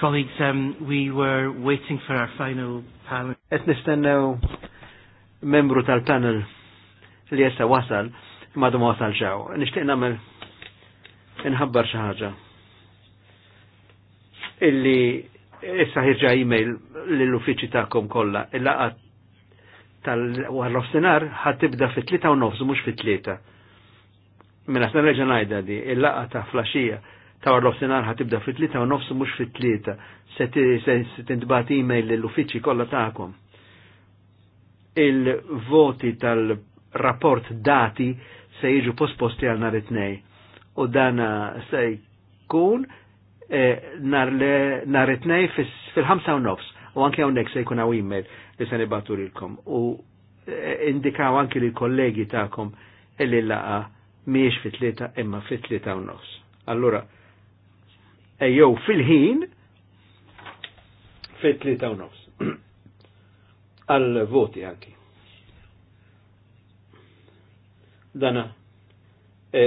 Colleagues, um, we were waiting for our final panel. Et nistennew membru tal-panel li jessa wasal, madu ma wasal ġew. Nishtiq namel nħabbar xi ħaġa. Illi issa ħirġa email lill-uffiċċju tagħkom kollha. Il-laqgħa tal għarrofsenar ħad tibda fit-tlieta u nofs mhux fit-tlieta. Minna mela, s reġa ngħidha di, il-laqgħa ta' flasġija ta' warlof sinar ħatibda fit-tlieta u nofsu mhux fit-tlieta. Se e email lill-uffiċċji kollha tagħkom. Il-voti tal-rapport dati se jiġu posposti għal nhar it U dana se jkun nar it fil 5 u nofs. U anke hawnhekk se jkun hawn email li se nibatu lilkom. U e, indikaw anke lill kollegi tagħkom illi laqa miex fit-tlieta imma fit-tlieta u nofs. Allura, ejjew fil-ħin fit-tlieta u nofs. Għal voti anki. Dana, e,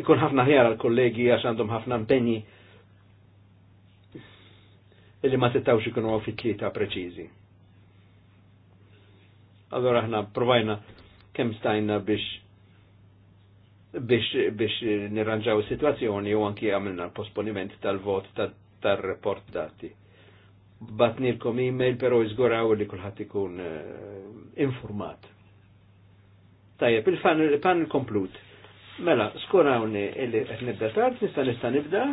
ikun ħafna ħjar għal kollegi għax għandhom ħafna impenji illi ma settawx ikun għaw fit-tlieta preċizi. Allora ħna provajna kem stajna biex biex, biex nirranġaw situazzjoni u anki għamilna l-posponiment tal-vot tal-report dati. Batnilkom e-mail, pero izguraw li kullħat ikun uh, informat. Tajjeb, il-panel komplut. Mela, skurawni illi qed nibda tard, nista' nista' nibda.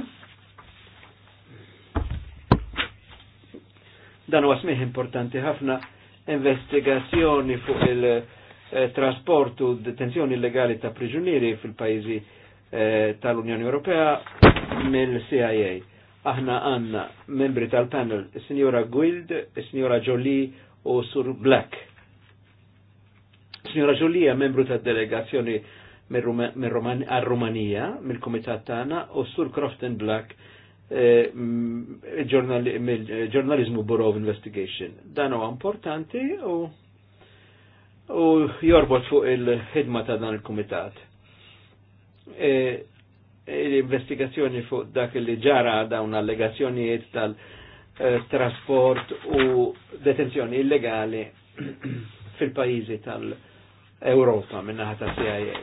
Dan huwa smih importanti ħafna investigazzjoni fuq il- Eh, trasportu detenzjoni illegali ta' priġunieri fil-pajjiżi eh, tal-Unjoni Ewropea mill-CIA. Aħna għanna membri tal-panel, signora Guild, signora Jolie u Sur Black. Signora Jolie membru tad-delegazzjoni għal-Rumanija, mill-Komitat tagħna, u Sur Crofton Black eh, mill-ġurnalizmu mm, Bureau of Investigation. Dan huwa importanti u u jorbot fuq il-ħidma ta' dan il-Kumitat. E, e, l-investigazzjoni fuq dak li ġara dawn allegazzjonijiet tal-trasport u detenzjoni illegali fil-pajizi tal-Europa minnaħa ta' CIA.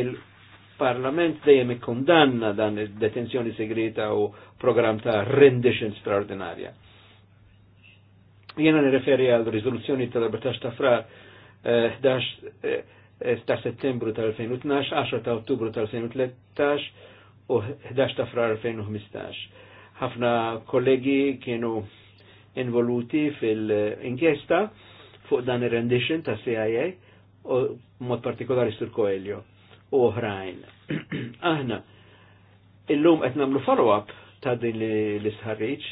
Il-Parlament dejjem ikkundanna dan id-detenzjoni segreta u program ta' rendition straordinarja. Jena nireferi għal rizoluzzjoni tal-14 ta' frar 11 ta' eh, eh, settembru tal-2012, 10 ta' ottubru tal-2013 u 11 ta' frar 2015. Ħafna kollegi kienu involuti fil-inkjesta fuq dan ir-rendition ta' CIA u mod partikolari sur Coelho u oħrajn. Aħna, illum qed nagħmlu follow-up ta' din l-isħarriġ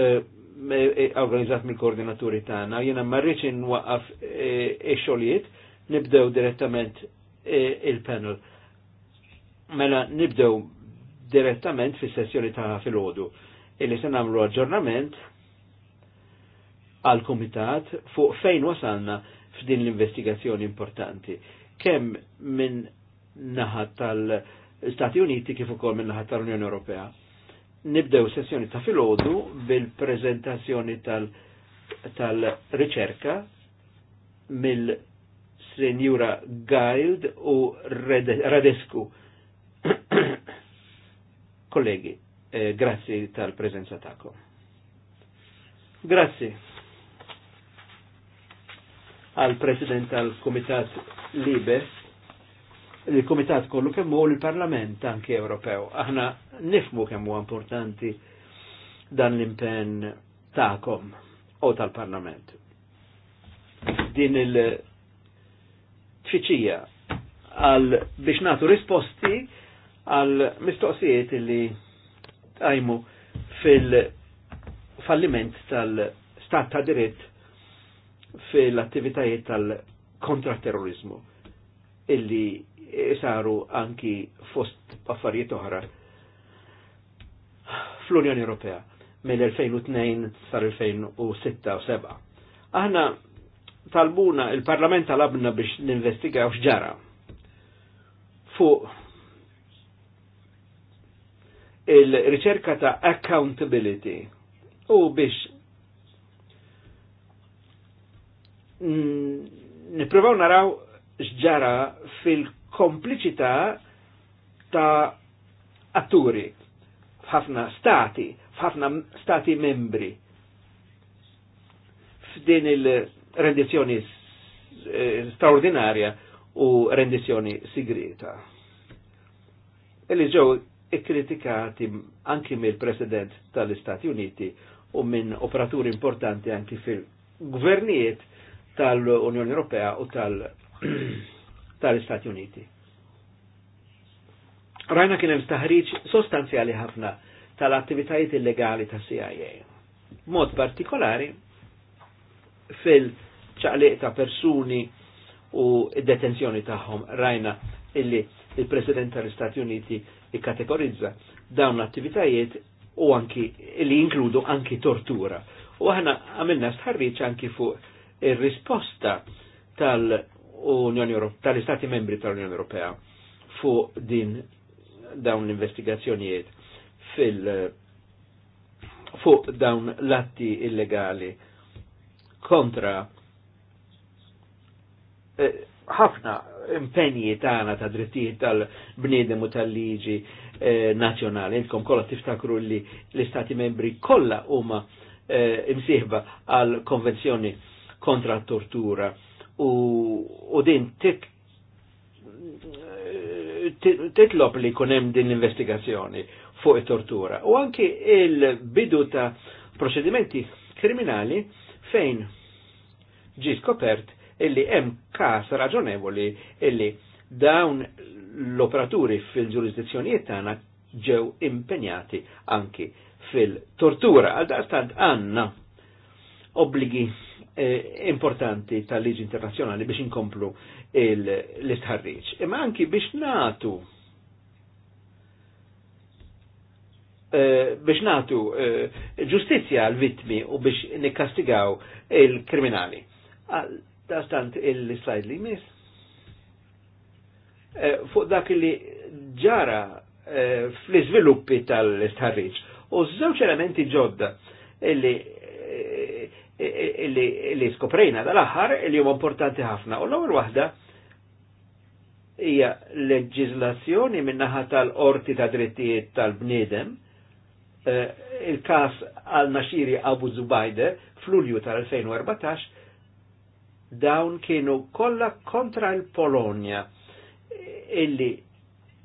eh, E, organizzat mill-koordinaturi tagħna, jiena marriċ inwaqqaf e, ix-xogħlijiet, nibdew direttament e, il-panel. Mela nibdew direttament fis-sessjoni ta' filgħodu illi se nagħmlu aġġornament għal kumitat fuq fejn wasalna f'din l-investigazzjoni importanti. Kemm minn naħat tal-Stati Uniti kif ukoll minn naħa tal-Unjoni Ewropea nibdew sessjoni ta' filodu bil-preżentazzjoni tal-riċerka tal mill-Senjura Guild u Radescu. Kollegi, eh, grazzi tal prezenza tako. Grazzi għal president tal komitat Libe, il-Komitat kollu kemmu l-Parlament anki Ewropew. Aħna nifmu kemm huwa importanti dan l-impenn ta'kom u tal-Parlament. Din il-tfiċija għal biex natu risposti għal mistoqsijiet li tajmu fil-falliment tal-stat ta' diritt fil-attivitajiet tal-kontraterrorizmu illi saru anki fost affarijiet oħra fl-Unjoni Ewropea mill-2002 sar-2006 u 7. Aħna talbuna, il-Parlament talabna biex ninvestigaw x'ġara fuq il-riċerka ta' accountability u biex niprofaw naraw x'ġara fil-kompliċità ta' atturi f'ħafna stati, f'ħafna stati membri. F'din il-rendizjoni eh, straordinarja u rendizjoni sigrita. Illi ġew ikkritikati anki mill-President tal-Istati Uniti u minn operaturi importanti anki fil-gvernijiet tal-Unjoni Ewropea u tal-Istati tal Uniti rajna kien hemm taħriġ sostanzjali ħafna tal-attivitajiet illegali ta' CIA. Mod partikolari fil-ċaqliq ta' persuni u detenzjoni tagħhom rajna illi il-President tal-Istati Uniti ikkategorizza dawn l-attivitajiet u anki li jinkludu anki tortura. U aħna għamilna stħarriċ anki fuq ir-risposta tal-Unjoni tal-Istati Membri tal-Unjoni Ewropea fuq din dawn l-investigazzjonijiet fil fuq dawn l-atti illegali kontra eh, ħafna eh, impenji tagħna ta' drittijiet tal-bniedem u tal-liġi eh, nazzjonali. Intkom kollha tiftakru li l-Istati membri kollha huma eh, imsieħba għal konvenzjoni kontra t-tortura u, u din tik titlob li kunem din l-investigazzjoni fuq it-tortura. U anki il-bidu ta' proċedimenti kriminali fejn ġi skopert illi hemm kas raġonevoli illi dawn l-operaturi fil-ġurisdizzjonijiet tagħna ġew impenjati anki fil-tortura. Għal daqstant għanna obbligi eh, importanti tal-liġi internazzjonali biex inkomplu l-istħarriċ. Imma anki biex natu eh, biex natu eh, ġustizja għal-vittmi u biex nikkastigaw il-kriminali. Dastant il slide li mis. Eh, fuq dak li ġara fl-izviluppi tal-istħarriċ. U żewġ elementi ġodda li skoprejna dal-aħħar li huma importanti ħafna. U l-ewwel waħda hija leġiżlazzjoni minnaħa tal-orti ta' drittijiet tal-bniedem, eh, il-kas għal naxiri Abu Zubajder fl-Ulju tal-2014, dawn kienu kollha kontra l-Polonja illi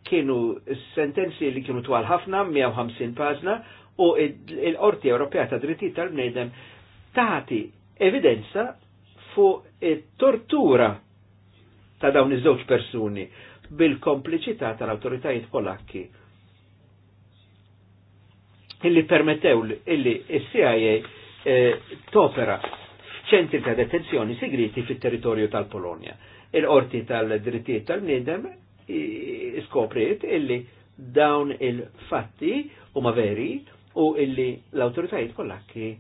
kienu sentenzi li kienu twal ħafna 150 pażna u l-Orti Ewropea ta' Drittijiet tal-Bniedem tagħti evidenza fuq it-tortura ta' dawn iż-żewġ persuni bil-kompliċità tal-awtoritajiet polakki illi permettew illi il-CIA eh, topera f'ċentri ta' detenzjoni segreti fit-territorju tal-Polonja. Il-qorti tal-drittijiet tal-nidem iskopriet illi dawn il-fatti huma veri u illi l-autoritajiet polakki,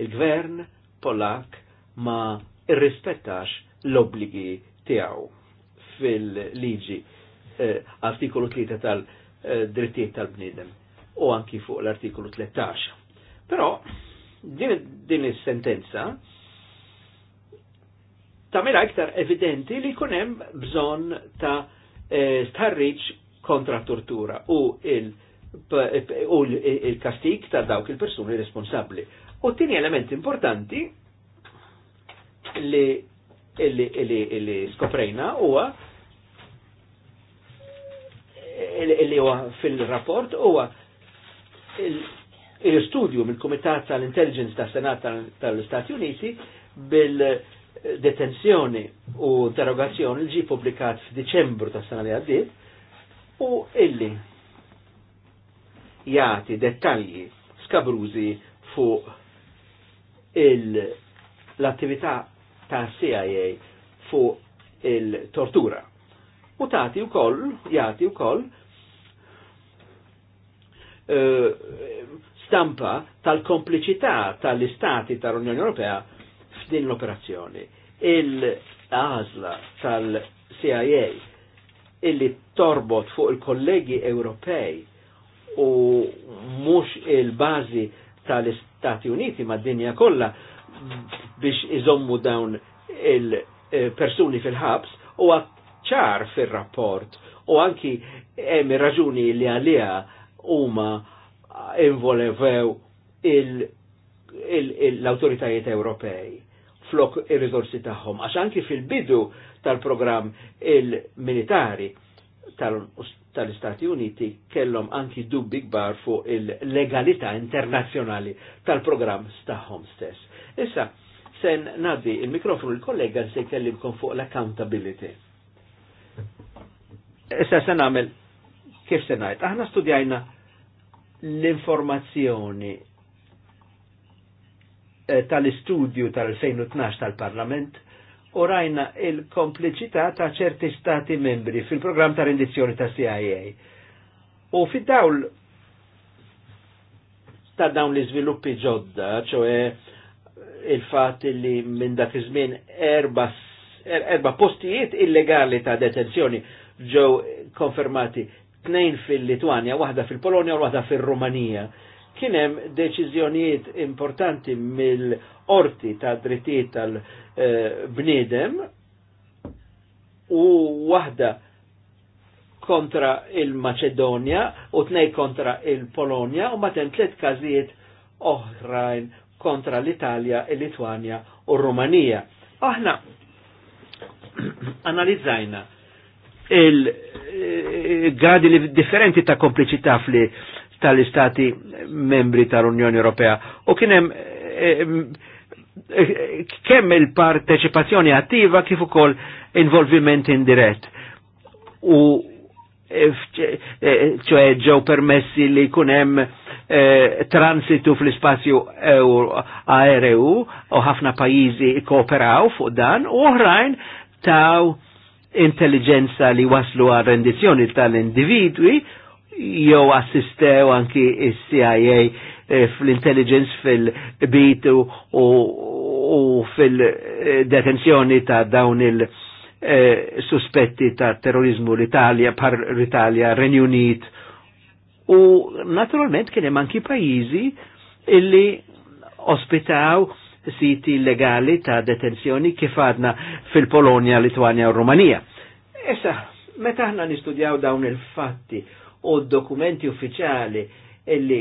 il-gvern polak ma irrispettax l-obligi tiegħu fil-liġi eh, artikolu 3 tal-drittijiet tal-bnidem u anki fuq l-artikolu 13. Però din, din is-sentenza tamela iktar evidenti li kunem bżon ta' eh, starriċ kontra tortura u il- u il-kastik ta' dawk il-persuni responsabli. U tini element importanti li, li, li, li skoprejna huwa li huwa fil-rapport huwa il-studju mill-Kumitat tal-Intelligence tas-Senat tal-Istati Uniti bil-detenzjoni u interrogazzjoni ġi publikat f'Diċembru tas-sena li għaddiet u illi jagħti dettalji skabrużi fuq l-attività ta' CIA fuq il-tortura. U tati u koll, jati u koll, Eh, stampa tal-kompliċità tal-istati tal-Unjoni Ewropea f'din l-operazzjoni. Il-għazla tal-CIA illi torbot fuq il-kollegi Ewropej u mux il-bazi tal-Istati Uniti ma' dinja kolla biex iżommu dawn il-persuni fil-ħabs u ċar fil-rapport u anki hemm raġuni li għalija huma involevew l-autoritajiet Ewropej flok ir-riżorsi tagħhom. Għax anki fil-bidu tal-programm il-militari tal-Istati Uniti kellhom anki dubbi kbar fuq il-legalità internazzjonali tal-programm tagħhom stess. Issa, sen nadi il-mikrofonu l-kollega se kellimkom fuq l-accountability. Issa se nagħmel Kif se ngħid? Aħna studjajna l-informazzjoni eh, tal-istudju tal-2012 tal-Parlament u rajna il-kompliċità ta' ċerti stati membri fil-programm ta' rendizzjoni ta' CIA. U fid-dawl ta' dawn li sviluppi ġodda, ċoħe il-fat li minn dak iż-żmien erba, er-, erba postijiet illegali ta' detenzjoni ġew konfermati tnejn fil litwania waħda fil-Polonja u waħda fil-Rumanija. Kien hemm deċiżjonijiet importanti mill-orti ta' drittijiet tal-bniedem u waħda kontra il-Maċedonja u tnej kontra il-Polonja u matem tliet każijiet oħrajn kontra l-Italja, il litwania u r-Rumanija. Aħna analizzajna il- gradi li differenti ta' kompliċità fli tal-istati membri tal-Unjoni Ewropea. U kienem eh, eh, eh, kemm il-parteċipazzjoni attiva kif ukoll involviment indirett. U ċoħe ġew permessi li kunem transitu fl-spazju aereu u ħafna pajizi kooperaw fuq dan u oħrajn ta' intelligenza li waslu għal rendizjoni tal-individwi jew assistew anki il cia eh, fl-intelligence fil-bit u, u fil-detenzjoni ta' dawn il-suspetti eh, ta' terrorizmu l-Italja, par l-Italja, Renju Unit. U naturalment kien hemm anki pajjiżi illi ospitaw siti legali ta' detenzjoni kif għadna fil-Polonja, Litwania u Rumanija. Issa, meta aħna nistudjaw dawn il-fatti u dokumenti uffiċjali illi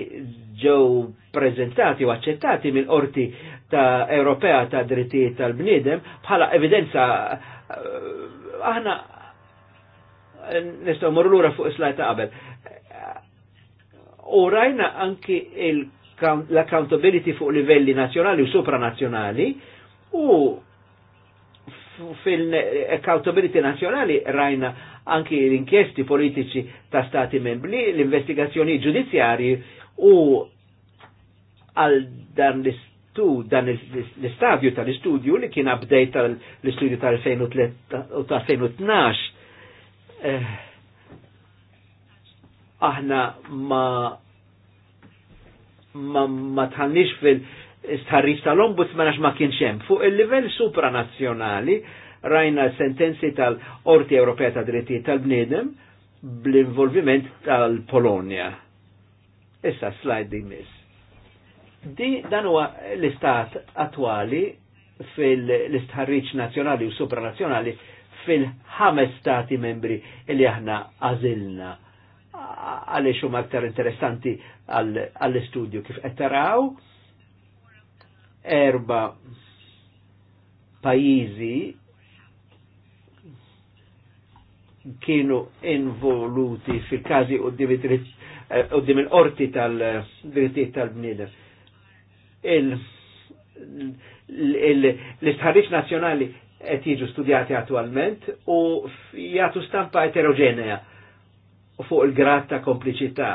ġew prezentati u accettati mill-qorti ta' Ewropea ta' drittijiet tal-bniedem bħala evidenza eh, aħna nistgħu morru lura fuq is-slajd ta' qabel. U rajna anki il- l-accountability fuq livelli nazjonali u supranazjonali u fil-accountability nazjonali rajna anki l-inkjesti politiċi ta' stati membri, l-investigazzjoni ġudizzjari u għal dan l-istadju tal-istudju li kien update tal-istudju tal-2012 eh, aħna ma ma, ma tħannix fil-istħarriġ tal-ombudsman għax ma kienx hemm. Fuq il-livell supranazzjonali rajna sentenzi tal-Orti Ewropea ta' Drittijiet tal-Bniedem bl-involviment tal-Polonja. Issa slide di miss. Di dan huwa l-istat attwali fil-istħarriġ nazzjonali u supranazzjonali fil-ħames stati membri li aħna għażilna għaliex huma aktar interessanti għall-istudju kif qed taraw erba pajjiżi kienu involuti fil-każi qudiem eh, il-qorti tal-drittijiet tal-bniedem. L-istħarriġ nazzjonali qed jiġu studjati attualment u jagħtu stampa eterogenea fuq il grat ta' kompliċità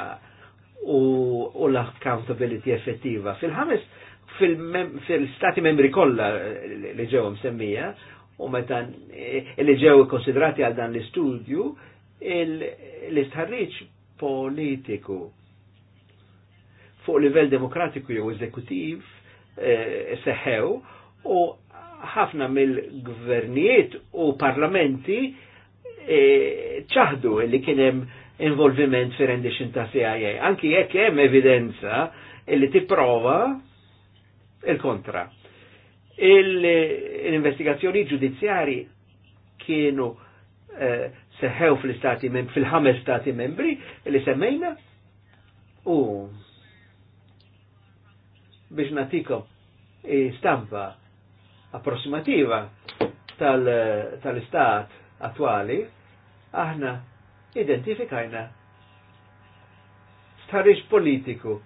u, u l-accountability effettiva. Fil-ħames, fil-stati fil membri kollha li ġew msemmija, u meta eh, li ġew konsidrati għal dan l-istudju, l-istħarriċ politiku fuq livell demokratiku jew eżekutiv e, eh, seħew u ħafna mill-gvernijiet u parlamenti eh, ċaħdu li kienem involviment fi rendition ta' CIA, anki jekk hemm evidenza illi tipprova il-kontra. L-investigazzjoni ġudizzjari kienu eh, seħew fil-stati fil-ħames stati membri li semmejna u biex natikom stampa approssimativa tal-istat tal attuali aħna identifikajna starix politiku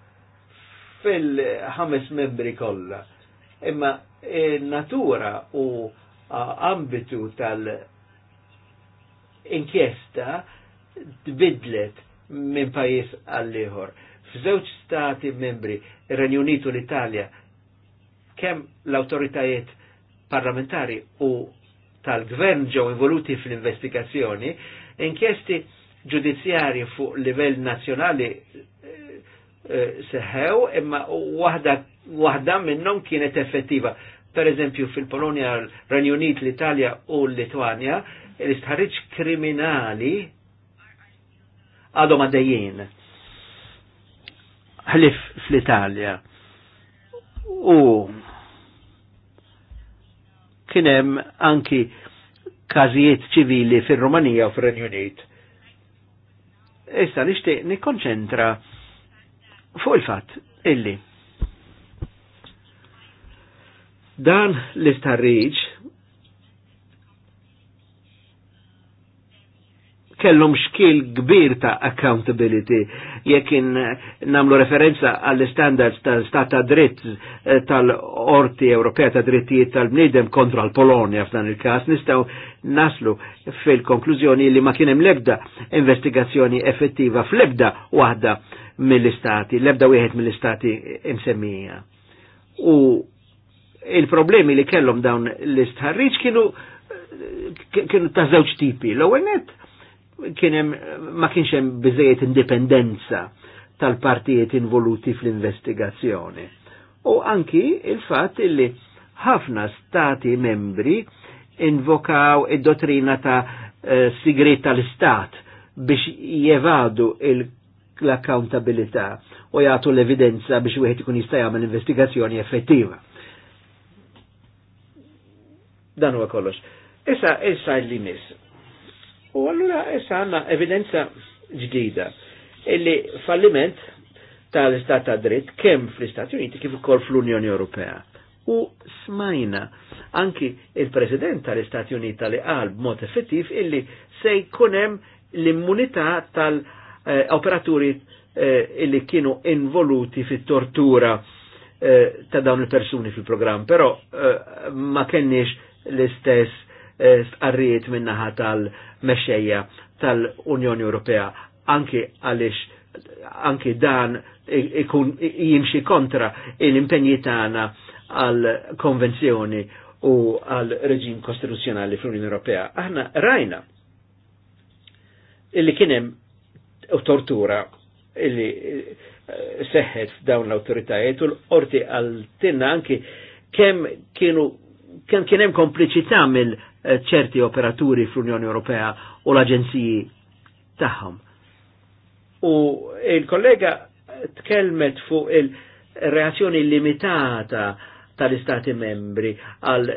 fil-ħames membri kollha. Imma e natura u ambitu tal-inkjesta tbidlet minn pajis għall-ieħor. F'żewġ stati membri, renju Unitu l-Italja, kemm l-autoritajiet parlamentari u tal-gvern ġew involuti fl-investigazzjoni, inkjesti ġudizzjarji fuq livell nazzjonali eh, eh, seħew, imma waħda minnhom kienet effettiva. Per eżempju, fil-Polonia, Renju Unit, l-Italja u l-Litwanja, l-istħarriċ kriminali għadhom għaddejjien. Ħlif fl-Italja. U kienem anki kazijiet ċivili fil-Romanija u fil-Renju Unit Issa nixtieq nikkonċentra fuq il fat illi dan l-istarriġ kellhom xkil kbir ta' accountability jekk namlu referenza għall standards ta' stat ta' dritt eh, tal-Orti Ewropea ta' drittijiet tal-bniedem kontra l-Polonja f'dan il-każ nistgħu naslu fil-konklużjoni li ma kien hemm lebda investigazzjoni effettiva fl-ebda waħda mill-istati, l-ebda wieħed mill-istati insemmija. U il-problemi li kellhom dawn l-istħarriġ kienu eh, kienu ta' żewġ tipi. L-ewwel net kienem ma kienx hemm biżejjed indipendenza tal-partijiet involuti fl-investigazzjoni. U anki il-fatt illi ħafna stati membri invokaw id-dottrina ta' sigret eh, sigrit tal-istat biex jevadu l-accountabilità u jagħtu l-evidenza biex wieħed ikun jista' jagħmel investigazzjoni effettiva. Dan huwa kollox. Issa issa l-limis U allura issa għanna evidenza ġdida illi falliment tal-Istat ta' dritt kemm fl-Istati Uniti kif ukoll fl-Unjoni Ewropea. U smajna anki il-President tal-Istati Uniti li qal b'mod effettiv illi se jkun hemm l-immunità tal-operaturi eh, illi kienu involuti fit-tortura eh, ta' dawn il-persuni fil-programm, però eh, ma kenniex l-istess Eh, stqarrijiet minnaħa tal-mexxejja tal-Unjoni Ewropea anki għaliex anki dan ikun jimxi kontra l-impenji tagħna għal konvenzjoni u għal reġim kostituzzjonali fl-Unjoni Ewropea. Aħna rajna illi kienem u tortura illi eh, seħħet dawn l-autoritajiet u l-qorti għal tinna anki kem kienu kem kienem kompliċità mill Eh, ċerti operaturi fl-Unjoni Ewropea u l-aġenziji tagħhom. U il-kollega tkellmet fuq il-reazzjoni limitata tal-istati membri għal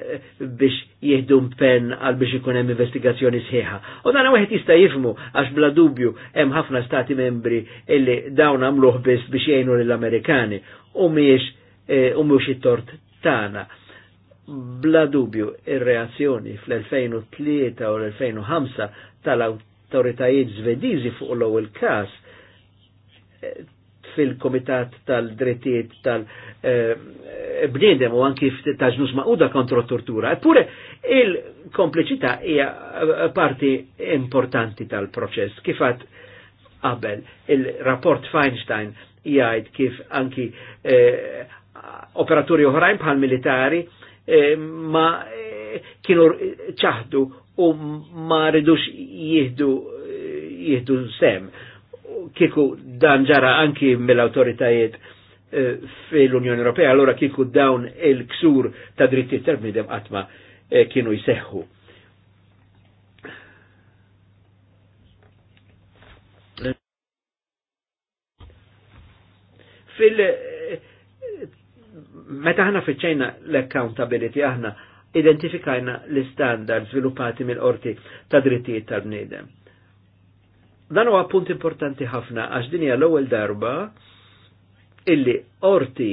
biex jihdu pen għal biex ikun hemm investigazzjoni sħiħa. U dan wieħed jista' jifmu għax bla dubju hemm ħafna stati membri illi dawn għamluh biss biex jgħinu lill-Amerikani u mhijiex eh, u mhux it-tort tagħna. Bla dubju, ir-reazzjoni fl-2003 u l-2005 tal-autoritajiet zvedizi fuq l-ewwel każ eh, fil-Komitat tal-Drittijiet tal-Bniedem eh, u anki taġnus maquda kontro tortura. Eppure il-kompliċità hija eh, parti importanti tal-proċess. Kifat qabel il-rapport Feinstein jgħid kif anki operaturi oħrajn bħal militari Eh, ma eh, kienu ċaħdu u ma ridux jihdu eh, jihdu sem. Kiku dan ġara anki mill-autoritajiet fil-Unjoni Ewropea, allora kiku dawn il-ksur ta' dritti tal-bnidem għatma kienu jseħħu. Fil- Meta ħana fiċċejna l-accountability aħna identifikajna l-standard sviluppati mill-qorti ta' drittijiet ta' bniedem Dan huwa punt importanti ħafna għax din hija l-ewwel darba illi qorti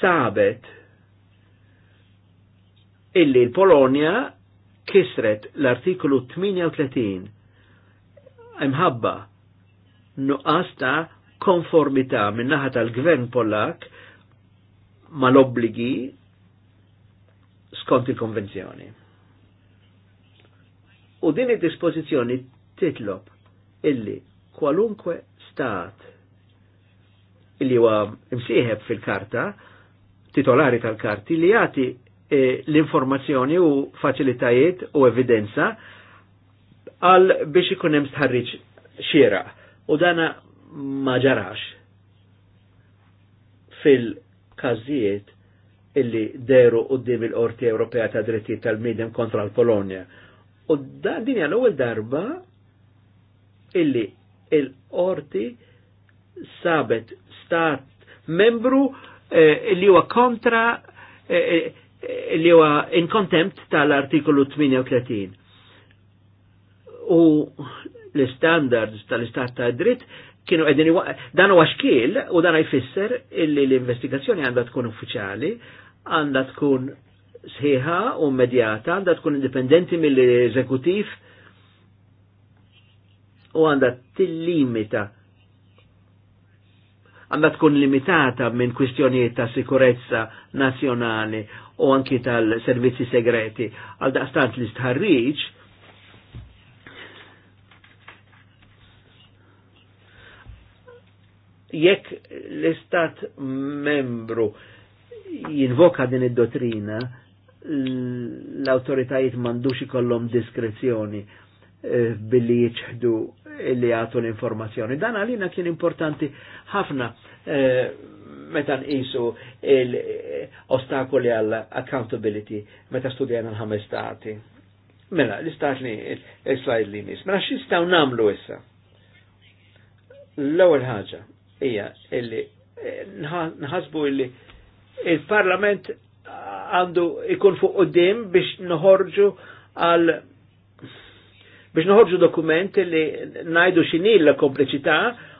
sabet illi l-Polonja kisret l artiklu 38 imħabba nuqqas ta' konformità minnaħa tal-gvern Polak mal-obbligi skont il-konvenzjoni. U din id-dispożizzjoni titlob illi kwalunkwe stat illi huwa imsieħeb fil-karta, titolari tal-karti li jagħti e, l-informazzjoni u faċilitajiet u evidenza għal biex ikun hemm stħarriġ xiera. U dana ma ġarax fil- każijiet illi deru dim il-Qorti Ewropea ta' Drittijiet tal-Midem kontra l polonia U da din l-ewwel darba illi il orti sabet stat membru eh, huwa kontra eh, eh huwa in contempt tal-artikolu 38. U l-standards tal-istat ta' dritt kienu għedin dan huwa xkiel u dan jfisser illi l-investigazzjoni għandha tkun uffiċjali, għandha tkun sħiħa u medjata, għandha tkun indipendenti mill-eżekutiv u għandha tillimita għandha tkun limitata minn kwistjonijiet ta' sikurezza nazzjonali u anki tal-servizzi segreti għal daqstant l-istħarriċ jekk l-Istat membru jinvoka din id-dottrina, l-autoritajiet mandux ikollhom diskrezzjoni eh, billi jiċħdu li għatu l-informazzjoni. Dan għalina kien importanti ħafna eh, meta nqisu l-ostakoli għall accountability meta studjana l-ħames stati. Mela, l-istatni, il-slajd li nis. Mela, xistaw namlu issa? L-ewwel ħaġa, ija illi eh, nħasbu illi il-Parlament għandu ikun fuq qudiem biex nħorġu għal biex nħorġu dokument li najdu xini l kompleċità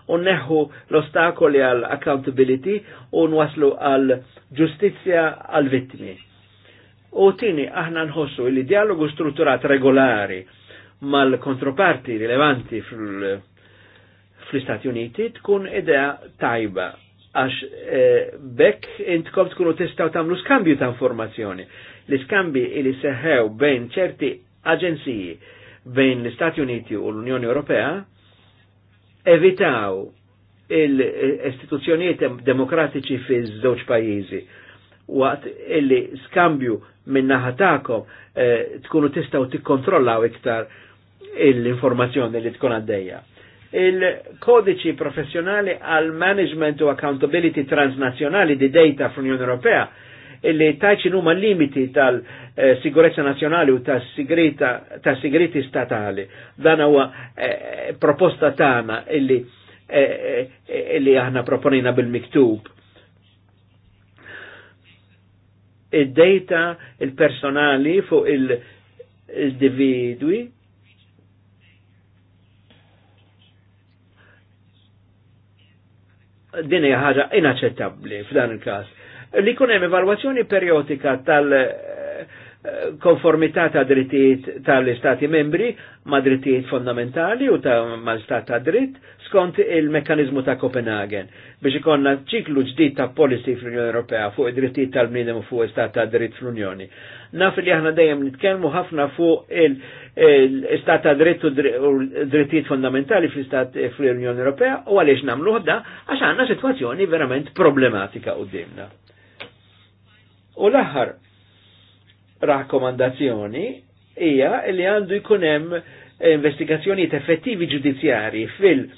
u neħu l-ostakoli għal accountability u nwaslu għal ġustizja għal vittmi. U tini, aħna nħossu il dialogu strutturat regolari mal-kontroparti rilevanti fl-Istati Uniti tkun idea tajba għax eh, bekk intkom tkunu testaw tamlu skambju ta' informazzjoni. L-iskambi li seħew bejn ċerti aġenziji bejn l-Istati Uniti u l-Unjoni Ewropea evitaw il-istituzzjonijiet demokratiċi fi żewġ pajjiżi waqt illi skambju minn naħatakom eh, tkunu tistgħu tikkontrollaw iktar l-informazzjoni li tkun għaddejja il-kodiċi professjonali għal management u accountability transnazjonali di data fl-Unjoni Ewropea illi taċin huma limiti tal-sigurezza nazjonali u tas-sigriti statali. Dan huwa eh, proposta tagħna illi eh, illi aħna proponina bil-miktub. Id-data il-personali fuq il-individwi il din hija ħaġa inaċċettabbli f'dan il-każ. Li jkun hemm evalwazzjoni periodika tal eh, konformità ta' drittijiet tal-Istati membri ma' drittijiet fondamentali u ta' mal istat ta' dritt skont il-mekanizmu ta' Copenhagen biex ikonna ċiklu ġdid ta' policy fl-Unjoni Ewropea fuq id-drittijiet tal-bniedem u fuq istat ta' dritt fl-Unjoni. Naf li aħna dejjem nitkellmu ħafna fuq il istat ta' dritt u drittijiet fondamentali fl-istat fl-Unjoni Ewropea u għaliex nagħmlu ħodda għax għandna sitwazzjoni verament problematika qudiemna. U l-aħħar rakkomandazzjoni hija li għandu jkun hemm investigazzjonijiet effettivi ġudizzjarji fil-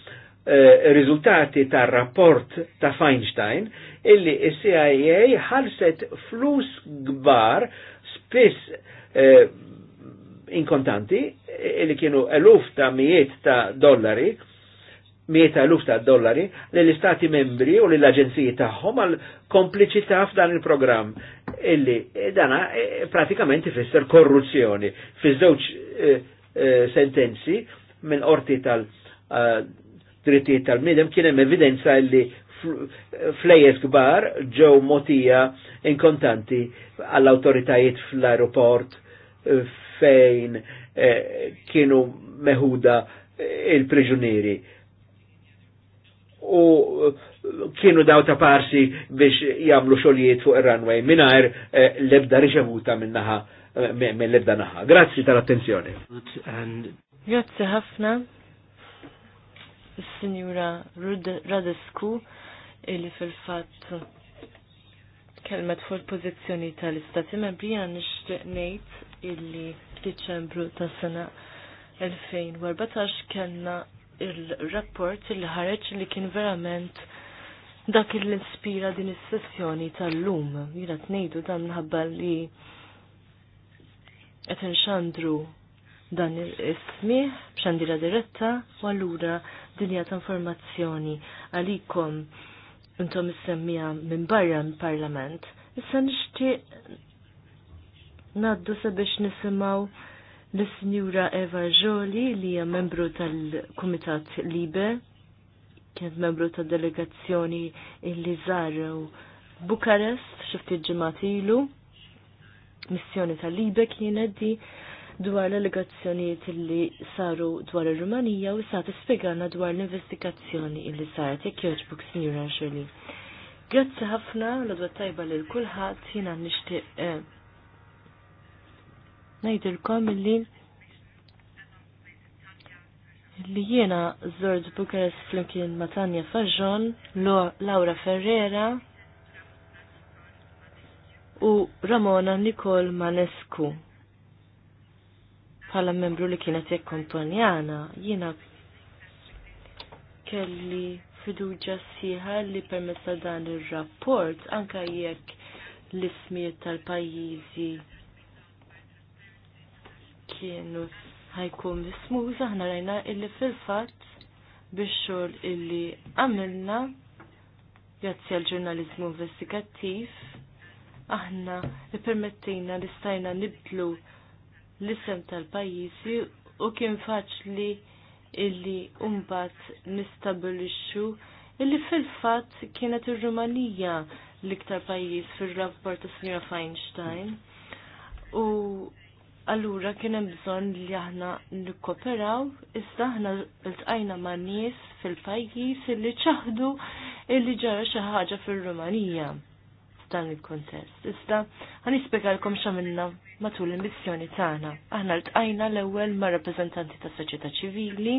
rizultati eh, riżultati tar rapport ta' Feinstein illi cia ħalset flus gbar spiss eh, inkontanti illi kienu eluf ta' miet ta' dollari miet eluf ta' dollari lill-istati membri u lill-aġenziji tagħhom għal kompliċità f'dan il-programm illi dana eh, pratikament ifisser korruzzjoni fiż-żewġ eh, eh, sentenzi minn qorti tal- Trittijiet tal-bniedem kien hemm evidenza li flejes kbar ġew motija inkontanti għall-autoritajiet fl-aeroport eh, fejn eh, kienu meħuda eh, il-priġunieri. U kienu daw ta' parsi biex jamlu xogħlijiet fuq ir-runway mingħajr lebda riċevuta minnaħa minn lebda naħa. Grazzi tal-attenzjoni. Grazzi ħafna. Signora sinjura Radescu illi fil-fatt kelmet fuq il-pożizzjoni tal-Istati Membri għan nixtieq ngħid illi f'Diċembru tas-sena 2014 kellna il-rapport il ħareġ li kien verament dak il-inspira din is-sessjoni tal-lum. Jirat nejdu dan minħabba li qed inxandru dan il ismi b'xandira diretta u allura dinja ta' informazzjoni għalikom intom is-semmija minn barra minn parlament Issa nixtieq naddu sabiex nisimgħu l-Sinjura Eva Joli li hija membru tal-Kumitat Libe, kienet membru tad-delegazzjoni illi zarru Bukarest xifti ġimgħat ilu, missjoni tal-Libe kienet di dwar l-allegazzjonijiet li saru dwar ir-Rumanija u sa tispjegana dwar l-investigazzjoni li saret jekk jogħġbok Sinjura Xuli. Grazzi ħafna l-odwa tajba lil kulħadd jiena nixtieq eh, ngħidilkom illi li jiena zord Bukarest flimkien ma' Tanja Faġon, Laura Ferrera, u Ramona Nicole Manescu bħala membru li kienet jekk kontonjana, jiena kelli fiduġa siħa li permessa dan ir-rapport anka jekk l ismiet tal-pajjiżi kienu ħajkun mismuż aħna rajna illi fil-fatt biex xogħol illi għamilna grazzi għal ġurnalizmu investigattiv aħna li permettina li stajna nibdlu l-isem tal-pajjiżi u kien faċli illi mbagħad nistabilixxu illi fil-fatt kienet ir-Rumanija l-iktar pajjiż fir-rapport ta' Sinjora Feinstein. U allura kien hemm bżonn li aħna nikkoperaw iżda aħna ltqajna ma' nies fil-pajjiż illi ċaħdu illi ġara xi ħaġa fir-Rumanija f'dan il-kontest. Iżda ħanispjegalkom x'għamilna matul il-missjoni tagħna. Aħna ltqajna l-ewwel ma' rappreżentanti tas soċjetà ċivili,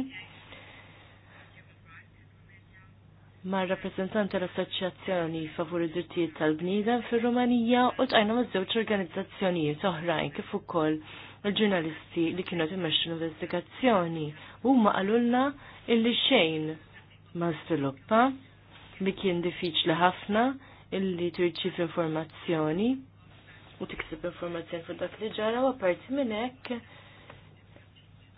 ma' rappreżentanti l-Assoċjazzjoni favur id-drittijiet tal-bniedem fir-Rumanija u tqajna ma' żewġ organizzazzjonijiet oħrajn kif ukoll il-ġurnalisti li kienu timmexxu l-investigazzjoni huma qalulna illi xejn ma' sviluppa li kien diffiċli ħafna illi turċif informazzjoni u tiksib informazzjoni fuq dak li ġara u apparti minn hekk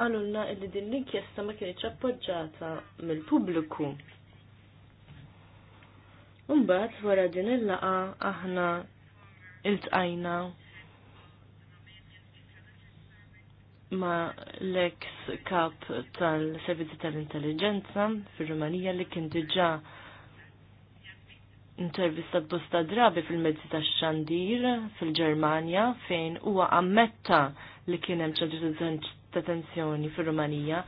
għalulna li din l-inkjesta ma kienx appoġġata mill-pubbliku. Mbagħad wara din il-laqa aħna iltqajna ma l-ex kap tal-Servizzi tal-Intelligenza fir-Rumanija li kien diġà intervista bosta drabi fil-mezzi ta' xandir fil-Germania fejn huwa ammetta li kien hemm ċentru ta' tensjoni fir-Rumanija.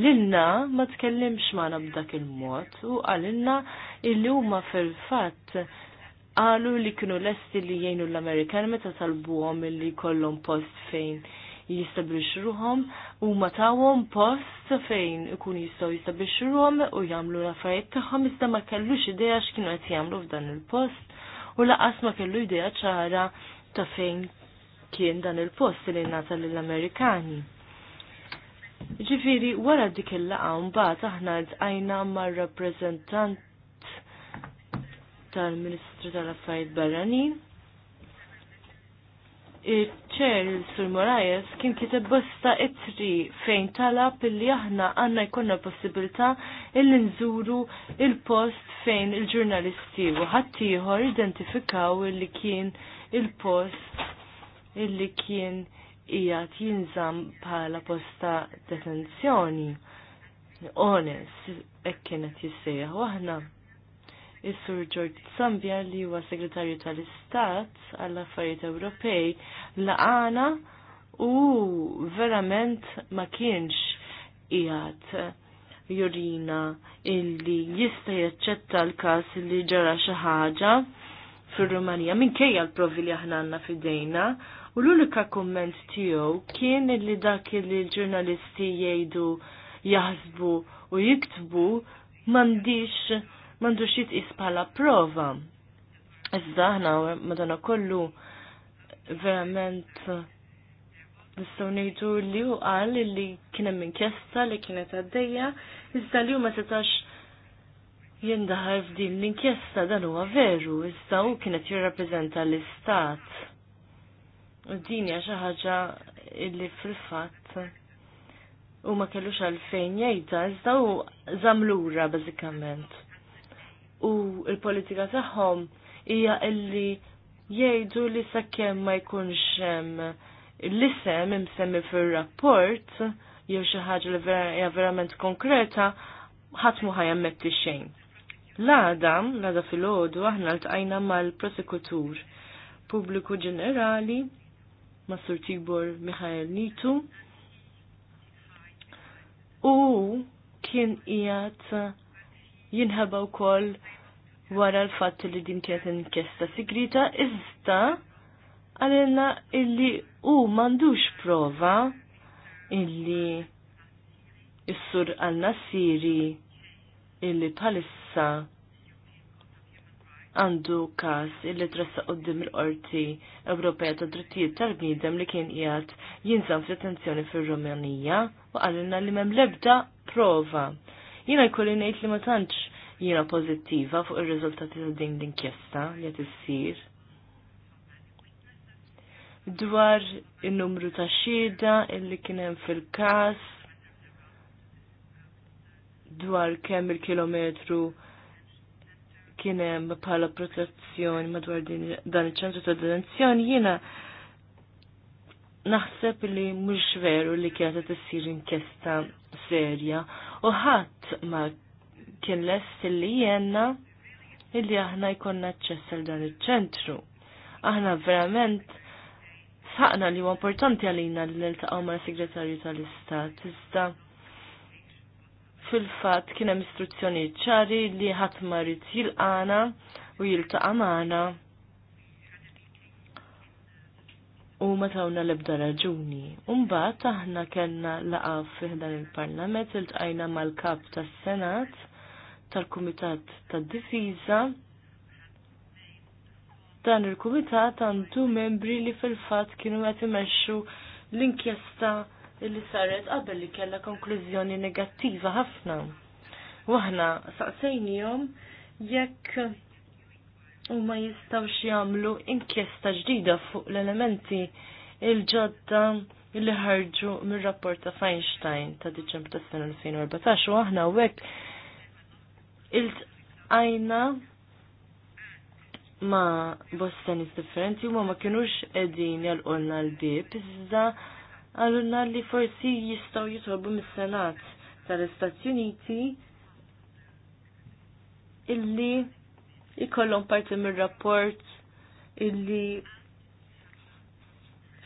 Lilna ma tkellimx magħna b'dak il-mod u għalilna illi huma fil-fatt qalu li kienu lesti li jgħinu l-Amerikan meta talbuhom illi kollhom post fejn jistabrix ruhom u matawom post fejn ikun jistgħu jistabrix ruhom u jagħmlu l-affarijiet tagħhom iżda ma kellux idea x'kienu qed jagħmlu f'dan il-post u laqas ma kellu idea ċara ta' fejn kien dan il-post li nata lill-Amerikani. Ġifiri, wara dik il-laqa mbagħad aħna għajna mar-rappreżentant tal-Ministru tal-Affarijiet Barranin il-ċer sur Morajes kien kiteb bosta itri fejn talab illi aħna għanna jkonna possibilità illi nżuru il-post fejn il-ġurnalisti u ħattijħor identifikaw illi kien il-post illi kien ijat jinżam bħala posta detenzjoni. Ones, ekkenet kienet jissejjaħ aħna is-Sur George Zambia li huwa segretarju tal-Istat għall-Affarijiet Ewropej laqana u verament ma kienx qiegħed jurina illi jista' jaċċetta l-każ li ġara xi ħaġa fir-Rumanija minkejja l-provi li aħna għandna fidejna u l-unika kumment tiegħu kien li dak li l-ġurnalisti jgħidu jaħsbu u jiktbu m'għandix mandu jitqis bħala prova. Iżda aħna madonna kollu verament nistgħu nejdu li u qal li kien hemm inkjesta li kienet għaddejja, iżda li u ma setax jindaħar f'din l-inkjesta dan huwa veru, iżda hu kienet jirrappreżenta l-istat. Din hija xi ħaġa illi fil-fatt u ma kellux għalfejn jgħidha iżda u zamlura bażikament u il-politika tagħhom hija illi jgħidu li sakemm ma jkunx l-isem imsemmi fir-rapport jew xi ħaġa li hija verament konkreta ħadd mu ħajammetti xejn. L-għada, l-għada fil-ħodu, aħna l-tqajna mal-prosekutur pubbliku ġenerali, Massur Tibor Mikhail Nitu, u kien ijat jinħabaw wkoll wara l fat li din kienet inkjesta sigrita iżda għalena illi u m'għandux prova illi jissur sur siri illi bħalissa għandu kas illi tressa qoddim il-qorti Ewropea ta' drittijiet tal-bniedem li kien qiegħed jinżam fl-attenzjoni fir-Rumanija u qalilna li m'hemm l-ebda prova Jiena jkolli ngħid li ma tantx jiena pożittiva fuq ir-riżultati ta' din l-inkjesta li qed issir. Dwar in-numru ta' xhieda illi kien hemm fil-każ dwar kemm il-kilometru kien hemm bħala protezzjoni madwar dan il ċentru ta' detenzjoni jiena naħseb li mhux veru li kienet qed issir inkjesta serja u ħadd ma kien lest li jenna illi aħna jkollna aċċess għal dan iċ-ċentru. Aħna verament faqna li huwa importanti għalina li niltaqgħu mal-Segretarju tal-Istat iżda fil-fatt kien hemm istruzzjonijiet ċari li ħadd ma jrid jilqana u jiltaqa' magħna u ma tawna l-ebda raġuni. Umbat aħna kellna laqaf fiħdan il-parlament il-tqajna mal-kap tas-senat tal-Kumitat tad-Difiża. Dan il-Kumitat għandu membri li fil-fatt kienu qed imexxu l-inkjesta li saret qabel li kellha konklużjoni negattiva ħafna. Waħna saqsejnijom jekk u ma jistawx jagħmlu inkjesta ġdida fuq l-elementi il-ġodda li ħarġu mir-rapport ta' Feinstein ta' Diċembru ta' sena 2014 u aħna hekk il tajna ma bostanis differenti u ma ma kienux edin jal-qolna l-bib, iżda għallunna li forsi jistaw jitobu mis-senat tal-Istati Uniti illi ikollhom parti mir-rapport illi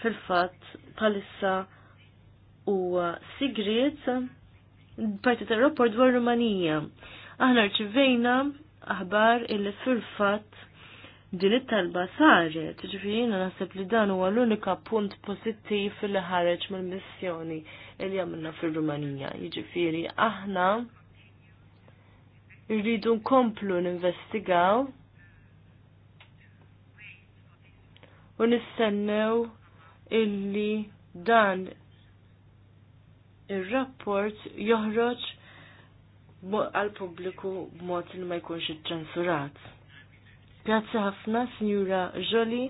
fil-fatt palissa huwa sigriet parti tar-rapport dwar Rumanija. Aħna rċivejna aħbar illi fil-fatt din it-talba saret, ġifirina naħseb li dan huwa l-unika punt pozittiv li ħareġ mill-missjoni li għamilna fil-Rumanija. Jiġifieri aħna irridu nkomplu ninvestigaw u nistennew illi dan ir-rapport joħroġ għal pubbliku b'mod li ma jkunx iċċensurat. Grazzi ħafna, Sinjura Ġoli,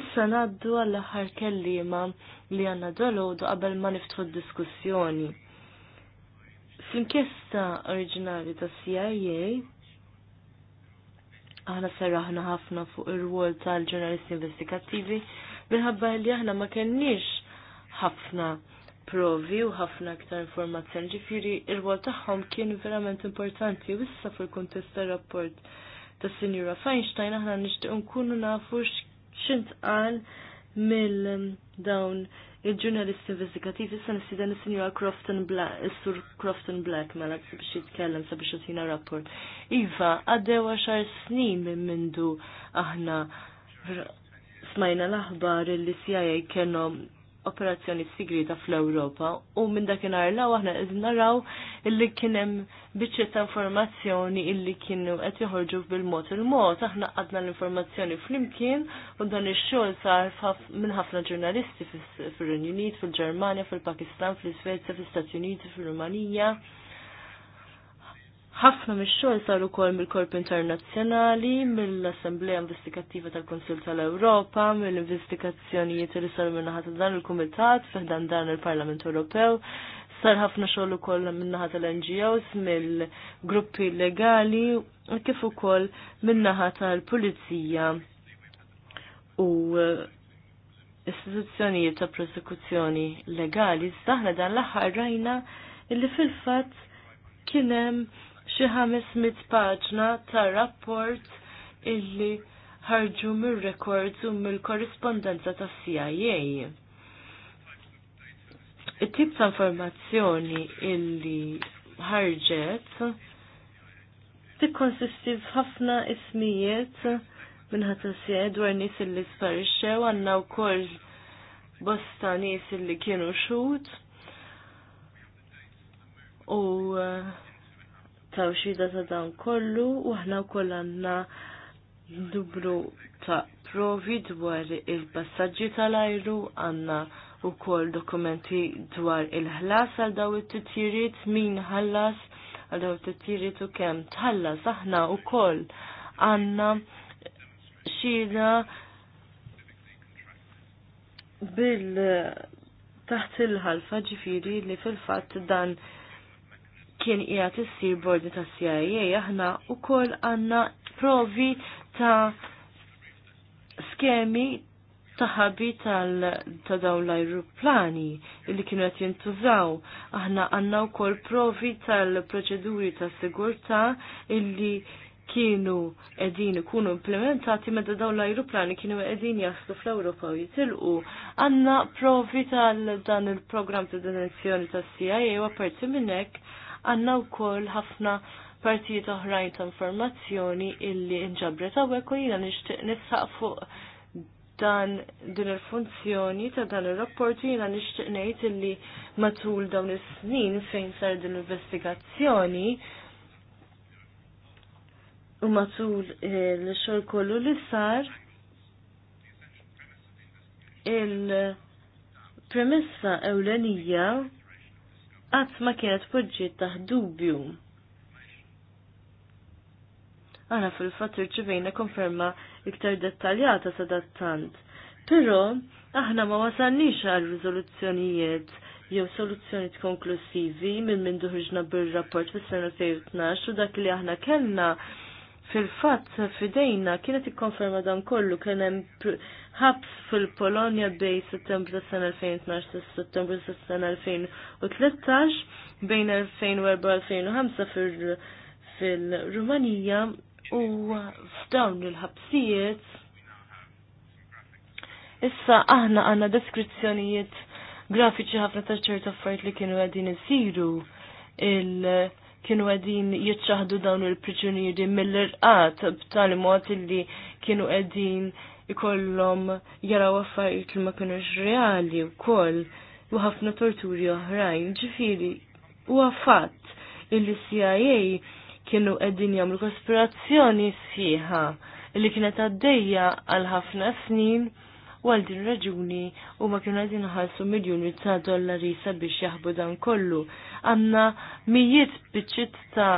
issa naddu għall-aħħar kellima li għanna dolodu qabel ma niftħu d-diskussjoni. Fl-inkjesta oriġinali ta' CIA aħna serraħna ħafna fuq ir-rwol tal-ġurnalisti investigativi minħabba li aħna ma kenniex ħafna provi u ħafna aktar informazzjoni ġifiri ir wol tagħhom kien verament importanti u issa fil-kuntest tar-rapport ta' Sinjura Feinstein aħna nixtieq nkunu nafu x'intqal mill dawn il-ġurnalist investigativ issa nisidan il-Sinjora Crofton Black, il-Sur Crofton Black, mela biex jitkellem sabiex jatina rapport. Iva, għaddew għaxar snin minn mindu aħna smajna l-aħbar li CIA kellhom operazzjoni sigrita fl-Ewropa u minn dakinhar law aħna qed naraw illi kien hemm biċċiet ta' informazzjoni illi kienu qed joħorġu bil-mod il-mod aħna qadna l-informazzjoni flimkien u dan ix-xogħol sar minn ħafna ġurnalisti fir-Renju Unit, fil-Ġermanja, fil-Pakistan, fl-Iżvezja, fl-Istati Uniti, fir-Rumanija. fil ġermanja fil pakistan fil iżvezja fl istati uniti rumanija fil fil rumanija ħafna mix-xogħol sar ukoll mill-Korp Internazzjonali, mill-Assembleja Investigattiva tal-Konsil tal-Ewropa, mill-investigazzjonijiet li saru minnaħa ta' dan il-Kumitat fiħdan dan il-Parlament Ewropew, sar ħafna xogħol ukoll min-naħa tal-NGOs, mill-gruppi legali, kif ukoll min-naħa tal-Pulizija u eh, istituzzjonijiet ta' prosekuzzjoni legali. Saħna dan l-aħħar rajna illi fil-fatt kienem xi 500 paġna ta' rapport illi ħarġu mir records u mill-korrispondenza tas CIA. It-tip ta' informazzjoni illi ħarġet tikkonsisti f'ħafna ismijiet minħat tas-CIA dwar nies illi sparixxew għandna wkoll bosta nies illi kienu xut u uh, ta' uxida ta' dan kollu u aħna wkoll għandna dubru ta' provi dwar il-passaġġi tal-ajru għandna wkoll dokumenti dwar il-ħlas għal daw it-titjiriet min ħallas għal daw it-titjiriet u kemm tħallas aħna wkoll għandna xhieda bil taħt il-ħalfa ġifiri li fil-fatt dan kien qiegħed issir bordi ta' CIA aħna wkoll għandna provi ta' skemi ta' ħabi tal ta' daw l-ajruplani li kienu qed jintużaw. Aħna għandna wkoll provi tal-proċeduri ta' sigurtà illi kienu edin ikunu implementati meta daw l-ajruplani kienu edin jaslu fl-Ewropa u jitilqu. Għanna provi tal dan il-program ta' detenzjoni ta' CIA u għaparti minnek għanna wkoll ħafna partijiet oħrajn ta' informazzjoni illi nġabret għek u jina nishtiq nisħaq fuq dan din il-funzjoni ta' dan il-rapport jina nishtiq ngħid illi matul dawn is-snin fejn sar din l-investigazzjoni u matul l-xogħol kollu li sar il-premessa ewlenija qatt ma kienet poġġi taħ dubju. Aħna fil-fatt irċivejna konferma iktar dettaljata sa dattant. Però aħna ma wasalniex għal riżoluzzjonijiet jew soluzzjonijiet konklusivi minn minn duħriġna bir-rapport fis-sena 2012 u dak li aħna kellna fil-fatt fidejna kienet ikkonferma dan kollu kien hemm ħabs fil-Polonja bej settembru tas sena 2012 sa settembru tas sena 2013 bejn 2004-2005 fil-Rumanija u f'dawn il-ħabsijiet issa aħna għandna deskrizzjonijiet grafiċi ħafna ta' ċertu affarijiet li kienu għedin isiru il- kienu għedin jitċaħdu dawn il-priġunieri mill-irqat b'tali mod li kienu għedin ikollhom jaraw affarijiet li ma kienux reali wkoll u ħafna torturi oħrajn. Ġifieri huwa fatt il-CIA kienu qegħdin jagħmlu kospirazzjoni sħiħa li kienet għaddejja għal ħafna snin u għal din raġuni u ma kienu għadin ħalsu miljoni ta' dollari sabiex jaħbu dan kollu. Għanna mijiet bieċit ta'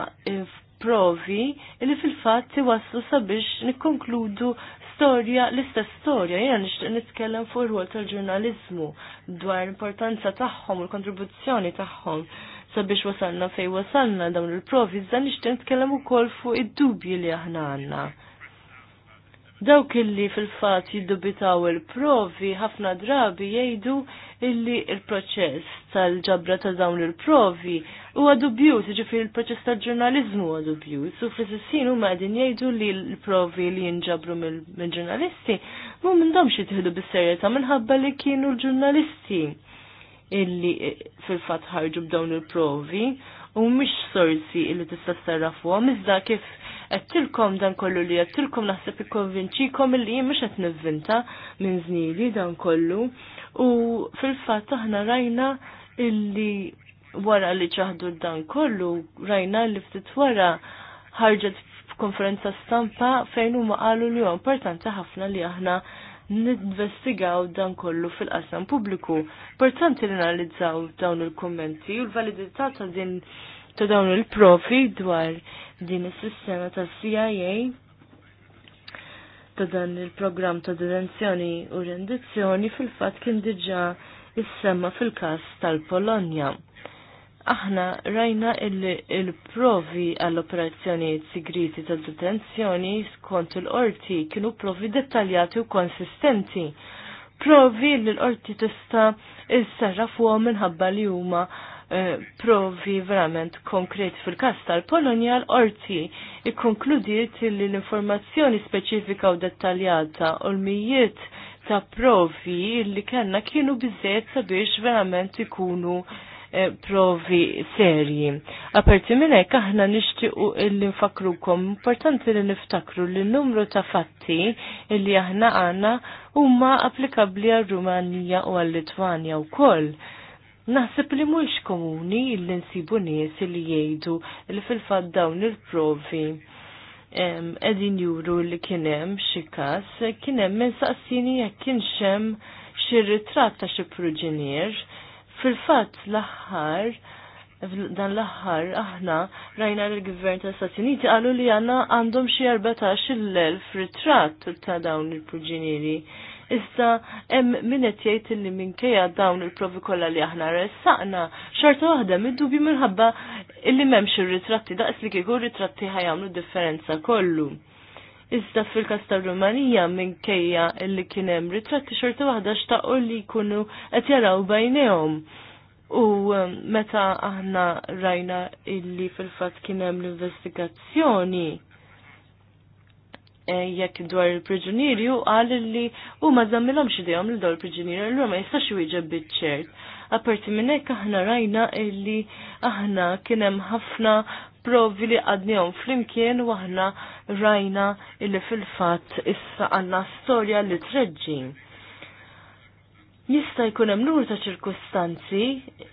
provi li fil-fat waslu sabiex nikkonkludu storja, l-istess storja, jena nishtiq nitkellem fuq ir-rwol tal-ġurnalizmu dwar l-importanza tagħhom u l-kontribuzzjoni tagħhom sabiex wasalna fej wasalna dawn il-provi, iżda nixtieq nitkellem ukoll fuq id-dubji li aħna għandna Dawk illi fil-fat jiddubitaw il-provi ħafna drabi jgħidu illi il-proċess tal-ġabra ta' dawn il-provi huwa għadubjus, ġifir il-proċess tal-ġurnalizmu huwa u fl sessin huma maħdin jgħidu li l-provi li jinġabru mill-ġurnalisti mu minnhomx jitħidu bis-serjetà minħabba li kienu l-ġurnalisti illi eh, fil-fatt ħarġu b'dawn il-provi u mish sorsi illi tista' tsarrafuhom iżda kif għettilkom dan kollu li għettilkom naħseb ikkonvinċikom li mux għet nivvinta minn znili dan kollu u fil-fat aħna rajna illi wara li ċaħdu dan kollu rajna li ftit wara ħarġet f'konferenza stampa fejn huma qalu li huwa importanti ħafna li aħna nidvestigaw dan kollu fil-qasam pubbliku. Importanti li analizzaw dawn il-kommenti u l-validità ta' din ta' dawn il-profi dwar din is-sistema ta' CIA ta' dan il-programm ta' detenzjoni u rendizzjoni fil-fatt kien diġà semma fil-każ tal-Polonja. Aħna rajna il-provi għall-operazzjonijiet sigriti ta' detenzjoni skont il-qorti kienu provi dettaljati u konsistenti. Provi li l-qorti tista' issarraf huwa minħabba li huma Eh, provi verament konkret fil-kas tal polonia l-orti ikkonkludiet li l-informazzjoni speċifika u dettaljata u l-mijiet ta' provi li kellna kienu bizzejt sabiex verament ikunu eh, provi serji. Aperti minn hekk aħna nixtiequ illi nfakrukom importanti li niftakru li n-numru ta' fatti illi aħna għandna huma applikabbli għal Rumanija u għal u wkoll. Naħseb li mhux komuni li nsibu nies li jgħidu li fil-fatt dawn il-provi qegħdin juru li kien hemm xi każ, kien hemm minsaqsini jekk kien xem xi ritratt ta' xi pruġinier. Fil-fatt l-aħħar dan l-aħħar aħna rajna l-gvern ta' Stati Uniti qalu li għandhom xi 14 il-elf ritratt ta' dawn il-pruġinieri Issa hemm min qed jgħid minn minkejja dawn il-provi kollha li aħna ressaqna xorta waħda mid-dubju minħabba illi m'hemmx il ritratti daqs li kieku ritratti ħajamlu differenza kollu. Iżda fil kastar ta' Rumanija minkejja illi kien hemm ritratti xorta waħda xtaqgħu li jkunu qed jaraw bajnejhom. U meta aħna rajna illi fil-fatt kien hemm l-investigazzjoni Eh, jekk dwar il-priġunieri u qal li huma xi dejhom lil dawn il-priġunieri allura ma jistax jwieġeb biċ-ċert. Apparti minn hekk aħna rajna illi aħna kien hemm ħafna provi li għadnijom flimkien u aħna rajna illi fil-fatt issa għanna storja li treġġin Jista' jkun hemm nur ta' ċirkustanzi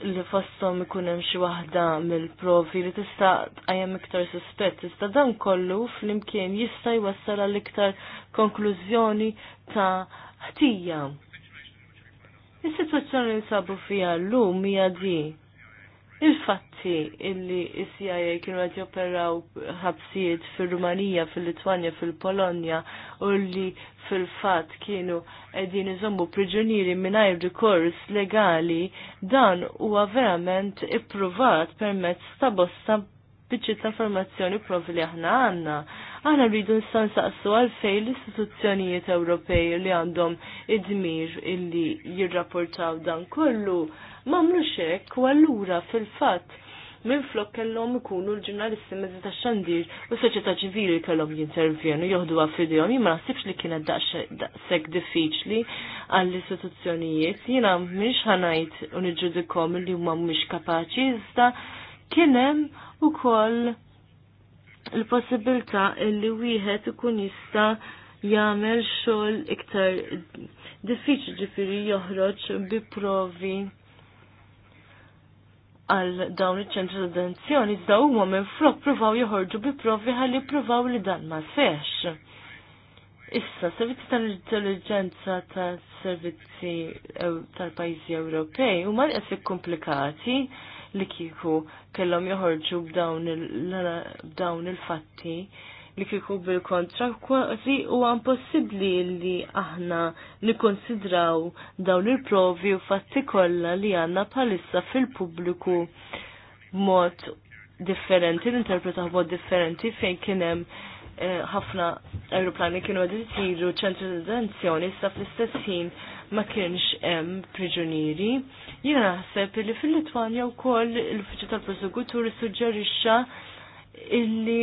li fosthom ikun hemm xi waħda mill-provi li tista' tqajjem iktar suspett, tista' dan kollu flimkien jista' jwassal għal iktar konklużjoni ta' ħtija. Is-sitwazzjoni li nsabu fiha llum hija di Il-fatti illi il-CIA kienu għad joperaw ħabsijiet fil-Rumanija, fil-Litwanja, fil-Polonja u li fil-fat kienu edin iżommu priġunieri minnajr rikors legali dan huwa verament ipprovat permezz ta' bosta biċċi ta' formazzjoni provi li aħna għandna. Aħna rridu nsansaqsu għalfejn l-istituzzjonijiet Ewropej li għandhom id-dmir illi jirrapportaw dan kollu m'għamlux hekk u allura fil-fatt minn flok kellhom ikunu l-ġurnalisti mezzi ta' xandir u soċjetà ċivili kellhom jintervjenu joħdu għafidjom jien ma naħsibx li kiena daqshekk diffiċli għall-istituzzjonijiet. Jiena mhix ħanajt u niġġudikhom li huma mhux kapaċi iżda kien hemm koll l possibilità li wieħed ikun jista' jagħmel xogħol iktar diffiċli ġifieri joħroġ bi provi għal dawn iċ-ċentri detenzjoni iżda huma minn flok provaw joħorġu bi provi ħalli provaw li dan ma sex. Issa, servizzi tal-intelligenza tas servizzi tal-pajjiżi Ewropej huma qed komplikati komplikati li kieku kellhom joħorġu b'dawn il-fatti li kieku bil-kontra kważi huwa impossibbli li aħna nikkonsidraw dawn il-provi u fatti kollha li għandna bħalissa fil-pubbliku mod differenti, l-interpretaw mod differenti fejn kien hemm Eh, ħafna aeroplani kienu għad jisiru ċentru detenzjoni issa fl-istess ħin ma kienx hemm priġunieri. Jiena naħseb li fil-Litwanja wkoll l-Uffiċċju tal-Prosekutur issuġġerixxa illi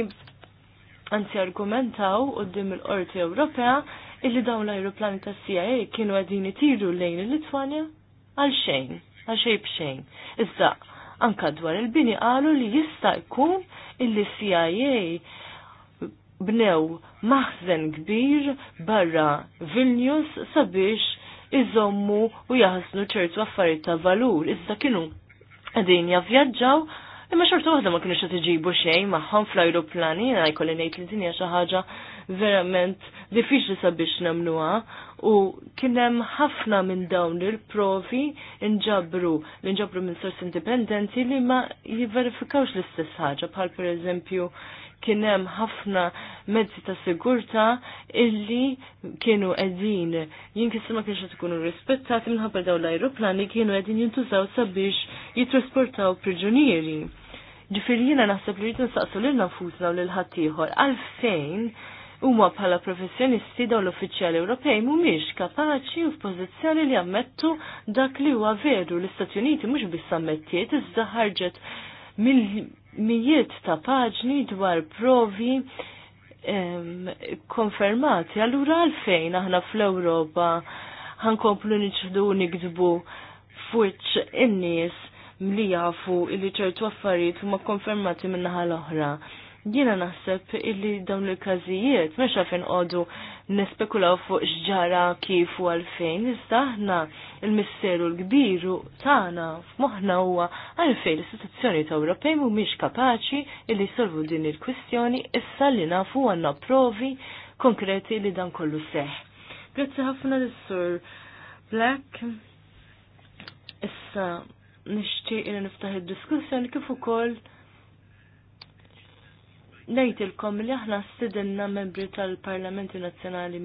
anzi argumentaw qudiem il-Qorti Ewropea illi dawn l-aeroplani tas-CIA kienu qegħdin itiru lejn il-Litwanja għal xejn, għal xejn b'xejn. Iżda anka dwar il-bini qalu li jista' jkun illi CIA bnew maħzen kbir barra Vilnius sabiex iżommu u jaħsnu ċertu affarijiet ta' valur. Iżda kienu qegħdin javvjaġġaw imma xorta waħda ma kienu xa tiġibu xejn magħhom fl-ajruplani, jena jkolli ngħid li dinja xi ħaġa verament diffiċli sabiex nagħmluha u kien hemm ħafna minn dawn il-provi inġabru li nġabru minn sors indipendenti li ma jiverifikawx l-istess ħaġa bħal pereżempju kien hemm ħafna mezzi ta' sigurta illi kienu qegħdin jinkisru ma kienx qed ikunu rispettati minħabba dawn l aeroplani kienu qegħdin jintużaw sabiex jitrasportaw priġunieri. Ġifieri jiena naħseb li rrid saqsu lil nafusna u l ħaddieħor għalfejn huma bħala professjonisti dawn l-uffiċjali Ewropej mhumiex kapaċi u f'pożizzjoni li ammettu dak li huwa veru l-Istati Uniti mhux biss ammettiet iżda ħarġet mijiet ta' paġni dwar provi konfermati. Allura għalfejn aħna fl-Ewropa ħankomplu niċdu nikdbu fuċ in-nies li jafu li ċertu affarijiet huma konfermati minnaħa l-oħra. Jiena naħseb illi dawn il-każijiet meċa għalfejn qogħdu nespekulaw fuq xġara kif u għalfejn, iżda aħna il-misseru l-kbiru tagħna f'moħħna huwa għalfejn l-istituzzjoni ta' Ewropej mhumiex kapaċi li jsolvu din il-kwistjoni issa li nafu għandna provi konkreti li dan kollu seħ. Grazzi ħafna l sur Black. Issa nixtieq il niftaħ id-diskussjoni kif ukoll Nejtilkom li aħna stidinna membri tal-Parlamenti Nazzjonali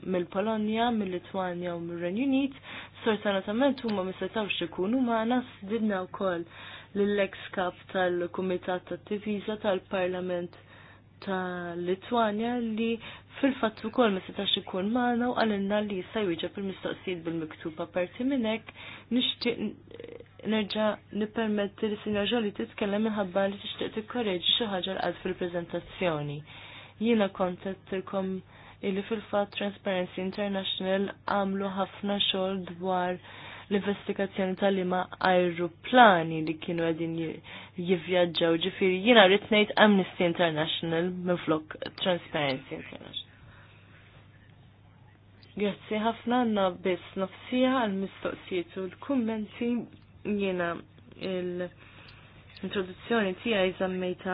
mill-Polonja, mill-Litwanja u mill-Renju Unit, sortanatament huma ma setawx ikunu magħna stidinna wkoll lill-ex kap tal-Kumitat tat-Tiviża tal-Parlament ta' Litwanja li fil-fatt ukoll ma setax ikun maħna u għalilna li jista' jwieġeb il-mistoqsijiet bil-miktuba parti minn hekk nixtieq nerġa' nippermetti li sinjaġa li titkellem minħabba li tixtieq tikkoreġi xi ħaġa l fil-preżentazzjoni. Jiena il li fil-fatt Transparency International għamlu ħafna xogħol dwar l-investigazzjoni tal lima aeroplani li kienu għedin jivvjaġġaw ġifiri jina rritnejt Amnesty International minflok Transparency International. Grazzi ħafna għanna bis nafsija għal-mistoqsijiet u l-kummenti jina l-introduzzjoni tijaj zammejta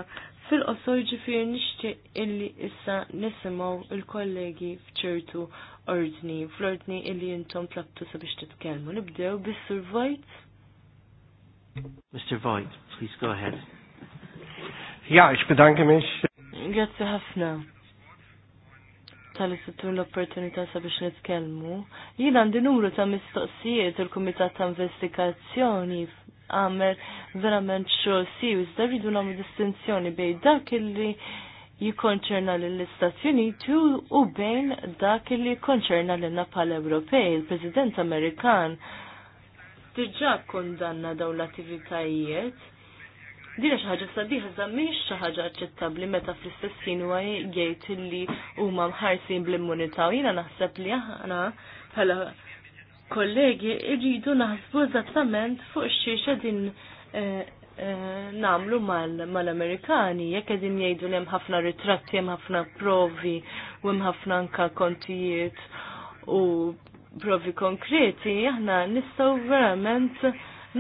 fil-qosor ġifiri nishtiq illi issa nisimaw il-kollegi fċertu ordni, fl-ordni illi jintom tlabtu sabiex titkelmu. Nibdew bis-Sur Voigt? Mr. Voigt, please go ahead. Ja, ich bedanke mich. Grazie ħafna Tali istitur l-opportunità sabiex nitkellmu. Jien għandi numru ta' mistoqsijiet il-Kumitat ta' Investigazzjoni għamel verament xogħol siwis da rridu nagħmlu distinzjoni bej dak illi jikonċerna l-Istati Uniti u bejn dak li jikonċerna l napal pal-Ewropej. Il-President Amerikan diġa kondanna daw l-attivitajiet. Dina xaħġa sabiħa zammiex miex xaħġa ċettabli meta fl-istess ħin huwa jgħid li huma mħarsin bl-immunità u jiena naħseb li aħna bħala kollegi irridu naħsbu eżattament fuq xiexa din eh, Eh, namlu mal-Amerikani, jekk edin jgħidu li hemm ħafna ritratti, hemm ħafna provi, u hemm ħafna anka kontijiet u provi konkreti, aħna nistgħu verament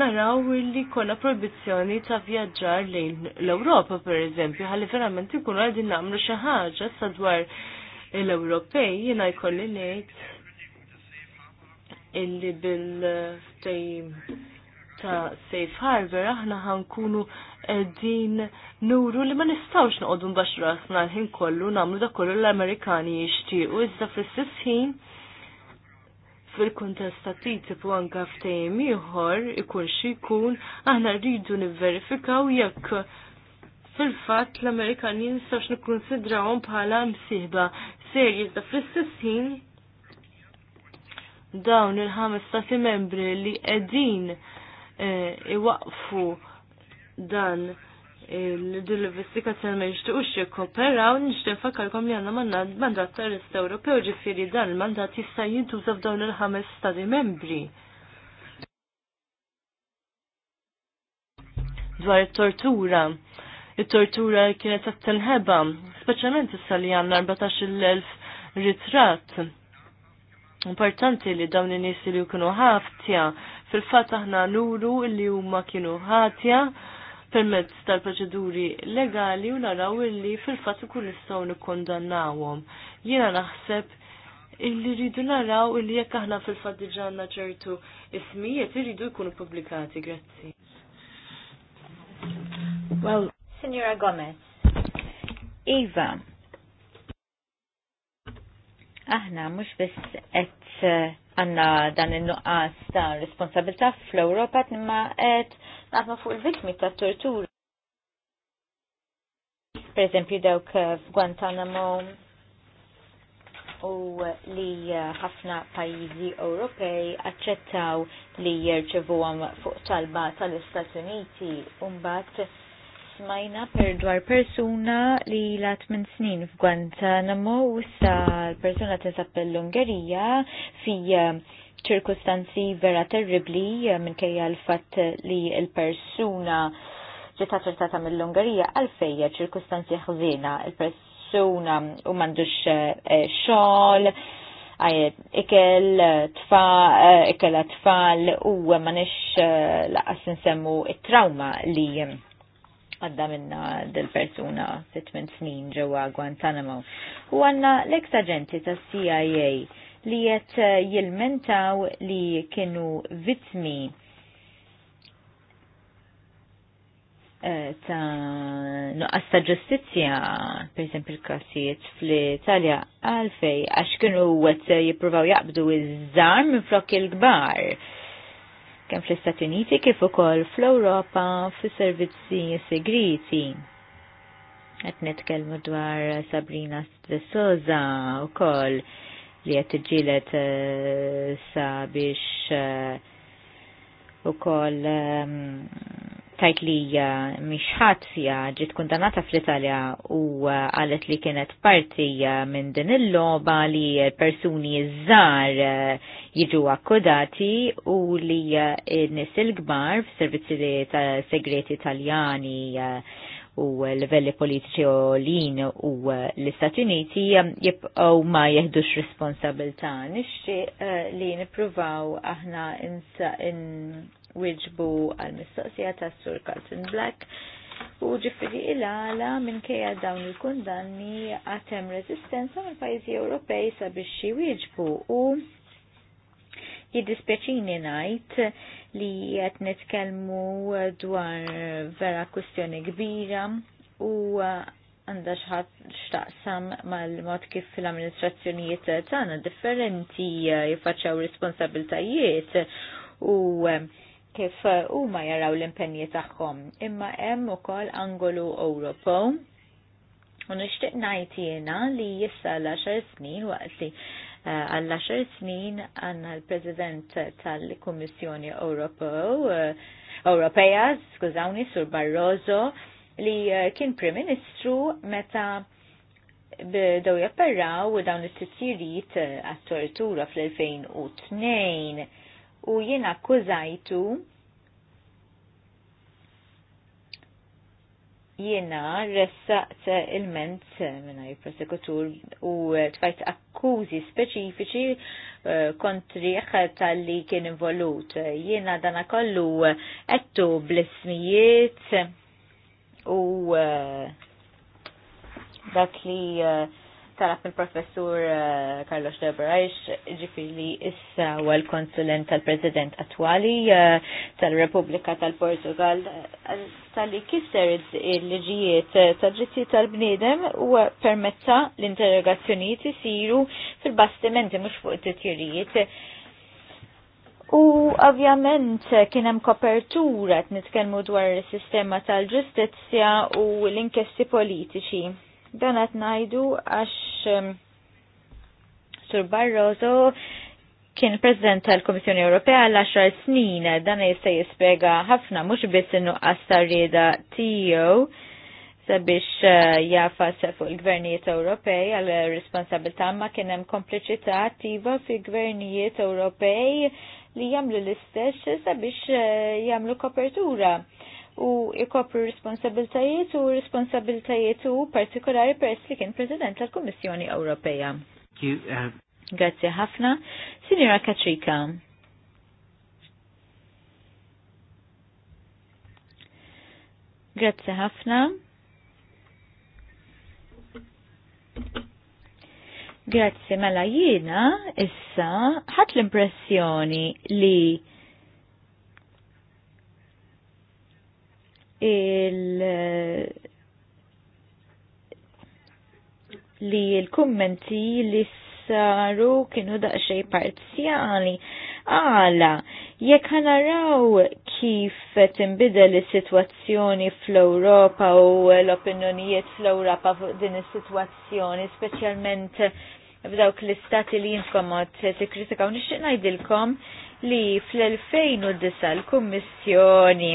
naraw li kona proibizzjoni ta' vjaġġar lejn l-Ewropa, per eżempju, ħalli verament ikunu għadin namlu xi ħaġa sadwar l-Ewropej, jiena jkolli ngħid illi bil Uh, ta' Safe Harbor aħna ħankunu din nuru li ma nistawx noqogħdu bax rasna l-ħin kollu nagħmlu da kollu l-Amerikani jixtiequ iżda fl-istess ħin fil-kuntest titi TTIP u anke ftehim ieħor ikun xi jkun aħna rridu nivverifikaw jekk fil-fatt l-Amerikani nistawx nikkunsidrawhom bħala msieħba serji iżda fl-istess ħin dawn il-ħames stati membri li qegħdin Eh, iwaqfu dan l-investigazzjoni ma jixtiqux jikkoperaw, nixtieq fakkarkom li għandna mandat ta' rist Ewropew ġifieri dan il-mandat jista' jintuża f'dawn il-ħames stati membri. Dwar it-tortura. It-tortura kienet qed tinħeba, speċjalment issa li għandna 14,000 ritratt. Importanti li dawn in-nies li jkunu ħaftja fil-fatt aħna nuru li huma kienu ħatja permezz tal-proċeduri legali u naraw illi fil-fatt ikun nistgħu nikkondannawhom. Jiena naħseb illi rridu naraw illi jekk aħna fil-fatt diġà ċertu ismijiet irridu jkunu pubblikati, grazzi. Well, Signora Gomez, Eva, aħna mhux biss qed eh, għandna dan in-nuqqas ta' responsabilità fl-Ewropa imma qed naħdmu fuq il-vittmi tat tortur. Per eżempju dawk eh, f'Guantanamo u eh, li ħafna pajjiżi Ewropej aċċettaw li għam fuq talba tal-Istati Uniti u mbagħad smajna per dwar persuna li la 8 snin f'Guantanamo u sa persuna tinsab l-Ungerija fi eh, ċirkustanzi vera terribli eh, kajja l-fatt li l-persuna ġiet ċertata mill-Ungerija għalfejja ċirkustanzi ħzina il-persuna u mandux eh, xogħol għaj ikel tfa, ikel tfal u manix laqas nsemmu it trauma li għadda minna del-persuna 6 snin ġewa Guantanamo. U għanna l ex agenti ta' CIA li jett eh, jilmentaw li kienu vitmi eh, ta' nuqqas ta' ġustizja, per esempio il kassiet fl-Italja, għalfej, għax kienu għet eh, jipruvaw jaqbdu iż żarm flok il-gbar kemm fl-Istati Uniti kif ukoll fl-Ewropa fis-servizzi segreti. Qed nitkellmu dwar Sabrina de Souza wkoll li qed tiġilet eh, sabiex biex eh, ukoll ehm, tajt li uh, miex ħatja ġiet kundanata fl-Italja u uh, għalet li kienet parti uh, minn din il-loba li persuni zzar jiġu akkodati u li n-nis il-gbar f'servizzi ta' segreti italjani u livelli politiċi olin u l-Istati Uniti um, jibqaw ma jeħdux responsabilta. Nixti li nipruvaw aħna wieġbu għal-mistoqsija ta' Sur Carlton Black. U ġifiri il-għala minn kejja dawn il-kundanni għatem rezistenza mill pajjiżi Ewropej sabiex xi wieġbu u jiddispjaċini najt li qed nitkellmu dwar vera kwistjoni kbira u għandha xħat xtaqsam mal-mod kif l-amministrazzjonijiet tagħna differenti jiffaċċaw responsabiltajiet u kif eh, huma jaraw l-impenji tagħhom. Imma hemm ukoll angolu Ewropew u nixtieq ngħid jiena li jissa l-10 snin waqt li eh, għall-10 snin għandna l-President tal-Kummissjoni Ewropea, eh, skużawni, Sur Barroso, li kien Prim Ministru meta bdew japperraw dawn it-titjiriet għat-tortura fl-2002 u jiena akkużajtu jiena ressaqt il-ment minna jiprosekutur u tfajt akkużi speċifiċi eh, kontri tal-li kien involut. Jiena dana kollu għettu blismijiet u eh, dak li eh, taraf il-professur eh, Carlos Debrajx, ġifiri issa u l-konsulent tal-president attwali eh, tal-Repubblika tal-Portugal, eh, tal-li kisser il-liġijiet tal-ġitti tal-bnidem u permetta l-interrogazzjoniet jisiru fil-bastimenti mux fuq it-tjerijiet. U ovvjament kienem kopertura t-nitkelmu dwar il-sistema tal-ġustizja u l-inkesti politiċi. Dan qed ngħidu għax ehm, Sur Barroso kien President tal-Komissjoni Ewropea għal 10 snin, dan jista' jispjega ħafna mhux biss innuqqas tar-rieda tiegħu sabiex eh, jafas fuq il-gvernijiet Ewropej għal responsabilità ma kien hemm kompliċità attiva fi gvernijiet Ewropej li jagħmlu l-istess sabiex eh, jagħmlu kopertura u ikopru responsabiltajiet u responsabiltajiet u partikolari peress li kien President tal-Kummissjoni Ewropea. Uh, Grazie ħafna. Sinjora Katrika. Grazie ħafna. Grazie mela jiena issa ħadd l-impressjoni li il- li l-kummenti li saru kienu daqxej parzjali. Għala, jekk ħanaraw kif timbidel is-sitwazzjoni fl-Ewropa u l-opinjonijiet fl-Ewropa fuq din is-sitwazzjoni, speċjalment f'dawk l-istati li jinkomot tikkritikaw nixtieq ngħidilkom li fl-2009 l-Kummissjoni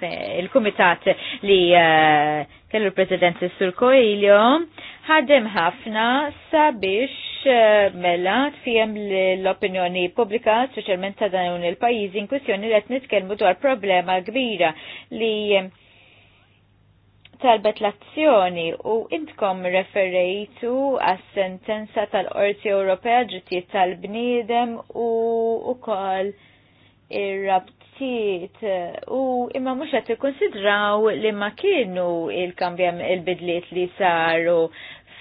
Eh, il-Kumitat li eh, kellu l-President Sur Coelho ħadem ħafna sabiex eh, mela tfiem l-opinjoni pubblika, specialment ta' dawn il-pajjiżi in kwistjoni li qed nitkellmu dwar problema kbira li talbet l-azzjoni u intkom referejtu għas sentenza tal-Qorti Ewropea ġittijiet tal-bniedem u ukoll ir-rab partijiet eh, u imma mhux qed ikkonsidraw li ma kienu il-kambjem il-bidliet li saru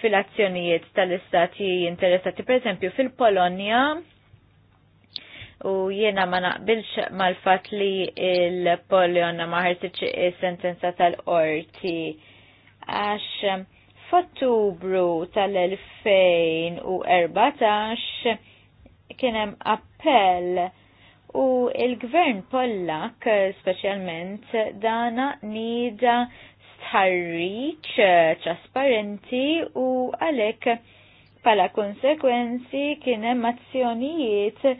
fil-azzjonijiet tal-istati interessati, pereżempju fil-Polonja, u jiena ma naqbilx mal-fat li il polonia maħertiċ sentenza tal-orti. Għax f'Ottubru tal-2014 kienem appell U il-gvern Pollak specialment dana nida stħarriċ trasparenti u għalek pala konsekwenzi kienem azzjonijiet eh,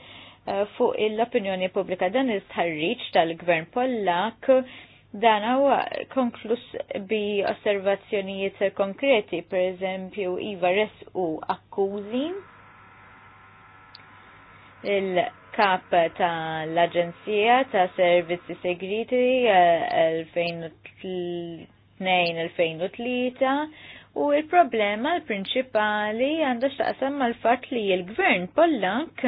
fuq l-opinjoni pubblika dan il istħarriċ tal-gvern Pollak dan huwa konklus bi osservazzjonijiet konkreti, per eżempju, iva res u akkużi kap ta' l-Aġenzija ta' Servizzi Segreti 2002-2003 eh, u il-problema l-prinċipali għandha x'taqsam mal-fatt li l-Gvern Pollank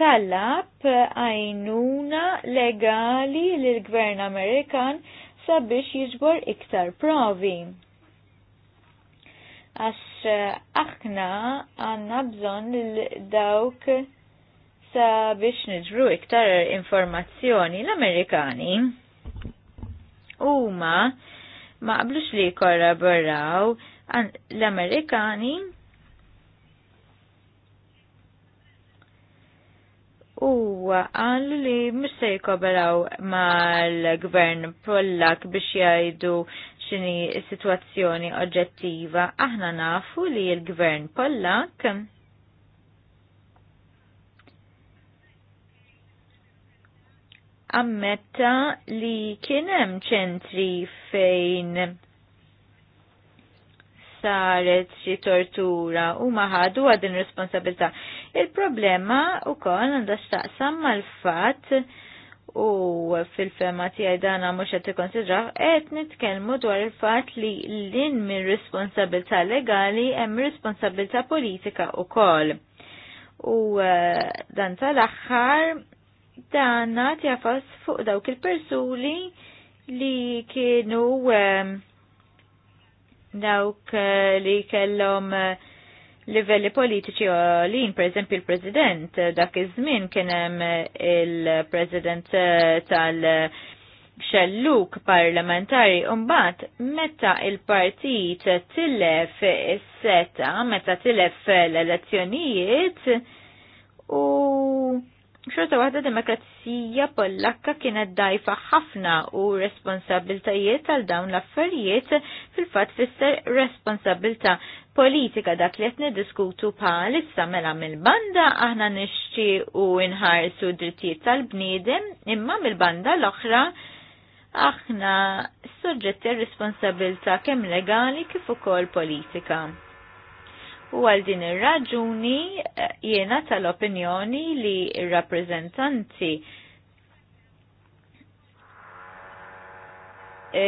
talab għajnuna legali l-Gvern Amerikan sabiex jiġbor iktar provi għax eh, aħna għanna bżon l-dawk sa biex nġbru iktar informazzjoni l-Amerikani u ma qablux li korraboraw l-Amerikani u għallu li mhux se ma l gvern Pollak biex jgħidu xini situazzjoni oġġettiva. Aħna nafu li l-gvern Pollak ammetta li kienem ċentri fejn saret xi tortura u maħadu għadin responsabilta. Il-problema u kol għandha taqsam mal-fat u fil-fema tijaj dana mux għet konsidraħ, għet nitkelmu dwar il-fat li l din minn responsabilta legali hemm responsabilta politika u kol. U eh, dan tal-axħar dana tjafas fuq dawk il-persuli li kienu eh, dawk eh, li kellom uh, livelli politiċi għalin, per eżempju il-President, dak iż-żmien kien hemm eh, il-President eh, tal- xelluk parlamentari umbat meta il-partit tillef is-seta, meta tillef l-elezzjonijiet u Xorta waħda demokrazija pollakka kienet dajfa ħafna u responsabiltajiet għal dawn l-affarijiet fil-fat fisser responsabilta politika dak li qed niddiskutu bħalissa mela mill-banda aħna nixti u nħarsu drittijiet tal-bniedem imma mill-banda l-oħra aħna soġġetti responsabilta kemm legali kif ukoll politika. U għal din ir-raġuni eh, jiena tal-opinjoni li r-rappreżentanti E,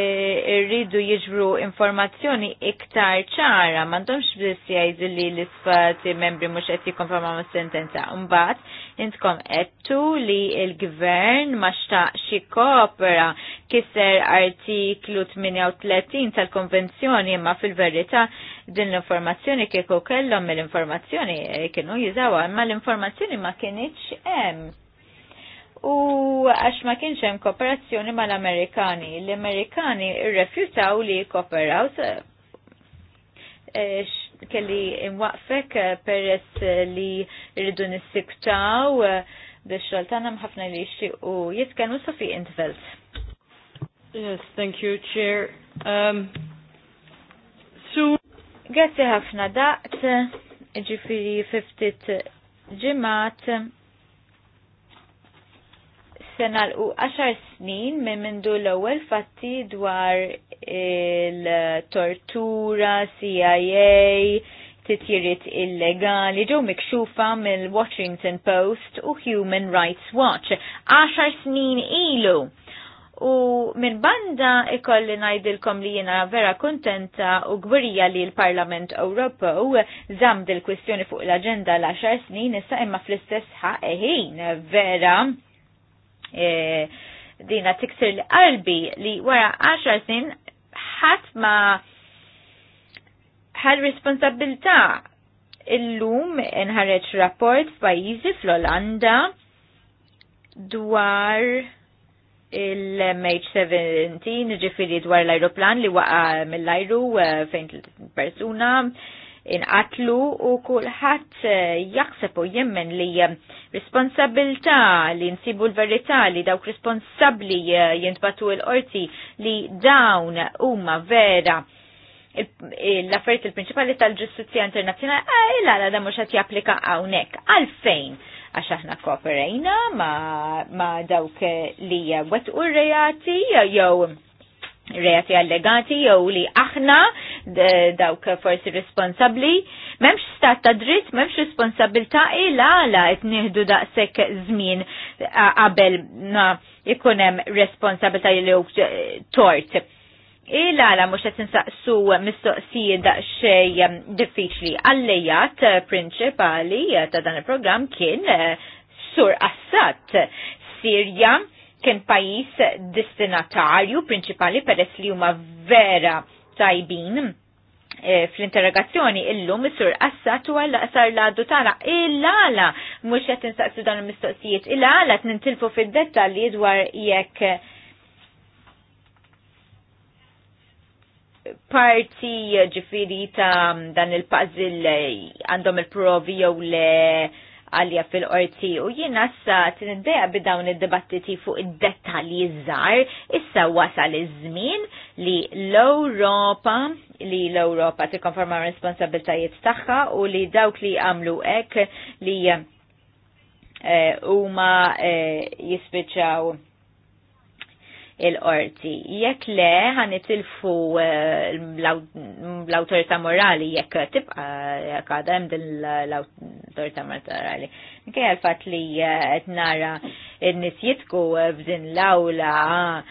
irridu jiġbru informazzjoni iktar ċara, m'għandhomx biss għajdu li l-isfati membri mhux qed jikkonforma ma sentenza. Umbat, intkom għettu li l-gvern ma xtaqx jikkopera kisser artiklu 38 tal-konvenzjoni imma fil-verità din l-informazzjoni kieku kellhom mill-informazzjoni e, kienu jiżawha imma l-informazzjoni ma kienieċ hemm u għax ma kienx hemm kooperazzjoni mal-Amerikani. L-Amerikani rrefjutaw li kooperaw e, kelli imwaqfek e, peress li rridu nissiktaw e, biex xoltana ħafna li u jitkenu Sofi Intveld. Yes, thank you, Chair. Um, so... Grazie ħafna daqt, ġifiri 50 ġimat, sena u 10 snin minn mindu l-ewwel fatti dwar il-tortura, CIA, titjiriet illegali ġew mikxufa mill-Washington Post u Human Rights Watch. 10 snin ilu. U minn banda ikolli najdilkom li jena vera kontenta u gwirja li l-Parlament Ewropew zam il-kwistjoni fuq l-agenda l-10 snin issa imma fl-istess ħaqeħin vera E, dina tikser li qalbi li wara 10 sin ħadd ma ħal responsabilta illum nħarreġ rapport f'pajjiżi fl-Olanda dwar il-MH17 ġifiri dwar l-aeroplan li waqa mill-ajru eh, fejn persuna inqatlu u kulħadd eh, jaħseb u jemmen li eh, responsabilta li nsibu l-verità li dawk responsabbli eh, jintbatu l-qorti li dawn huma vera l-affarijiet il-prinċipali tal-ġustizzja internazzjonali għajla la da mhux qed japplika hawnhekk. Għalfejn? għax aħna kooperajna ma, ma dawk li wet u rejati jew reati allegati jew li aħna dawk forsi responsabli, memx stat ta' dritt, memx responsabilta illa għala etniħdu daqshekk zmin qabel na hemm responsabilta li tort. Ila la mux għet nsaqsu mistoqsijiet daqxej diffiċli allejat prinċipali ta' dan il-program kien eh, Sur Assad Sirja kien pajis destinatarju prinċipali peress li huma vera tajbin e, fl-interrogazzjoni illum sur assat u għalla sar laddu tara il-għala mux jett nsaqsu dan il-mistoqsijiet il-għala t-nintilfu fil-dettalji dwar jekk parti ġifiri ta' dan il-puzzle għandhom il-provi jew le għalja fil-qorti u sa issa nindeja b'dawn id-dibattiti fuq id-dettalji żgħar issa wasal iż-żmien li l-Ewropa li l-Ewropa konforma responsabiltajiet tagħha u li dawk li għamlu hekk li eh, huma eh, jispiċċaw il-qorti. Jekk le ħanitilfu eh, l-autorità morali jekk tibqa jekk għadha hemm din l-autorità morali. Minkejja għal fatt li eh, qed nara n-nies jitku eh, f'din l-awla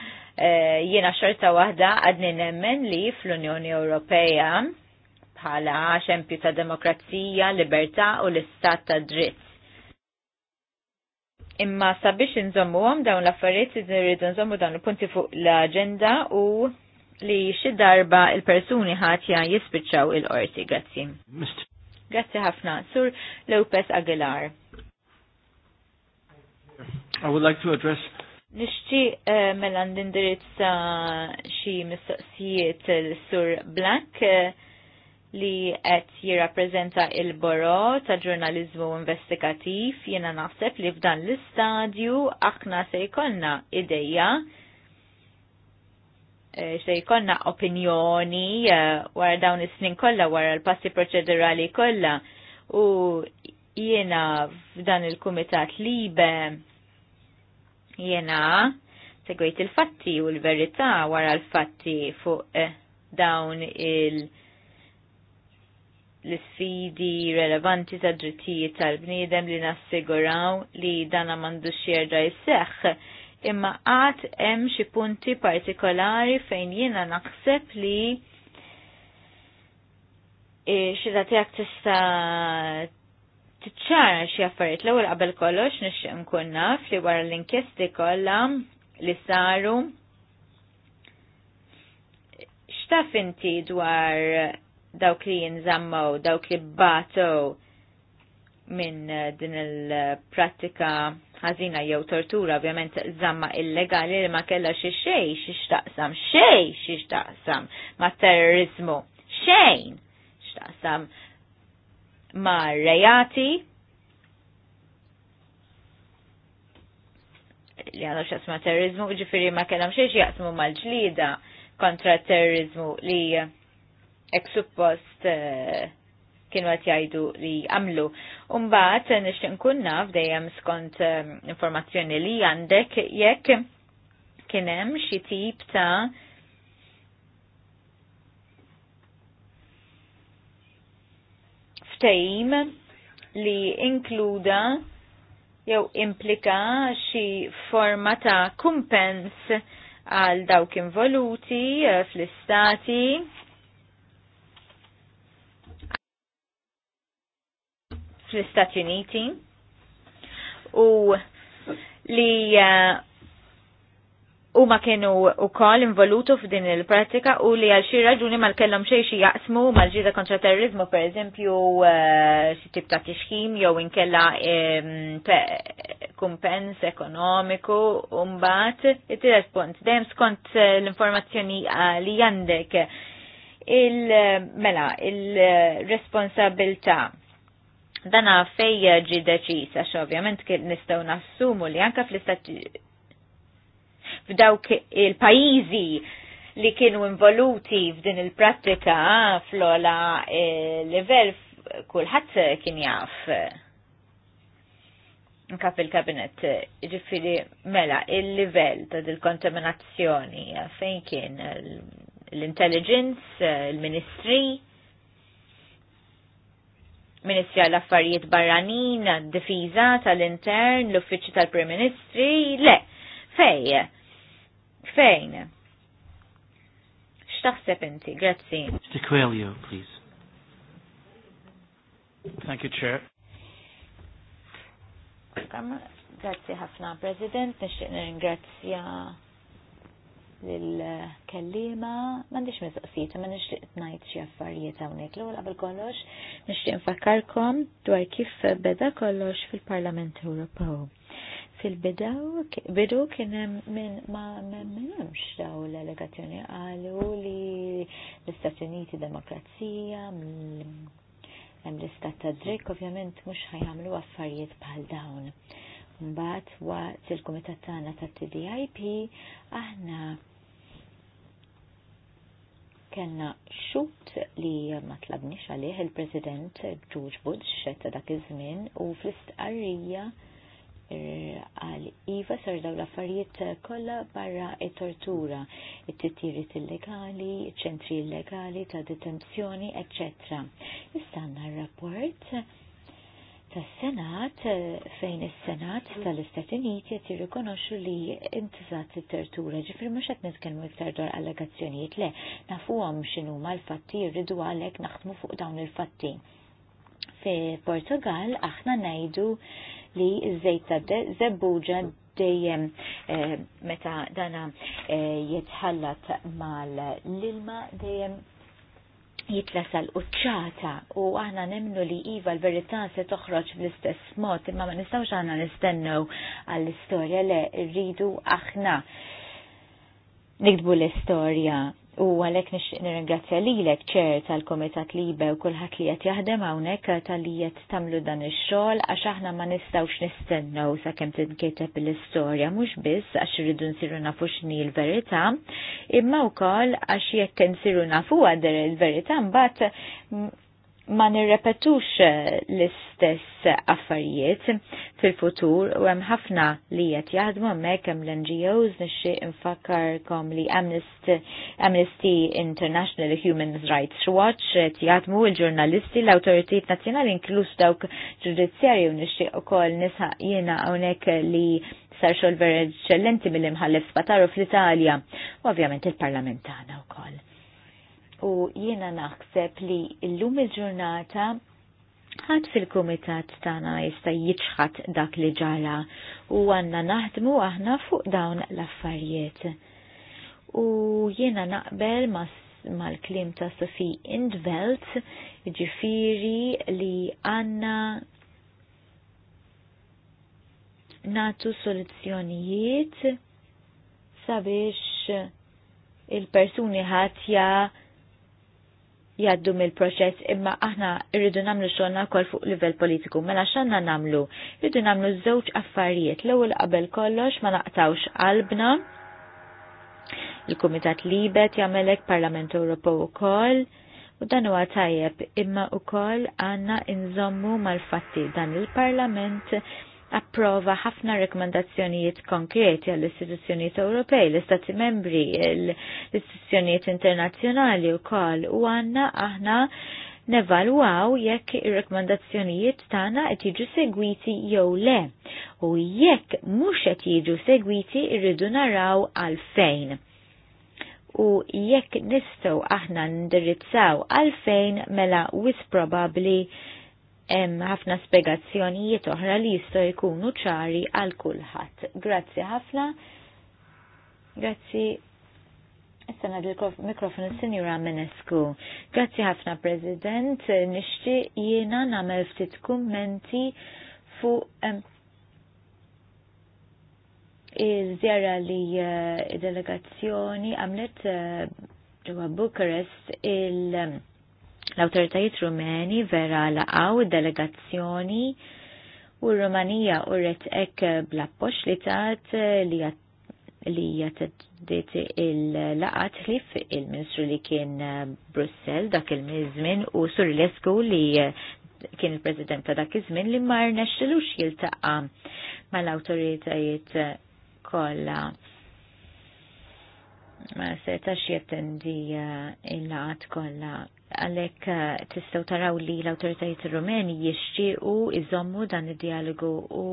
jiena xorta waħda għadni nemmen li fl-Unjoni Ewropea bħala xempju ta' demokrazija, libertà u l-istat ta' dritt Imma sabiex nżommuhom dawn l-affarijiet irridu nżommu dawn il-punti fuq l agenda u li xi darba il-persuni ħatja jispiċċaw il-qorti. Grazzi. Grazzi ħafna. Sur Lopez Aguilar. I would like to address Nishti uh, eh, mela nindirizza xi mistoqsijiet l-Sur Black. Uh, li qed jirrappreżenta il-boro ta' ġurnalizmu investigativ jiena naħseb li f'dan l-istadju aħna se jkollna idejja e, se jkollna opinjoni e, wara dawn is-snin kollha wara l-passi proċedurali kollha u jiena f'dan il-kumitat libe jiena segwejt il-fatti u l-verità wara l-fatti fuq e, dawn il- l-sfidi relevanti ta' drittijiet tal-bniedem li nassiguraw li dana mandu xierda jisseħ. Imma għat hemm xi punti partikolari fejn jiena naħseb li xida tiegħek tista' tiċċara xi affarijiet l-ewwel qabel kollox nixtieq nkun naf li wara l-inkjesti kollha li saru xtaf inti dwar dawk li jinżammaw, dawk li batow minn eh, din il-prattika ħażina jew tortura, ovvjament zamma illegali li ma kellha xi xej x'taqsam xej x'taqsam ma' terrorizmu, xejn x'taqsam ma' rejati li għandhom xasma terrorizmu, ġifiri ma kellhom xejn jaqsmu mal-ġlida kontra terrorizmu li ek suppost eh, kienu għat jajdu li għamlu. Umbat, eh, nishtin kunna dejjem skont eh, informazzjoni li għandek jekk kienem xi tip ta' ftejm li inkluda jew implika xi forma ta' kumpens għal dawk involuti fl-istati fl-Istati Uniti u li uh, u ma kienu u kol involutu f'din il-pratika u li għal xi raġuni ma l kellhom xejn xi jaqsmu mal-ġida kontra terrorizmu per eżempju uh, xi tip ta' tixħim jew inkella um, kumpens ekonomiku u mbagħad it-tielet punt dejjem skont uh, l-informazzjoni li għandek il-mela il-responsabilta' dana fejja ġi deċisa għax ovvjament kien nistaw nassumu li anka fl-istat f'dawk il-pajizi li kienu involuti f'din il-prattika fl-ola eh, level kullħat kien jaf nkap il kabinet ġifiri mela il-level ta' dil-kontaminazzjoni fejn kien l-intelligence, il-ministri, il ministri Ministja l-Affarijiet Barranin, d-difiza tal-Intern, l-Uffiċċju tal-Prim Ministri, le. Fej? Fejn? X'taħseb inti? Grazzi. Mr. please. Thank you, Chair. Grazzi ħafna, President. Nixtieq nirringrazzja lill-kellima m'għandix mistoqsijiet, ma nixtieq ngħid xi affarijiet hawnhekk. L-ewwel qabel kollox nixtieq nfakkarkom dwar kif beda kollox fil-Parlament Ewropew. Fil-bidu bidu kien minn ma m'hemmx daw l-allegazzjoni qalu li l istat Uniti Demokrazija mm, hemm l-istat ta' dritt ovvjament mhux ħajħamlu affarijiet bħal dawn. Mbagħad waqt il-kumitat tagħna tat-TDIP aħna kena xut li ma tlabnix għalih il-President George Bush xetta dak iż-żmien u fl-istqarrija eh, għal Iva sar daw l-affarijiet kollha barra it-tortura, it-titjiriet illegali, iċ-ċentri illegali ta' detenzjoni, eċċetera. Istanna r-rapport tas-Senat eh, fejn is-Senat tal-Istati Uniti qed jirrikonoxxu li intużat it-tertura ġifir mhux qed nitkellmu iktar dwar allegazzjonijiet le nafuhom x'inhu mal-fatti jirridu għalhekk naħdmu fuq dawn il-fatti. Fi Portugal aħna ngħidu li ż-żejt ta' dejjem eh, meta dana eh, jitħallat mal-ilma dejjem jitlasal u u aħna nemnu li Iva l-verità se toħroġ bl-istess mod imma ma nistawx aħna nistennew għall-istorja le rridu aħna nikdbu l-istorja U għalek nixtieq nirringrazzja lilek ċer tal-Komitat Libe u kulħadd li qed jaħdem hawnhekk tal-li qed tagħmlu dan ix-xogħol għax aħna ma nistgħux nistennew sakemm tinkiteb l-istorja mhux biss għax irridu nsiru nafu x'ni l-verità, imma wkoll għax jekk insiru nafu għader il-verità mbagħad ma nirrepetux eh, l-istess affarijiet fil-futur u hemm ħafna li qed jaħdmu hemmhekk hemm l-NGOs nixtieq infakkarkom li Amnesty International Human Rights Watch qed jaħdmu l-ġurnalisti l-awtoritajiet nazzjonali inkluż dawk ġudizzjarji u nixtieq ukoll nisaq jiena hawnhekk li sar xogħol vera eċċellenti mill-imħallef Spataru fl-Italja u ovvjament il-Parlament tagħna wkoll u jiena naħseb li llum il-ġurnata ħadd fil-kumitat tagħna jista' jiċħat dak li ġara u għandna naħdmu aħna fuq dawn l-affarijiet. U jiena naqbel ma' mal-klim ta' Sofi Indvelt, ġifiri li għanna natu soluzzjonijiet sabiex il-persuni ħatja jaddu mill-proċess imma aħna rridu namlu xogħolna wkoll fuq livell politiku. Mela x'għandna namlu? Rridu namlu żewġ affarijiet. L-ewwel qabel kollox ma naqtawx qalbna. Il-Kumitat Libet jagħmelek Parlament Ewropew ukoll. U dan huwa tajjeb imma wkoll għandna inżommu mal-fatti dan il-Parlament approva ħafna rekomendazzjonijiet konkreti għall istituzzjonijiet Ewropej, l-Istati membri, l-istituzzjonijiet internazzjonali u koll u għanna aħna nevalwaw jekk ir-rekomendazzjonijiet tagħna qed jiġu segwiti jew le. U jekk mhux qed jiġu segwiti rridu naraw għal fejn. U jekk nistgħu aħna ndirizzaw għalfejn mela wis probabbli hemm ħafna spiegazzjonijiet oħra li jistgħu jkunu ċari għal kulħadd. Grazzi ħafna. Grazzi Issa is Sinjura Menescu. Grazzi ħafna President, nixti jiena nagħmel ftit kummenti fuq iż-żjara li eh, delegazzjoni għamlet eh, ġewwa Bukarest il- L-autoritajiet rumeni vera laqaw delegazzjoni u Rumanija u retek blappox li tat li li jatteddit il-laqat ħlif il-Ministru li kien Brussel dak il-mizmin u Surlesku li kien il-President ta' dak iż-żmien li mar nexxilux jiltaqa mal-awtoritajiet kollha ma setax jattendi il-laqat kollha għalek eh, tistaw taraw li l-autoritajiet rumeni jixtiequ iżommu dan id-dialogu u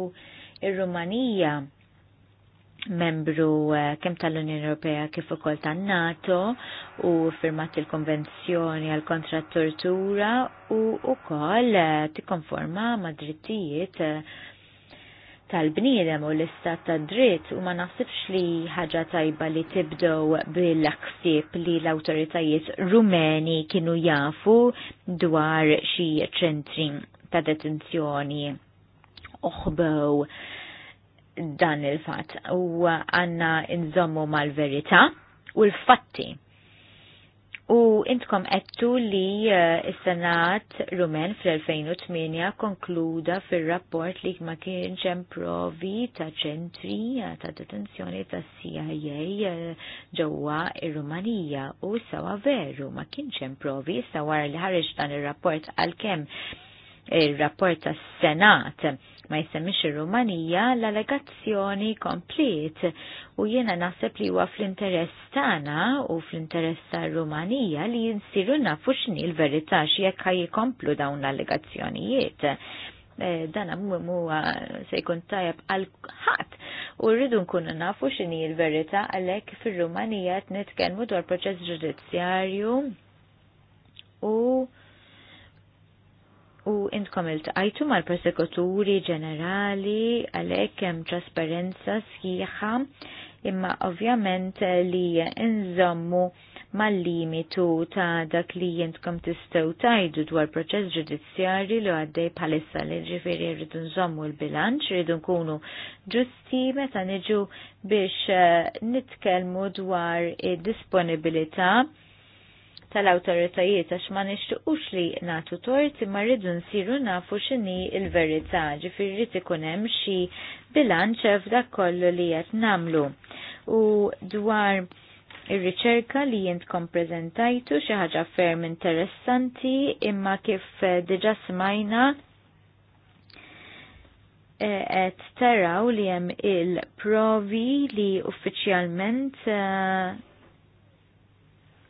il rumanija membru eh, kemm tal-Unjoni Ewropea kif ukoll tan-NATO u firmat il-konvenzjoni għal kontra tortura u ukoll eh, tikkonforma ma' drittijiet tal-bniedem u l-istat ta' dritt u ma nasibx li ħaġa tajba li tibdow bil-aksib li l-autoritajiet rumeni kienu jafu dwar xi ċentri ta' detenzjoni uħbow dan il-fat u għanna nżommu mal-verita u l-fatti U intkom għettu li eh, s-Senat Rumen fl-2008 konkluda fil-rapport li ma kienx hemm provi ta' ċentri eh, ta' detenzjoni ta' CIA eh, ġewwa ir-Rumanija u sawa veru ma kienx hemm provi issa wara li ħareġ dan ir-rapport għalkemm il-rapport tas senat ma jisemmix il rumanija l-allegazzjoni komplit u jiena naħseb li huwa fl-interess tagħna u fl-interess tar-Rumanija li jinsiru nafu x'inhi l-verità x'jekk jikomplu dawn l-allegazzjonijiet. E, dan huwa se jkun tajab għal ħadd u rridu nkunu nafu x'inhi l-verità għalhekk fir-Rumanija qed nitkellmu dwar proċess ġudizzjarju u u intkom il-tqajtu mal-persekuturi ġenerali għalhekk hemm trasparenza sħiħa imma ovvjament li nżommu mal-limitu ta' dak li jintkom tistgħu tajdu dwar proċess ġudizzjarji li għaddej palissa li ġifiri rridu nżommu l-bilanċ, rridu nkunu ġusti meta niġu biex eh, nitkellmu dwar id-disponibilità tal-awtoritajiet għax ma nixtuqux li natu tort imma rridu nsiru nafu x'inhi l-verità ġifieri rid ikun hemm xi bilanċ f'dak kollu li qed nagħmlu. U dwar ir-riċerka li jintkom prezentajtu xi ħaġa ferm interessanti imma kif diġa smajna eh, qed taraw li hemm il-provi li uffiċjalment eh,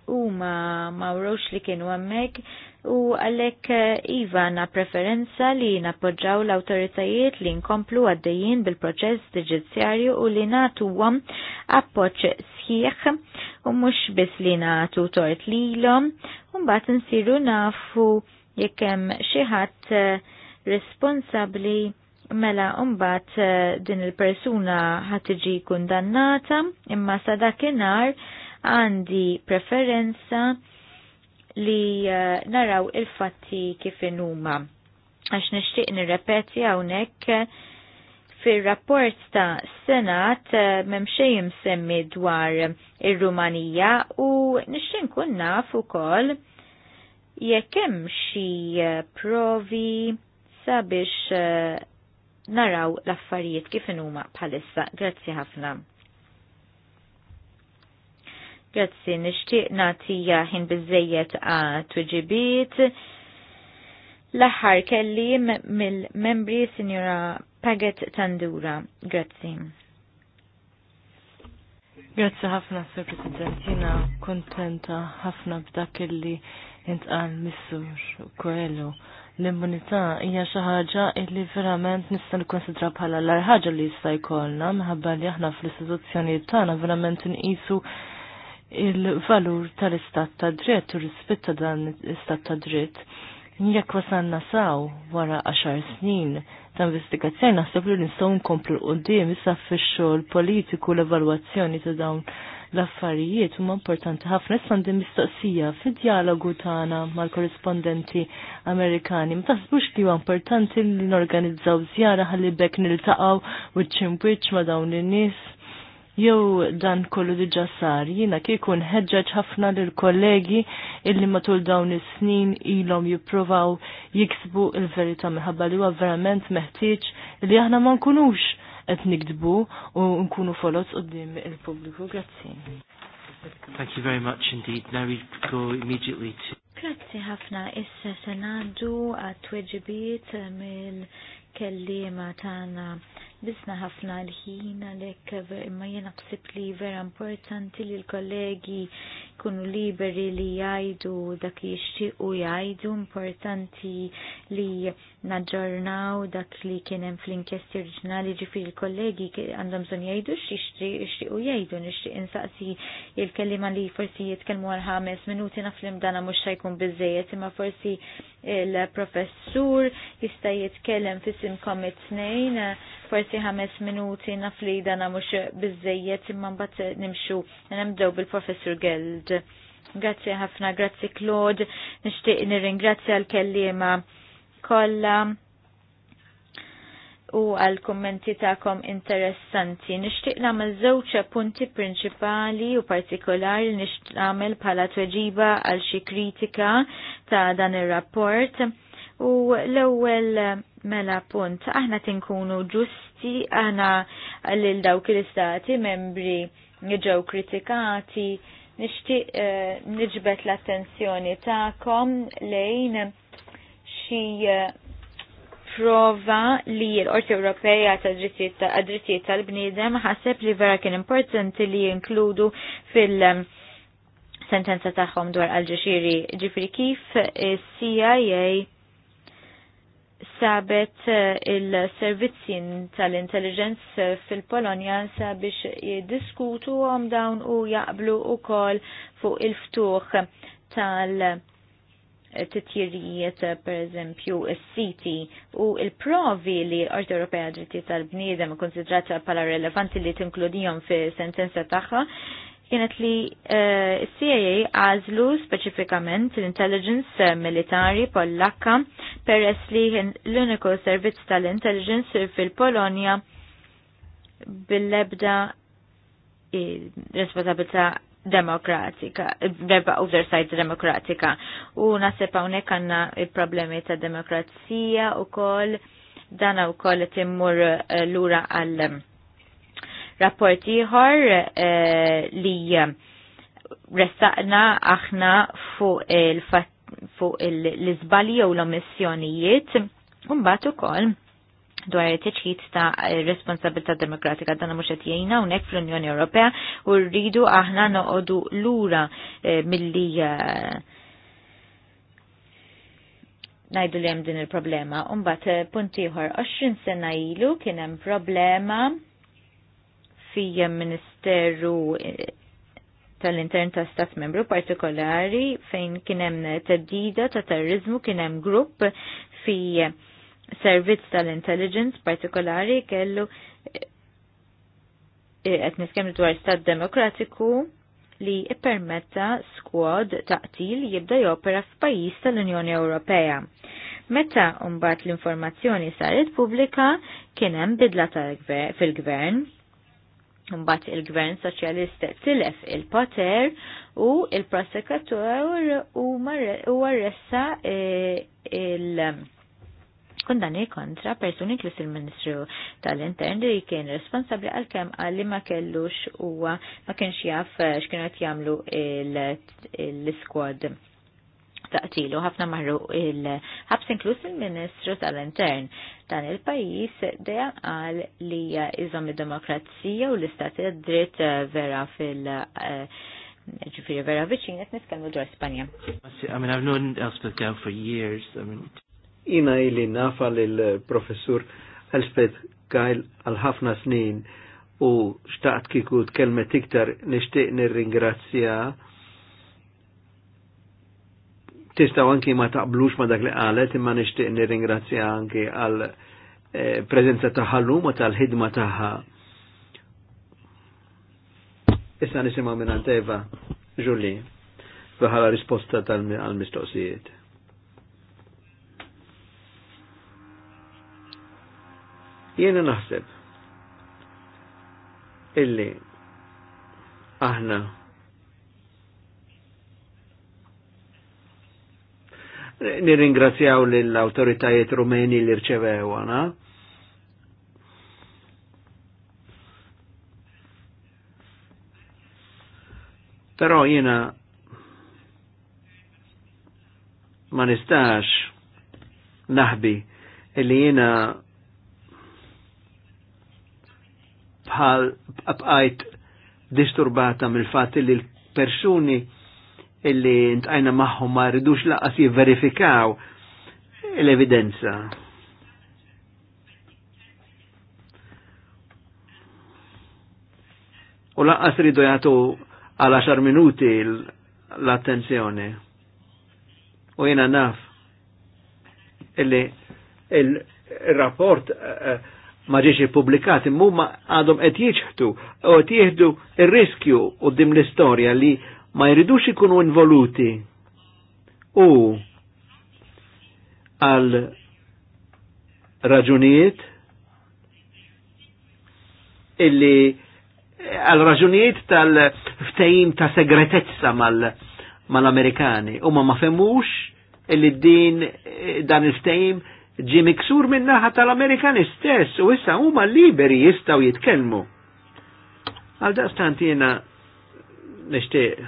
huma mawrux li kienu hemmhekk u għalhekk eh, iva na preferenza li nappoġġaw l-awtoritajiet li nkomplu għaddejjin bil-proċess ġudizzjarju u li nagħtuhom appoġġ sħiħ u mhux biss li nagħtu tort lilhom u mbagħad insiru nafu jekk hemm xi ħadd eh, responsabbli mela umbat eh, din il-persuna ħatiġi kundannata imma sa dakinhar għandi preferenza li eh, naraw il-fatti kif inuma. Għax nixtieq nirrepeti hawnhekk fir-rapport ta' Senat eh, m'hemm xejn semmi dwar ir-Rumanija u nishtiq nkun naf ukoll jekk hemm xi eh, provi sabiex naraw l-affarijiet kif inuma bħalissa. Grazzi ħafna. Grazzi, nishtiq natija ħin bizzejiet għat tuġibit. L-aħħar mill-membri Signora Paget Tandura. Grazzi. Grazzi ħafna, Sir President. Jina kontenta ħafna b'dak illi intqal Missur Koelo. L-immunità hija xi ħaġa li verament nista' nikkonsidra bħala l-ħaġa li jista' jkollna minħabba li aħna fl-istituzzjonijiet tagħna verament inqisu il-valur tal-istat ta' dritt u rispett ta' dan istat ta' dritt. Jekk wasan nasaw wara 10 snin ta' investigazzjoni naħseb li nistgħu nkomplu l-qudiem issa fix-xogħol politiku l-evalwazzjoni ta' dawn l-affarijiet huma importanti ħafna issa għandi mistoqsija fid-dialogu tagħna mal korrespondenti Amerikani. Ma taħsbux li huwa importanti li norganizzaw żjara ħalli bekk niltaqgħu wiċċ ma' dawn in-nies jew dan kollu diġa sar. Jina kikun ħeġġeġ ħafna l-kollegi illi matul dawn is-snin ilhom jipprovaw jiksbu il-verità minħabba li huwa verament meħtieġ li aħna ma nkunux qed nikdbu u nkunu folos qudiem il-pubbliku. Grazzi. Thank you very much indeed. Now we go immediately to... Grazzi ħafna, issa senaddu għat-tweġibiet mill-kellima tagħna. Bisna ħafna l-ħin għalek imma jena b'sib li vera importanti li l-kollegi kunu liberi li jajdu dak li jixtiqu jajdu importanti li naġġornaw dak li kienem fl-inkjesti oriġinali ġifir l-kollegi għandhom zon jajdu xtiqu jajdu nishtiq insaqsi il-kellima li forsi jitkelmu għal ħames minuti naflim dana mux xajkun bizzejet imma forsi il-professur jista' jitkellem fisim komit snejn, forsi ħames minuti naf li dana mux bizzejiet imma mbagħad nimxu nibdew bil-professur Geld. Grazzi ħafna, grazie Claude, nixtieq nirringrazzja l-kellima kollha u għal kommenti ta'kom interessanti. Nishtiq namel zewċa punti prinċipali u partikolari nishtiq namel pala tweġiba għal xi kritika ta' dan ir-rapport. U l-ewwel mela punt, aħna tinkunu ġusti, aħna lil dawk l-istati membri ġew kritikati, nixtieq uh, l-attenzjoni tagħkom lejn xi uh, prova li l-Qorti Ewropea ta' drittijiet tal-bniedem ħaseb li vera kien importanti li jinkludu fil- um, sentenza tagħhom dwar għal ġeċiri ġifri kif eh, CIA sabet eh, il-servizzi tal-intelligence eh, fil-Polonja sabiex jiddiskutu għom dawn u jaqblu u kol fuq il-ftuħ tal- titjirijiet per eżempju s-siti u il-provi li l-Arti Ewropea ġitti tal-bniedem konsidrata pala relevanti li tinkludijom fi sentenza tagħha kienet li eh, CIA għazlu specifikament l-intelligence militari pollakka peress li l-uniku servizz tal-intelligence fil-Polonja bil-lebda responsabilità demokratika, verba oversight demokratika. U nasib hawnhekk għandna il-problemi ta' demokrazija u kol, dana u kol timmur eh, lura għal eh, rapport ieħor eh, li restaqna aħna fuq il-fat fuq l-izbali jew l-omissjonijiet, un batu ukoll dwar it-tiċħid ta' responsabilità demokratika dan mhux qed jgħinna hawnhekk fl-Unjoni Ewropea u rridu aħna noqogħdu lura eh, milli eh, ngħidu li hemm din il-problema. Umbagħad eh, punt ieħor 20 sena ilu kien hemm problema fi Ministeru tal-intern ta' stat membru partikolari fejn kien hemm teddida ta' terrorizmu kien hemm grupp fi servizz tal-intelligence partikolari kellu eh, eh, qed niskemmu dwar stat demokratiku li ippermetta squad ta' qtil jibda jopera f'pajjiż tal-Unjoni Ewropea. Meta mbagħad l-informazzjoni saret pubblika kien hemm bidla fil-gvern, mbagħad il-Gvern Soċjalista tilef il-poter u il-prosekutur u arressa eh, il-, -il kundani kontra persuni inkluż il-Ministru tal-Intern li kien responsabbli għalkemm għalli ma kellux huwa ma kienx jaf eh, x'kienu qed jagħmlu l squad taqtilu ħafna marru il-ħabs inkluż il-Ministru tal-Intern dan il-pajis dejja għal li iżom id-demokrazija u l-istat dritt eh, vera fil- eh, ġifiri vera viċin, jett nitkellmu dwar Spanja. I mean, I've known for years. I mean... Ina ili nafa l-professur Elspeth Kajl għal ħafna snin u xtaqt kiku kelme iktar nishtiq nir-ringrazzja tistaw anki ma taqblux ma dak li qalet imma nixtieq nirringrazzja anki għal eh, preżenza ta' llum u tal-ħidma tagħha. Issa nisimgħu minn Anteva, Julie, bħala risposta tal-mistoqsijiet. Jiena naħseb illi aħna nirringrazzjaw l-autoritajiet rumeni li rċevew għana. Pero jina ma nistax naħbi illi jina bħal bqajt disturbata mill fat li l-persuni illi ntajna maħħom ma rridux laqas jiverifikaw l-evidenza. U laqas ridu jgħatu għal 10 minuti l-attenzjoni. U jena naf illi il-rapport uh, ma ġiex ippubblikat imma ma għadhom qed jiġħdu u qed jieħdu ir-riskju qudiem l-istorja li ma jridux ikunu involuti. U għal raġunijiet illi għal raġunijiet tal ftajim ta' segretezza mal-Amerikani mal u ma ma femmux illi din dan il ftajim ġi miksur minnaħa tal-Amerikan stess u issa huma liberi jistaw jitkellmu. Għal daqstant jena nishtiq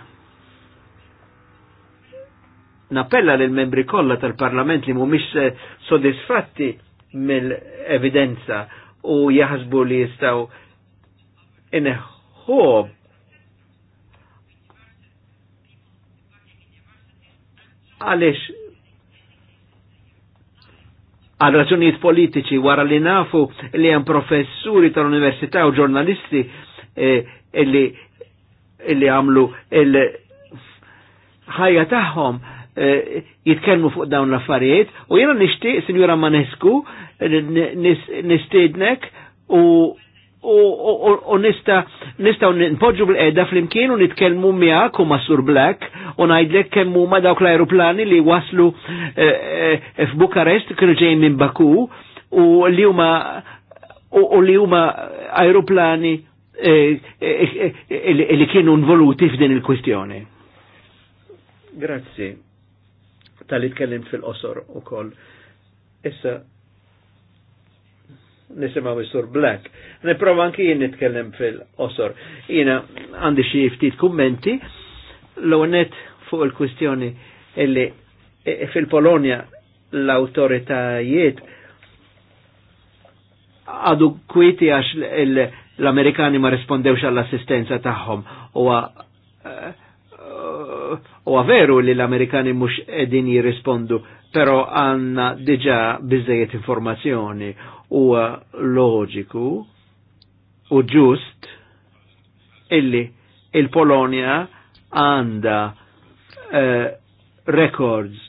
nappella lil membri kollha tal-Parlament li mhumiex eh, sodisfatti mill-evidenza u jaħsbu li jistaw inħu għalix għal raġunijiet politiċi wara li nafu li hemm professuri tal-università u ġurnalisti e, illi illi għamlu il-ħajja tagħhom e, jitkellmu fuq dawn l-affarijiet u jiena nixtieq Sinjura Manescu nistiednek u u nista u npoġġu bil edda fl-imkien u nitkellmu miegħek u Sur Black u ngħidlek kemm huma dawk l-ajruplani li waslu eh, eh, f-Bukarest kienu ġejn minn Baku u li huma u li huma ajruplani eh, li kienu involuti f'din il-kwistjoni. Grazzi tal-li fil-qosor u koll. Issa nisimaw jisur Black. Niprofa anki jien nitkellem fil osor Jina għandi xi ftit kummenti l-onet fuq il-kwistjoni illi e, e, fil-Polonja l-autoritajiet għadu kwiti għax l-Amerikani ma rispondewx għall-assistenza tagħhom. U e, veru li l-Amerikani mhux qegħdin jirrispondu, però għandna diġà biżejjed informazzjoni huwa loġiku u ġust illi il-Polonja għanda uh, records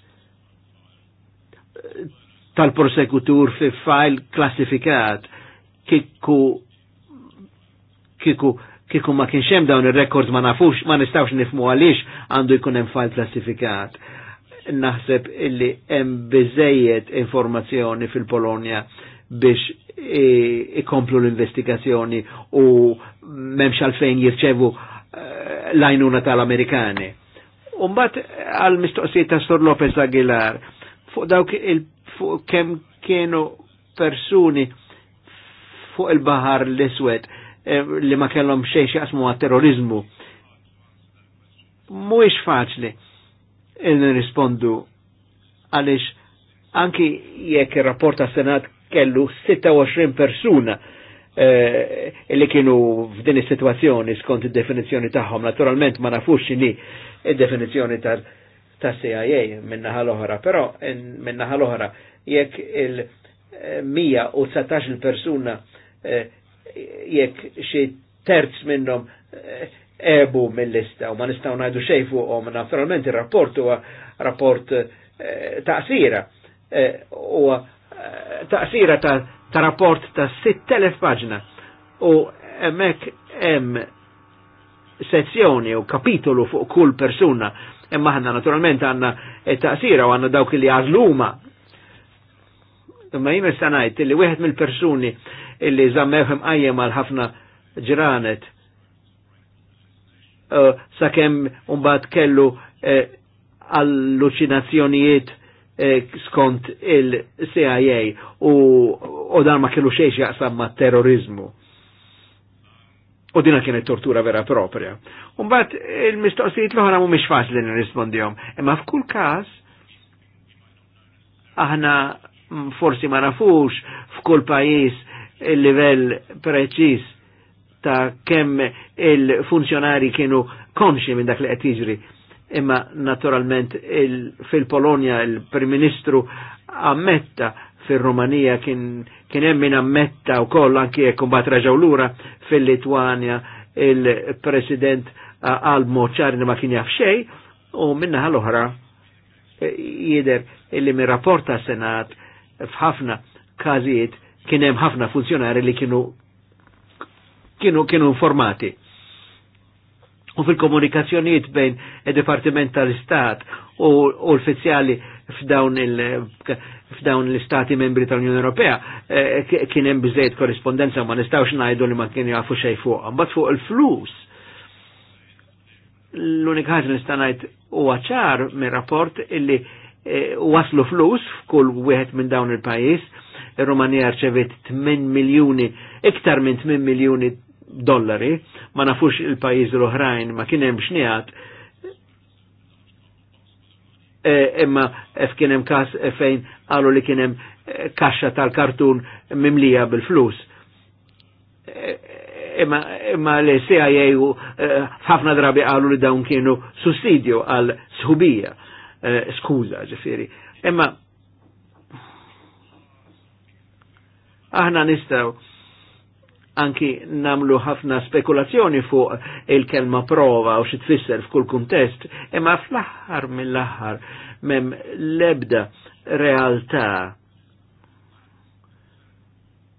tal-prosekutur fi file klassifikat kikku kikku kikku ma kienx hemm dawn ir-records ma nafux ma nistgħux nifmu għaliex għandu jkun hemm file klassifikat. Naħseb illi hemm biżejjed informazzjoni fil-Polonja biex ikomplu l-investigazzjoni u memx għalfejn jirċevu eh, lajnuna tal-Amerikani. Umbat għal mistoqsijiet ta' Sor Lopez Aguilar, fuq dawk il kem kienu persuni fuq il-bahar l-iswed eh, li ma kellhom xejn xi qasmu għat terrorizmu. Mhuwiex faċli il nirrispondu għaliex anki jekk ir-rapport tas-Senat kellu 26 persuna eh, li kienu f'din is-sitwazzjoni skont id-definizzjoni tagħhom. Naturalment ma nafux x'inhi id-definizzjoni tal ta' CIA min-naħa l-oħra, però min-naħa l-oħra jekk il-119 eh, persuna eh, jekk xi terz minnhom eh, ebu mill-lista u ma nistgħu ngħidu xejn fuqhom, naturalment ir-rapport huwa rapport, ta' sira. u taqsira ta', ta rapport ta' 6000 paġna u emmek em sezzjoni u kapitolu fuq kull persuna imma ħanna naturalment għanna taqsira u għanna dawk li għazluma imma jimmer sanajt li wieħed mill-persuni illi zammewħem għajjem għal ħafna ġranet eh, sakemm umbat kellu uh, allucinazzjonijiet E, skont il-CIA u dan ma kellu xejx jaqsam ma' terrorizmu. U dina kienet tortura vera propria. Umbat il-mistoqsijiet l-ħra mu miex faċli nirrispondihom. Imma f'kull każ aħna forsi ma nafux f'kull pajjiż il-livell preċis ta' kemm il-funzjonari kienu konxi minn dak li qed imma naturalment fil polonia il-Prim Ministru ammetta fil romania kien hemm min ammetta u koll anki jekk mbagħad raġaw lura fil litwania il-President Almo ċarni ma kien jaf u minna l-oħra eh, jider illi mi rapporta Senat f'ħafna każijiet kien hemm ħafna funzjonari li kienu kienu kienu informati u fil-komunikazzjonijiet bejn il-Departiment tal-Istat u l f'dawn l-Istati membri tal-Unjoni Ewropea eh, kien hemm biżejjed korrispondenza ma nistgħux ngħidu li ma kien jafu xejn fuq. Mbagħad fuq il-flus l-unika ħaġa nista' ngħid huwa ċar mir-rapport illi eh, waslu flus f'kull wieħed minn dawn il-pajjiż. Ir-Rumanija rċevet 8 miljuni, iktar minn 8 miljuni dollari, ma nafux il-pajiz l-oħrajn ma kien hemm xnijat, e, imma e, hemm kas e, fejn qalu li kien hemm e, kaxxa tal-kartun mimlija bil-flus. Imma e, le CIA ħafna e, drabi qalu li dawn kienu sussidju għal sħubija, skuza ġifiri. Imma aħna nistaw anki namlu ħafna spekulazzjoni fuq il-kelma prova u xitfisser f'kull kuntest, imma fl-aħħar mill-aħħar mem lebda realtà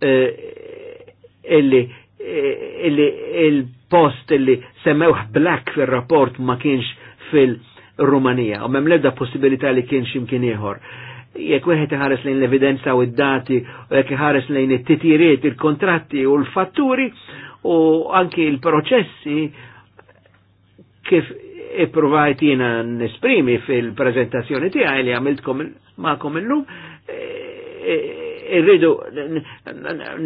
eh, illi eh, illi il-post illi semmewħ black fil-rapport ma kienx fil-Rumanija u mem lebda possibilità li kienx imkien ieħor jekk wieħed iħares lejn l-evidenza u d-dati, u jekk iħares lejn it-titjiriet, il-kontratti u l-fatturi, u anki l-proċessi kif ipprovajt jiena nesprimi fil-prezentazzjoni tiegħi li għamiltkom ma'kom illum, eh, eh, irridu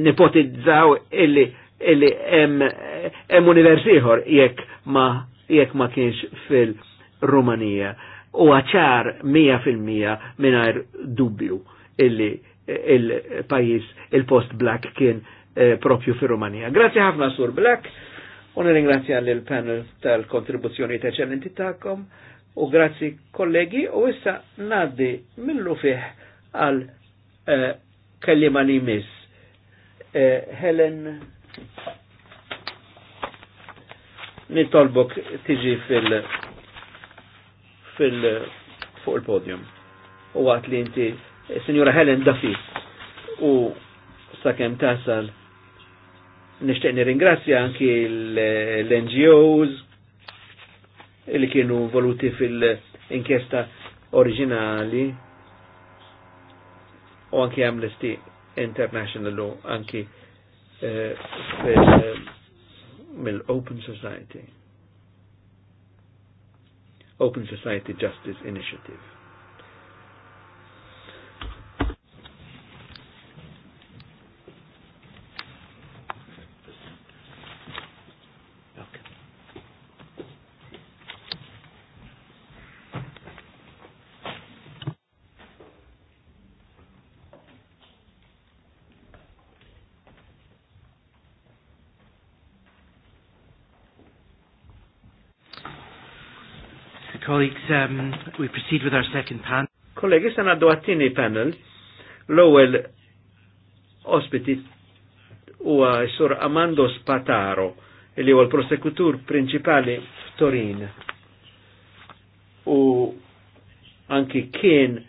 nipotizzaw illi illi hemm univers ieħor jekk ma jekk ma kienx fil-Rumanija u għaċar 100% minar dubju illi il-pajis, il-post Black kien eh, propju fi Romania. Grazie ħafna sur Black, u ringrazzja l-panel tal-kontribuzzjoni ta' ċellenti ta'kom, u grazzi kollegi, u issa naddi millu fiħ għal eh, kellima li miss. Eh, Helen, nitolbok tiġi fil- fil fuq il-podium. U għat li inti, Signora Helen Duffy, u sakem tasal nishtiq nirringrazzja anki l-NGOs li kienu voluti fil-inkjesta oriġinali u anki Amnesty International u anki uh, mill-Open Society. Open Society Justice Initiative. um, we proceed with our second panel. Kollegi, sa għaddu għattini panel. L-ewel ospiti huwa sur Amando Spataro, li huwa l-prosekutur prinċipali f'Torin. U anki kien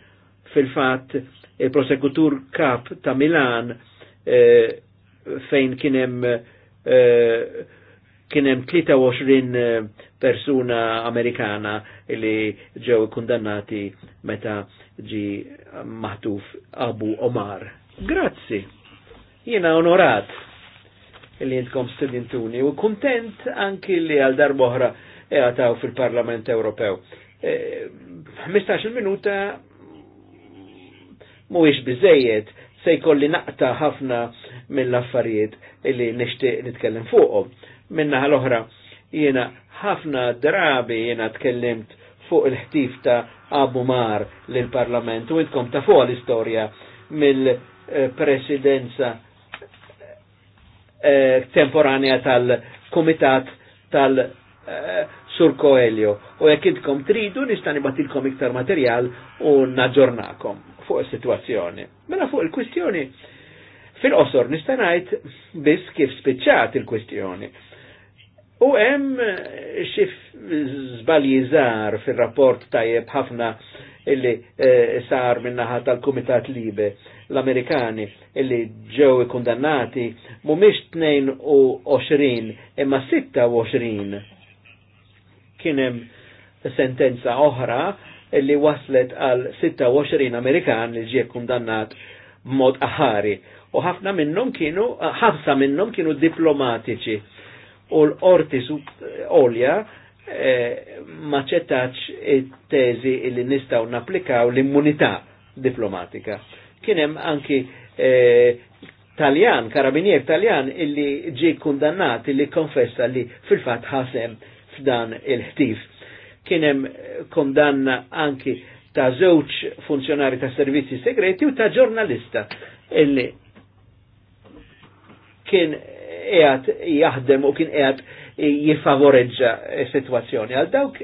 fil-fat il-prosekutur kap ta' Milan eh, fejn kienem eh, kienem 23 eh, persuna amerikana li ġew kundannati meta ġi maħtuf Abu Omar. Grazzi, jiena onorat li jintkom studentuni u kontent anki li għal darboħra jgħataw fil-Parlament Ewropew. 15 eh, minuta mhuwiex biżejjed se jkolli naqta ħafna mill-affarijiet li nixtieq nitkellem fuqhom minna l oħra Jena ħafna drabi jena tkellimt fuq il-ħtif ta' Abu Mar l-Parlament u jitkom ta' fuq l-istoria mill-presidenza eh, temporanja tal-Komitat tal-Sur eh, Coelho. U jekk idkom tridu nista' nibatilkom iktar materjal u naġġornakom fuq is-sitwazzjoni. Mela fuq il-kwistjoni fil-qosor nista' ngħid biss kif spiċċat il-kwistjoni. il il kwistjoni U hemm eh, xi żbalji żgħar fir-rapport tajjeb ħafna illi e, sar minnaħa tal-Kumitat Libe l-Amerikani illi ġew ikkundannati mhumiex 22 imma 26 kien hemm sentenza oħra illi waslet għal 26 Amerikan li ġie kundannat b'mod aħari. U ħafna minnhom kienu, ħafsa minnhom kienu diplomatiċi u l u olja eh, maċċettax it-teżi li nistaw naplikaw l-immunità diplomatika. Kienem anki eh, Taljan, karabinier Taljan, illi ġi kundannat, illi konfessa li fil-fat ħasem f'dan il-ħtif. Kienem kondanna anki ta' zewċ funzjonari ta' servizzi segreti u ta' ġurnalista illi kien qiegħed jaħdem u kien qiegħed jifavoreġġa s-sitwazzjoni. Għal dawk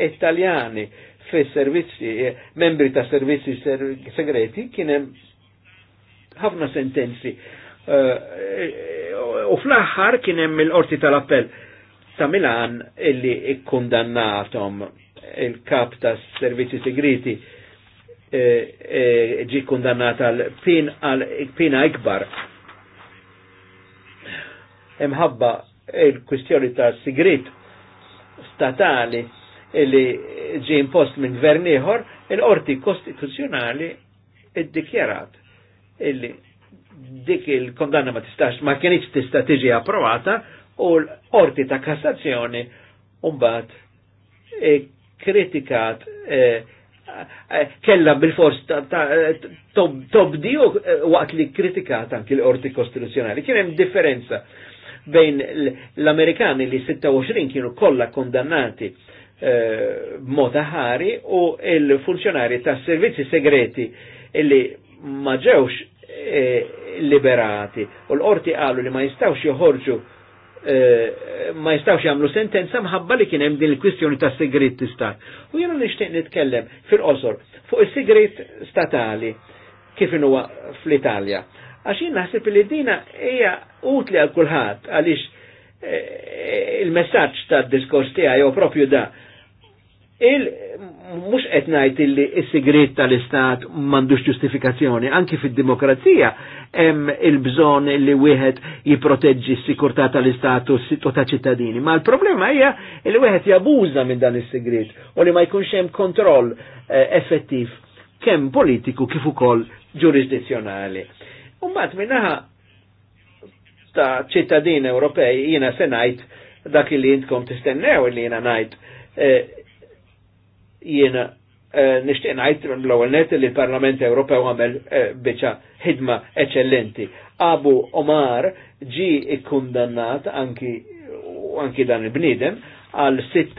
Italjani fis servizzi membri ta' servizzi segreti kien hemm ħafna sentenzi. Uh, u fl-aħħar kien hemm il-qorti tal-appell ta' Milan illi ikkundannatom il-kap ta' servizzi segreti eh, eh, ġi kundannata għal pina ikbar imħabba il kustjoni ta' sigrit statali li ġi impost minn gvern ieħor, il-qorti kostituzzjonali iddikjarat illi dik il-kondanna ma tistax ma kienieċ tista' tiġi approvata u l orti ta' kassazzjoni umbat e eh, kritikat e, eh, eh, kella bil-fors tobdi u waqt li kritikat anki l-orti kostituzjonali. Kien hemm differenza bejn l-Amerikani li 26 kienu kollha kondannati eh, b'mod ħari u il-funzjonari tas servizzi segreti li ma ġewx eh, liberati u l-qorti qalu li ma jistawx joħorġu eh, ma jistawx jagħmlu sentenza mħabba li kien hemm din il-kwistjoni ta' sigrit stat. U jiena nixtieq nitkellem fil-qosor fuq is segret statali kif huwa fl-Italja. Għax naħseb li dina hija utli għal kulħadd għaliex eh, eh, il-messaġġ ta' diskors tiegħi jew propju da. Il mhux qed ngħid illi s-sigrit tal-istat m'għandux ġustifikazzjoni, anki fid-demokrazija hemm il-bżonn li wieħed jipproteġġi s-sikurtà tal-istat u s-sittu ta' ċittadini. Ma l-problema hija li wieħed jabuża minn dan is-sigrit u li ma jkunx hemm kontroll eh, effettiv kemm politiku kif ukoll ġurisdizzjonali. Ummat minnaħa ta' ċittadin Ewropej jina senajt dak li jintkom tistennew li jina najt eh, jina eh, nishtiq najt l-ewwel net li l-Parlament Ewropew għamel eh, biċa ħidma eċellenti. Abu Omar ġi ikkundannat anki anki dan il-bnidem għal sitt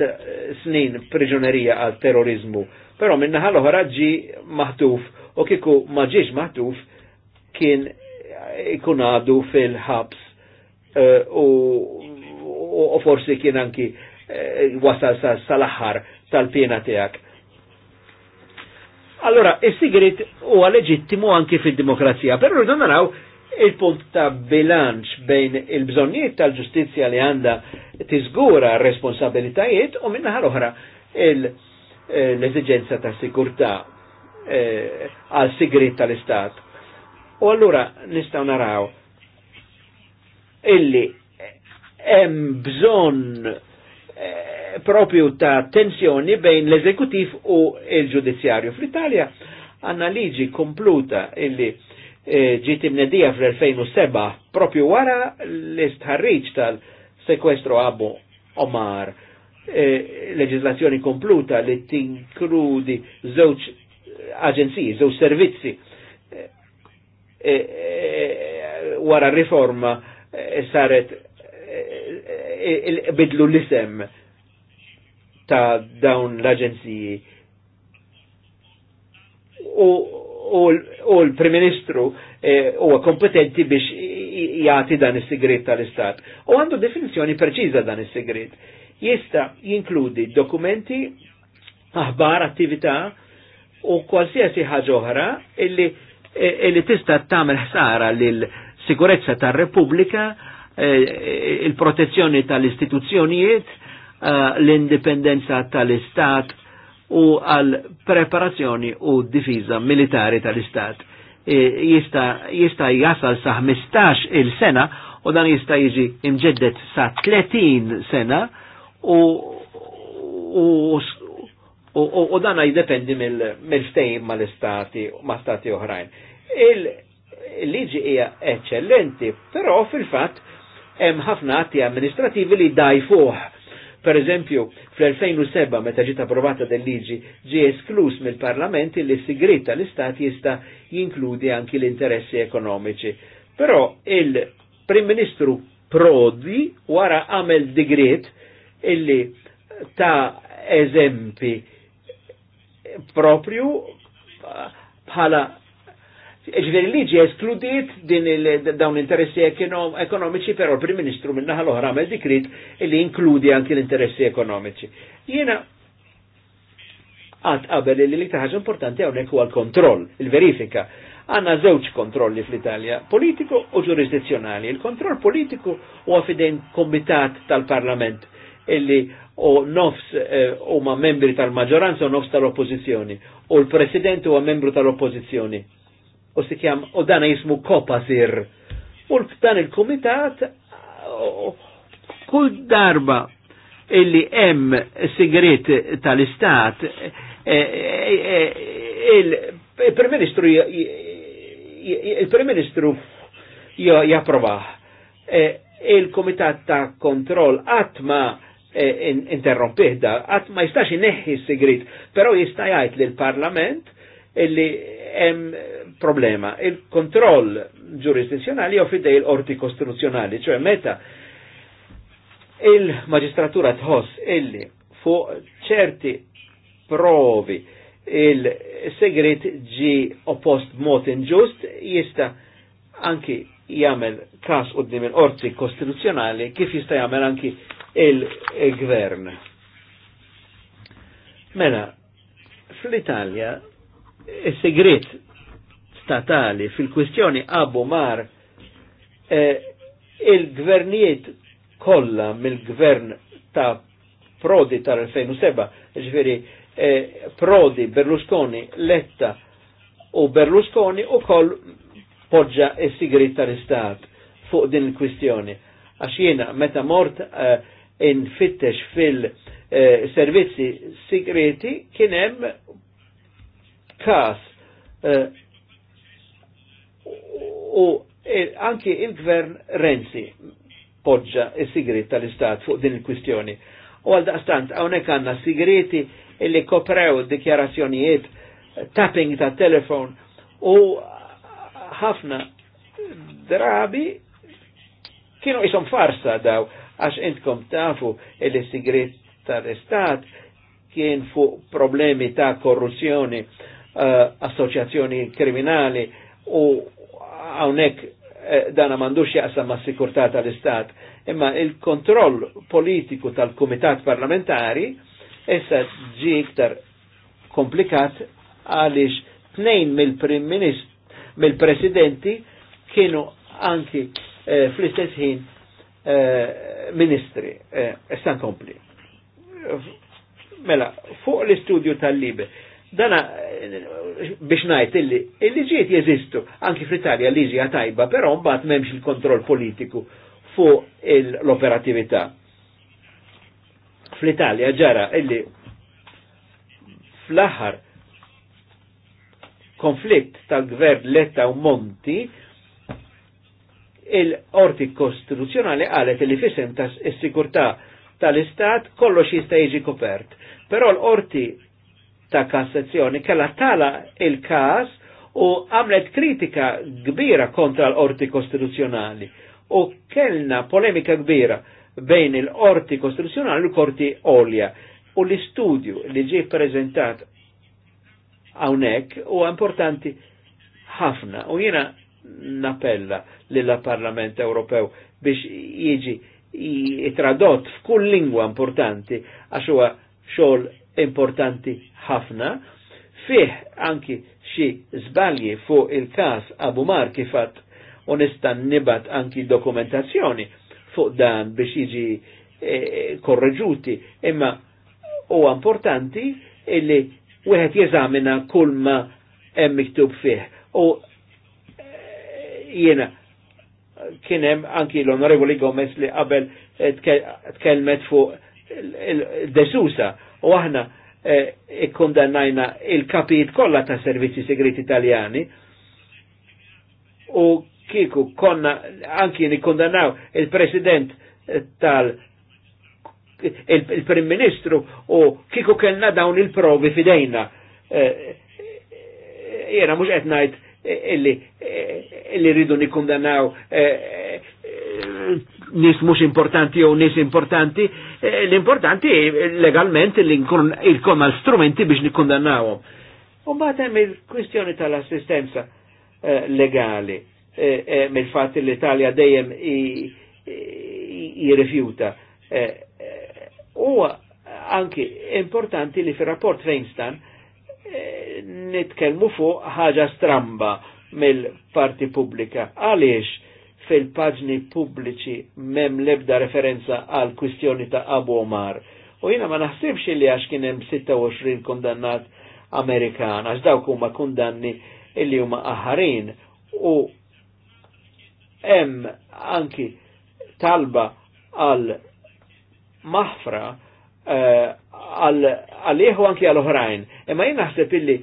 snin priġunerija għal terrorizmu. Però minnaħal l-oħra ġi maħtuf u kiku maġiġ maħtuf kien ikun għadu fil-ħabs eh, u uh, forsi kien anki uh, wasal sal-aħħar tal-pjena tiegħek. Allora, is-sigrit huwa leġittimu anki fid-demokrazija, però rridu naraw il-punt ta' bilanċ bejn il-bżonniet tal-ġustizja li għanda tiżgura responsabilitajiet u minna oħra eh, l-eżigenza ta' sigurtà għal sigrit tal-Istat. U allura nistaw naraw illi eh, hemm bżonn eh, propju ta' tensjoni bejn l-eżekutiv u il-ġudizzjarju. Fl-Italja għanna liġi kompluta illi eh, ġiet imnedija fl-2007 propju wara l-istħarriġ tal-sekwestro Abu Omar. Eh, leġislazzjoni kompluta li tinkrudi żewġ aġenziji, żewġ servizzi E, e, wara riforma e, saret bidlu l-isem ta' dawn l-aġenziji. U l-Prim Ministru huwa kompetenti biex jagħti dan is-sigrit tal-Istat. U għandu definizzjoni preċiża dan is-sigrit. Jista' jinkludi dokumenti, aħbar, attività u kwalsiasi ħaġa oħra illi E, e li tista' tagħmel ħsara l sikurezza tar-Repubblika, e, il-protezzjoni tal-istituzzjonijiet, l-indipendenza tal-Istat u għal preparazzjoni u difiża militari tal-Istat. Jista' jasal sa' 15 il-sena u dan jista' jiġi imġeddet sa' 30 sena u U dana jiddependi mill-ftejn mal-istati, ma' stati oħrajn. Il-liġi hija eccellenti, però fil-fatt hemm ħafna atti amministrativi li daj fuħ. Per eżempju, fl-2007 meta ġiet approvata del liġi ġie esklus mill-Parlament li sigrit tal-Istat jista' jinkludi anki l-interessi ekonomiċi. Però il-Prim Ministru Prodi wara għamel digrit illi ta' eżempi propju bħala ġveri liġi eskludit din dawn interessi ekonomiċi, pero l-Prim Ministru minna ħal oħra għamel dikrit li inkludi anki l-interessi ekonomiċi. Jiena għad qabel li li ħaġa importanti hawnhekk u għal kontroll il-verifika. Għanna zewċ kontrolli fl-Italja, politiku u ġurisdizjonali. Il-kontroll politiku u fidejn komitat tal-Parlament illi u nofs eh, huma ma membri tal-maġġoranza u nofs tal oppozizjoni U l-President u membru tal oppozizjoni U si kjam, u dana jismu kopasir. U dan il-komitat kull darba illi hemm sigret tal-Istat eh, eh, il-Prim-Ministru il-Prim-Ministru Il-Komitat ta' Kontroll għatma' E, interrompih da, għat ma jistax neħi s-sigrit, pero jistajajt li l-parlament illi hemm problema. Il-kontroll ġurisdizjonali jo fidej l-orti kostituzzjonali, ċoħe meta il-magistratura tħoss illi fu ċerti provi il sigrit ġi opost mod inġust jista anki jagħmel każ qudiem il-qorti kostituzzjonali kif jista' jagħmel anki il-gvern. Mela, fl-Italja is-segret statali fil-kwistjoni Abu Mar eh, il-gvernijiet kollha mill-gvern ta' Prodi tal-2007, ġveri eh, Prodi, Berlusconi, Letta u Berlusconi u koll poġġa s-sigrit tal-istat fuq din il-kwistjoni. Għax jiena meta mort uh, infittex fil-servizzi uh, segreti kien hemm kas uh, u anki il-gvern Renzi poġġa s-sigrit tal-istat fuq din il-kwistjoni. U għal daqstant hawnhekk għandna sigreti illi koprew dikjarazzjonijiet tapping ta' telefon u ħafna drabi kienu jisom farsa daw, għax intkom tafu il-sigrit tal estat kien fuq problemi ta' korruzzjoni, uh, eh, assoċjazzjoni kriminali u għawnek eh, dana mandux jaqsam ma' sikurtà tal-istat. Imma il-kontroll politiku tal-komitat parlamentari essa ġi iktar komplikat għalix tnejn mill-prim minist mill-presidenti kienu anki eh, fl-istess ħin eh, ministri, essan eh, e kompli. Mela, fuq l-istudju tal-libe, dana eh, biex najt illi, il ġiet jeżistu, anki fl-Italja liġi tajba, però mbagħad m'hemmx il-kontroll politiku fuq l-operatività. Fl-Italja ġara illi fl-aħħar konflitt ta' gvern Letta u Monti, il-orti kostituzjonali għalet li fisem ta' s-sigurta tal-istat kollox jista' jiġi kopert. Però l-orti ta' kassazzjoni kalla tala il-kas u għamlet kritika kbira kontra l-orti kostituzjonali u kellna polemika kbira bejn il-orti kostituzjonali u l-korti olja. U l-istudju li ġi prezentat għawnek u importanti ħafna u jiena napella lil parlament Ewropew biex jieġi jitradot f'kull lingwa importanti għax huwa xogħol importanti ħafna fih anki xi żbalji fuq il-każ Abu Mar kifat u nibat anki dokumentazzjoni fuq dan biex jiġi eh, eh, korreġuti imma u importanti illi wieħed jeżamina kull ma hemm miktub fih. U eh, jiena kien hemm anki l-Onorevoli Gomez li qabel eh, tkellmet fuq il-Desusa u aħna eh, ikkondannajna il-kapijiet kollha ta' servizzi segreti italjani u kiku konna anki nikkondannaw il-president tal- il-Prim Ministru u kiku kellna dawn il-provi fidejna. Eh, eh, jena mux qed ngħid eh, illi rridu nikkundannaw nis mux importanti jew nis importanti, l-importanti legalment li nkun jkun strumenti biex nikkundannawhom. U mbagħad hemm il-kwistjoni tal-assistenza legali mill-fatt li l-Italja dejjem jirrifjuta. Huwa anki importanti li fir-rapport fejnstan nitkelmu eh, nitkellmu fuq ħaġa stramba mill-parti pubblika. Għaliex fil-paġni pubbliċi mem lebda referenza għal kwistjoni ta' Abu Omar. U jina ma naħsibx li għax kien hemm 26 kondannat Amerikan, għax dawk huma kundanni illi huma aħarin u hemm anki talba għal maħfra eh, għal-ieħu anki għal-oħrajn. Imma jien naħseb illi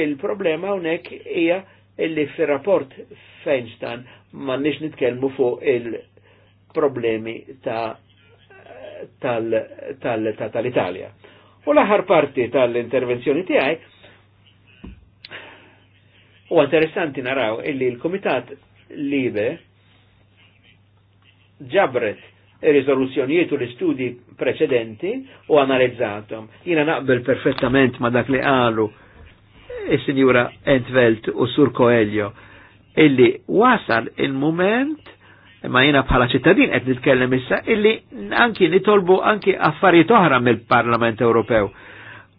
il-problema hawnhekk hija illi fir-rapport Feinstein m'għandniex nitkellmu fuq il-problemi tal-Italja. U l-aħħar parti tal-intervenzjoni tiegħi u interessanti naraw illi l-Kumitat Libe ġabret il riżoluzzjonijiet u l-istudji preċedenti u analizzatom. Jina naqbel perfettament ma dak li qalu il sinjura Entvelt u Sur Coelho illi wasal il-moment imma jina bħala ċittadin qed nitkellem issa illi anki nitolbu anki affarijiet oħra mill-Parlament Ewropew.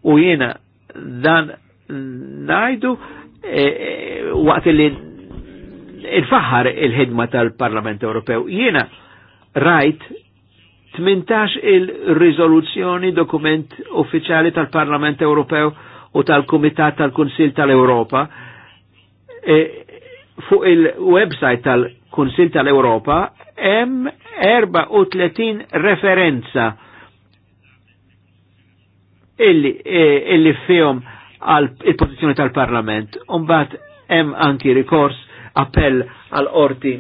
U jiena dan najdu e, e, waqt illi il-faħar il-ħidma tal-Parlament Ewropew. jina rajt 18 il-rizoluzzjoni dokument uffiċjali tal-Parlament Ewropew u tal-Kumitat tal-Kunsil tal-Europa e, fuq il-website tal-Kunsil tal-Europa hemm 34 referenza illi, e, illi fihom għal il pozizjoni tal-Parlament. Umbat hemm anki rikors appell għal orti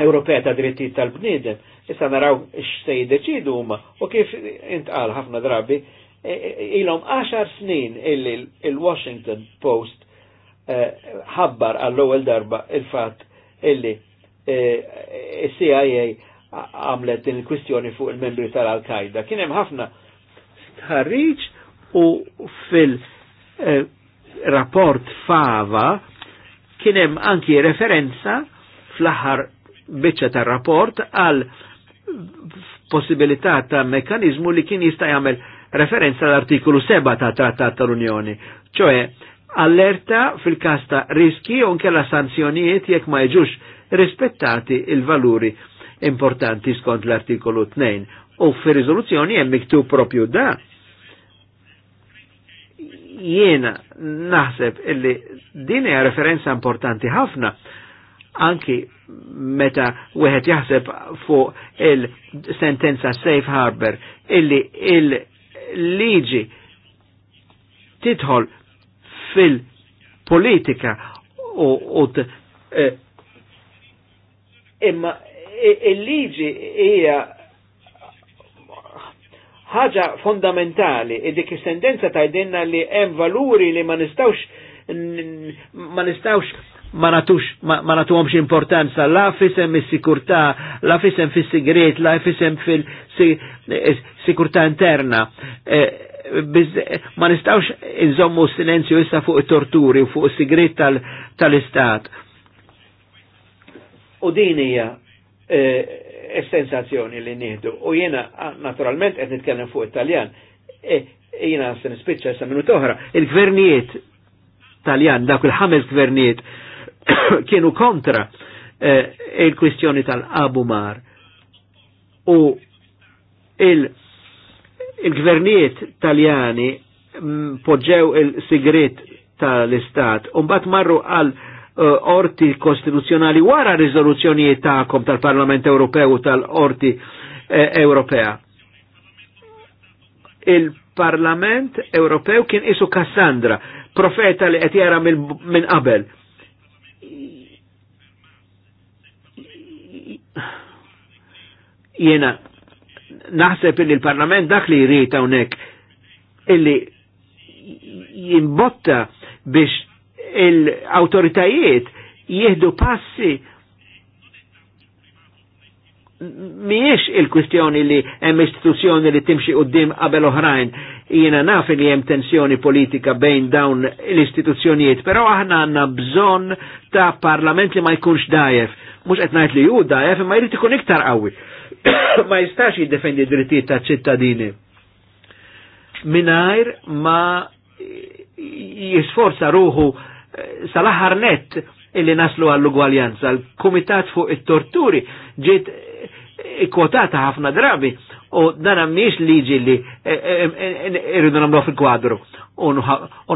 Ewropea ta' drittijiet tal-bniedem, issa naraw x'se jiddeċidu huma u kif intqal ħafna drabi e, e, ilhom 10 snin illi il-Washington Post e, ħabbar għall-ewwel darba il-fatt illi CIA għamlet din il-kwistjoni fuq il-membri al qaeda Kien hemm ħafna ħarriġ u fil-rapport Fava kien hemm anki referenza fl-aħħar biċċa tar rapport għal possibilità ta' mekkanizmu li kien jista' jagħmel referenza l-artikolu 7 ta' Trattat tal-Unjoni, ċoe allerta fil kasta riski u nkella sanzjonijiet jekk ma jiġux rispettati il-valuri importanti skont l-artikolu 2 u fi riżoluzzjoni hemm miktub propju da. Jiena naħseb illi din hija referenza importanti ħafna anki meta wieħed jaħseb fuq il-sentenza safe harbor illi il-liġi titħol fil-politika u e, imma il-liġi hija ħaġa fondamentali id dik is-sentenza tajdenna li hemm valuri li ma nistawx ma nistawx ma natux, ma, ma natuhomx importanza, la fisem is-sikurtà, la fisem fis-sigret, la fisem fil-sikurtà interna. Eh, ma nistawx inżommu silenzju issa fuq it-torturi u fuq is-sigret tal-istat. u din hija eh, sensazzjoni li nieħdu. U jiena ah, naturalment qed nitkellem fuq Italjan. taljan eh, jiena se nispiċċa issa minut oħra. Il-gvernijiet Taljan, dak il-ħames gvernijiet kienu kontra eh, il-kwistjoni tal-Abu Mar u il-gvernijiet il taljani mm, poġġew il-sigret tal-istat un-bat marru għal uh, orti kostituzjonali wara rizoluzzjonijiet ta'kom tal-Parlament Ewropew u tal-orti eh, Ewropea. Il-Parlament Ewropew kien isu Kassandra, profeta li qed jara minn qabel. Min Jena naħseb illi l-Parlament dak li jrid hawnhekk illi jimbotta biex l-autoritajiet jihdu passi miex il-kwistjoni li hemm istituzzjoni li timxi qudiem qabel oħrajn. Jiena naf li hemm tensjoni politika bejn dawn l-istituzzjonijiet, però aħna għandna bżonn ta' parlament li ma jkunx dajef. Mhux qed ngħid li hu dajef, imma jrid ikun iktar qawwi. ma jistax jiddefendi drittijiet ta' ċittadini minajr ma jisforza ruħu eh, sal-aħħar net illi naslu għall-ugwaljanza. L-Kumitat fuq it-Torturi ġiet eh, ikkotata ħafna drabi u dan miex liġi li e, e, e, irridu namlu fil-kwadru un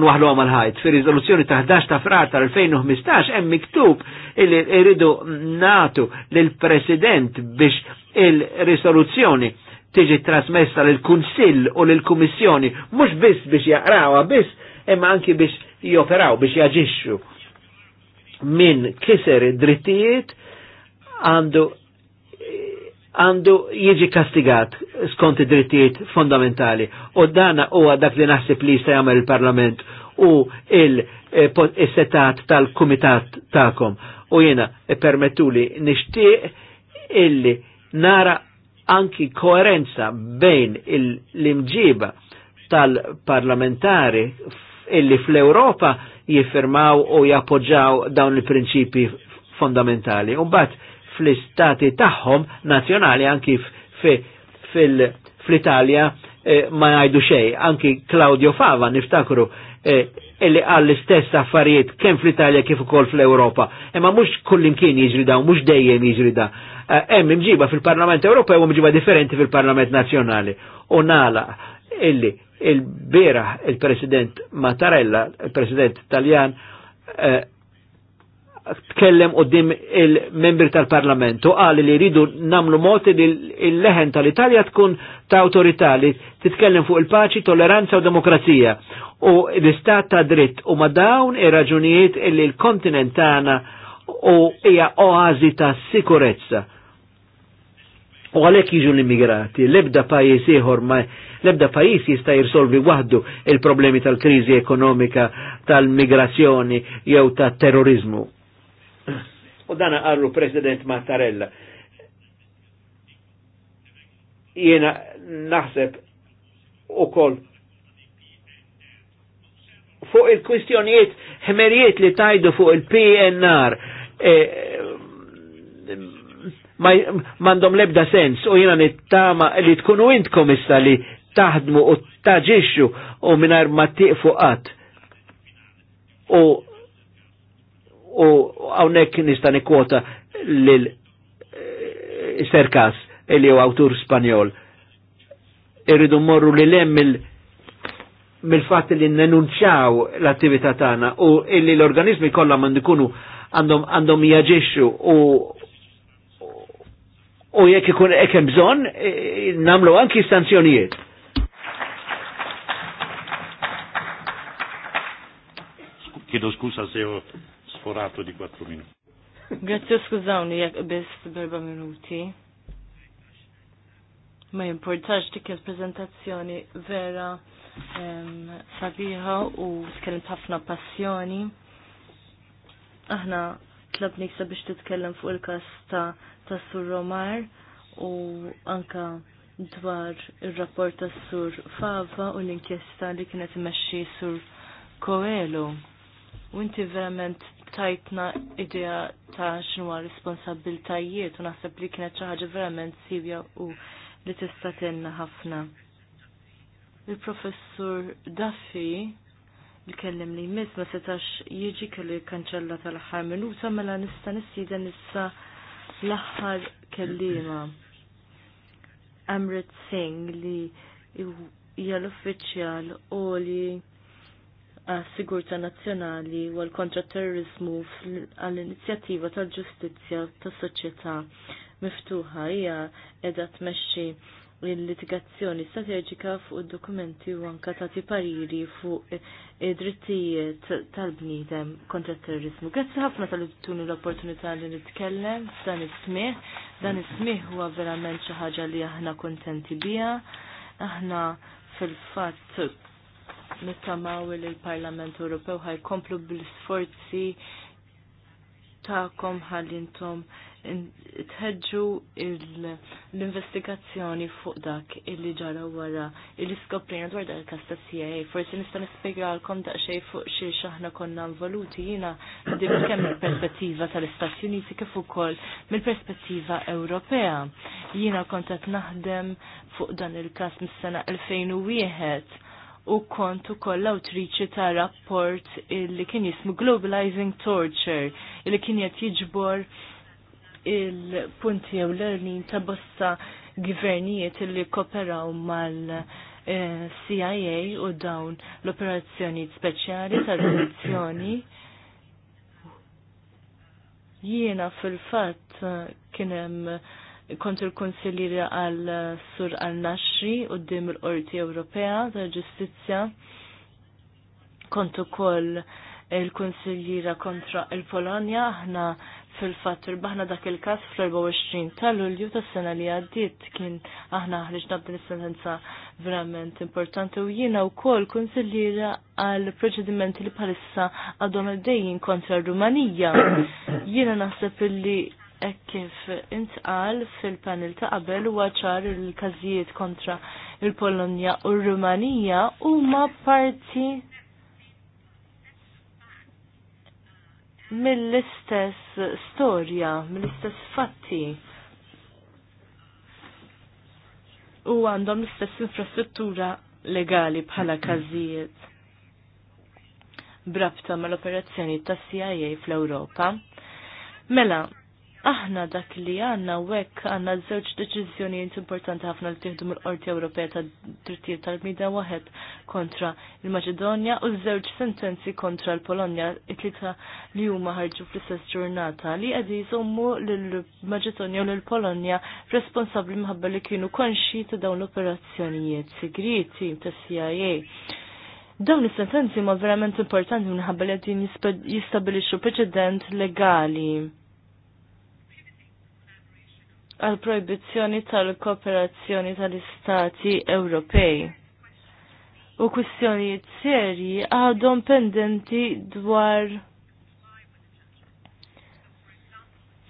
waħlu għam ħajt Fi rizoluzzjoni ta' 11 ta' frar tal-2015 hemm miktub illi irridu natu l-President biex il-risoluzzjoni tiġi trasmessa l-Kunsill u l-Kummissjoni mhux biss biex jaqrawha biss imma anki biex joperaw biex jaġixxu min kiser drittijiet għandu għandu jiġi kastigat skont id-drittijiet fondamentali u dana huwa dak li naħseb li jista' jagħmel il-Parlament u il-setat eh, tal-kumitat tagħkom. U jiena eh, permettuli nixtieq illi nara anki koerenza bejn l-imġiba tal-parlamentari illi fl-Europa jiffirmaw u jappoġġaw dawn il-prinċipi fondamentali. bat, fl-istati tagħhom nazzjonali anki fl-Italja eh, ma jgħidu xej, anki Claudio Fava niftakru eh, illi għall l-istess affarijiet kemm fl-Italja kif ukoll fl-Ewropa. Imma mhux kullimkien jiġri da u mhux dejjem jiġri da. Eh, hemm imġiba fil-Parlament Ewropew u imġiba differenti fil-Parlament Nazzjonali. U nala illi il bieraħ il-President Mattarella, il-President Taljan, tkellem dim il-membri tal-Parlament u għalli li jridu namlu mod li l-leħen tal-Italja tkun ta' autorità li titkellem fuq il-paċi, tolleranza u demokrazija u l-istat ta' dritt u ma dawn ir-raġunijiet li l-kontinent tagħna u hija oazi ta' sikurezza. U għalhekk jiġu l-immigrati, l-ebda pajjiż ieħor ma' l-ebda pajis jista' jirsolvi waħdu il-problemi tal-kriżi ekonomika, tal-migrazzjoni jew tat-terrorizmu u dana għarru President Mattarella. Jena naħseb u koll fuq il-kwistjonijiet ħmerijiet li tajdu fuq il-PNR e, mandom lebda sens u jena nittama li tkunu int komissa li taħdmu u taġiċu u minar ma tiqfu u u hawnhekk nista' nikkwota lil eh, Serkas li u awtur Spanjol. Irridu morru li lem mill-fatt li nenunċaw l-attività tana u illi l-organizmi kollha m'andikunu ikunu għandhom għandhom jaġixxu u u jekk ikun hekk hemm bżonn eh, nagħmlu anki sanzjonijiet. Chiedo se sforato di 4 minuti. Grazie skużawni jekk biss berba minuti. Ma jimportax dik il-prezentazzjoni vera sabiħa u tkellimt ħafna passjoni. Aħna tlabni sa biex titkellem fuq il-kas ta' ta' Sur Romar u anka dwar il-rapport ta' Sur Fava u l-inkjesta li kienet imexxi Sur Coelho. U inti verament tajtna idea ta' xinwa responsabiltajiet u naħseb li kienet xi ħaġa verament sivja u li tista' tenna ħafna. Il-professur Daffi li kellem li jmiss ma setax jiġi kelli kanċella tal-aħħar minuta mela nista' nissieden issa l-aħħar kellima. Amrit Singh li hija l-uffiċjal u li għas-sigurta nazzjonali u għal-kontra terrorizmu għall-inizjattiva tal-ġustizzja tas-soċjetà miftuħa hija qiegħda tmexxi l-litigazzjoni strateġika fuq id-dokumenti u anka tagħti pariri fuq id-drittijiet tal-bniedem kontra terrorizmu. Grazzi ħafna tal tunu l-opportunità li nitkellem f'dan is-smih. Dan is-smih huwa verament xi ħaġa li aħna kuntenti biha. Aħna fil-fatt nittamaw li l-Parlament Ewropew ħajkomplu bil-sforzi ta'kom ħallintom tħedġu l-investigazzjoni fuq dak illi ġara wara illi skoprina dwar dak il-kas ta' CIA. Forsi nista' nispjegalkom daqsxej fuq xi xaħna konna involuti jiena dim kemm il-perspettiva tal-Istati Uniti kif ukoll mill-perspettiva Ewropea. Jiena kont qed naħdem fuq dan il-każ mis-sena 2001 u kont ukoll l-awtriċi ta' rapport li kien jismu Globalizing Torture, li kien qed jiġbor il-punti jew learning ta' bosta gvernijiet li koperaw mal- CIA u dawn l-operazzjoni speċjali tal-elezzjoni jiena fil-fatt kienem kontu l-konsilira għal sur għal nashri u d-dim l-Qorti Ewropea ta' ġustizja kontu kol l konsiljira kontra il-Polonja aħna fil fattur irbaħna dak il-kas fl-24 tal-Lulju tas-sena li għaddiet kien aħna ħriġna b'din is-sentenza verament importanti u jiena wkoll konsiljera għal proċedimenti li palissa għadhom għaddejjin kontra l rumanija Jiena naħseb illi kif intqal fil-panel ta' qabel huwa ċar il-każijiet kontra il-Polonja u r-Rumanija huma parti mill-istess storja, mill-istess fatti. U għandhom l-istess infrastruttura legali bħala każijiet brabta mal-operazzjoni ta' CIA fl-Europa. Mela, aħna dak li għanna wek għanna żewġ deċiżjonijiet importanti ħafna li tieħdu mill-Qorti Ewropea ta' drittijiet tal-bnida waħed kontra il-Maċedonja u żewġ sentenzi kontra l-Polonja it-tlieta li huma ħarġu fl-istess ġurnata li qed jżommu lill maġedonja u lill-Polonja responsabbli minħabba li kienu konxi ta' dawn l-operazzjonijiet segreti ta' CIA. Dawn is-sentenzi ma' verament importanti minħabba li qed jistabilixxu preċedent legali għal proibizzjoni tal-kooperazzjoni tal-Istati Ewropej. U kwistjonijiet serji għadhom pendenti dwar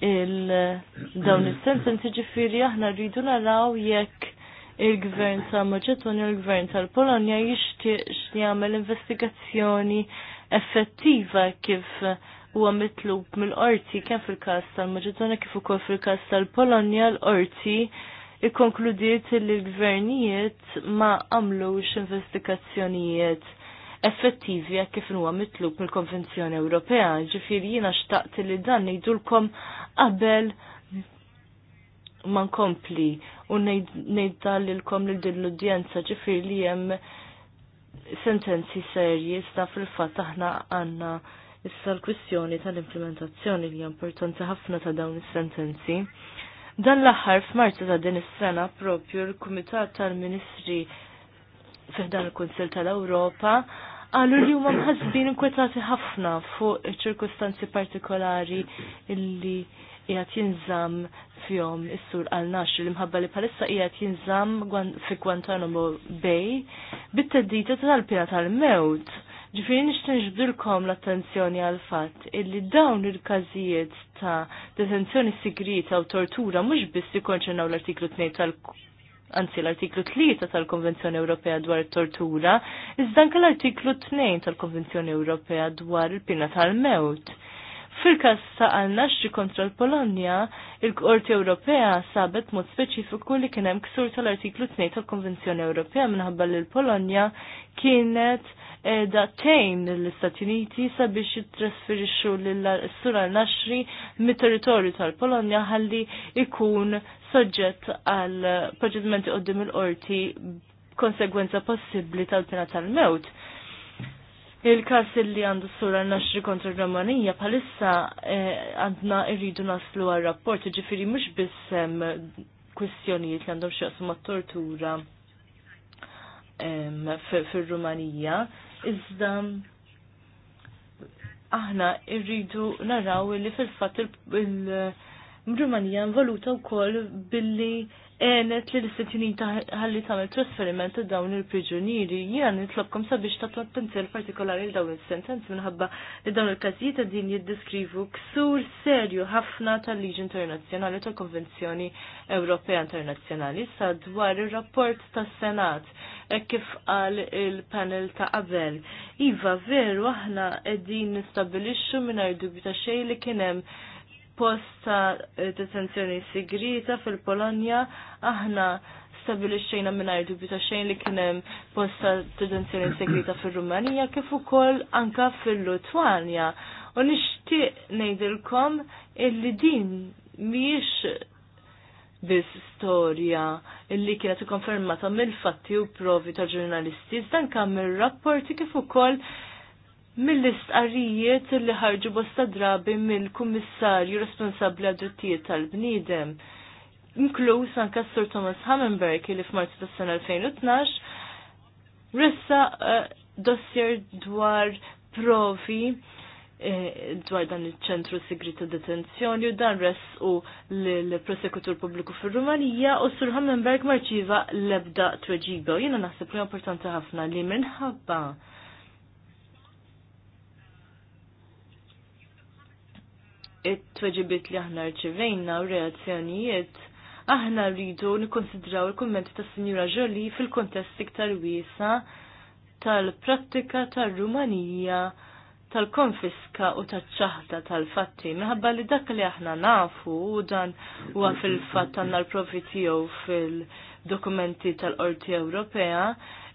il-dawn is-sentenzi ġifiri aħna rridu naraw jekk il-gvern ta' Maċedonja u l-gvern tal-Polonja jixtieq jagħmel investigazzjoni effettiva kif huwa mitlub mill-qorti kemm fil-każ tal-Maġedonja kif ukoll fil-każ tal-Polonja l-qorti ikkonkludiet li l-gvernijiet ma għamlux investigazzjonijiet effettivi jekk kif huwa mitlub mill-Konvenzjoni Ewropea, ġifieri jiena xtaqt li dan ngħidulkom qabel ma nkompli u ngħidallilkom lil din l-udjenza ġifieri li hemm sentenzi serji sta fil-fatt aħna għandna Issa l-kwistjoni tal-implementazzjoni li importanti ħafna ta' dawn is-sentenzi. Dan l-aħħar f'Marzu ta' din is-sena propju l-Kumitat tal-Ministri dan il-Kunsil tal-Ewropa għallu li huma mħasbin inkwetati ħafna fuq ċirkustanzi partikolari illi qiegħed jinżamm fihom is-sur għal-naxri li mħabba li palissa qiegħed jinżamm fi Guantanamo Bay bit-teddita tal-pina tal-mewt. Ġifieri nixtieq ġdurkom l-attenzjoni għal fatt illi dawn il-każijiet ta' detenzjoni sigrita u tortura mhux biss ikkonċernaw l-artiklu 2 tal- anzi l-artiklu 3 tal-Konvenzjoni Ewropea dwar it-tortura, iżda anke l-artiklu 2 tal-Konvenzjoni Ewropea dwar il-pina tal-mewt. Fil-kas ta' għal-naxġi kontra l-Polonja, il-Qorti Ewropea sabet mod speċifiku li kien hemm ksur tal-artiklu 2 tal-Konvenzjoni Ewropea minħabba li l-Polonja kienet edha tejn l-Istati Uniti sabiex jitrasferixxu l-Sura Naxri mit-territorju tal-Polonja ħalli ikun soġġett għal proċedimenti qoddim il-qorti konsegwenza possibbli tal-pena tal-mewt. Il-kas li għandu s-sura naxri kontra r-Romanija bħalissa eh, għandna irridu naslu għal rapport, ġifiri mux bissem kwistjonijiet li għandhom xieqsum tortura fil-Rumanija, iżda aħna irridu naraw li fil-fatt il-Rumanija involuta wkoll billi enet li l-Istati Uniti ħalli tagħmel trasferiment ta' dawn il-priġunieri, jien nitlobkom sabiex ta' attenzjoni partikolari l dawn is sentenz minħabba li dawn il-każijiet din jiddeskrivu ksur serju ħafna tal-Liġi Internazzjonali tal-Konvenzjoni Ewropea Internazzjonali sa dwar ir-rapport tas-Senat e kif qal il-panel ta' qabel. Iva veru aħna qegħdin nistabilixxu mingħajr dubju ta' xejn li kien hemm post ta' detenzjoni sigrita fil-Polonja aħna stabilixxejna mingħajr dubju ta' xejn li kien hemm post ta' detenzjoni segreta fil rumanija kif ukoll anka fil-Lutwanja. U nixtieq ngħidilkom illi din mhijiex bis storja illi kienet ikkonfermata mill-fatti u provi ta' ġurnalisti, zdan kam mir-rapporti kif ukoll mill-istqarrijiet li ħarġu bosta drabi mill-kummissarju responsabli għad-drittijiet tal-bniedem. Inkluż anke Sir Thomas Hammenberg li f'Marzu tas-sena 2012 ressa eh, dossier dwar provi eh, dwar dan il-ċentru ta' detenzjoni u dan res u l-prosekutur pubbliku fil-Rumanija u Sur Hammenberg marċiva lebda tweġiba. Jena naħseb li importanti ħafna li minħabba it tweġibiet li aħna rċivejna u reazzjonijiet, aħna rridu nikkonsidraw il-kummenti ta' Sinjura Ġoli fil-kontest iktar wiesa tal-prattika tal-Rumanija tal-konfiska u tal ċaħta tal-fatti. Minħabba li dak li aħna nafu u dan huwa fil-fatt għanna l tiegħu fil-dokumenti tal-Qorti Ewropea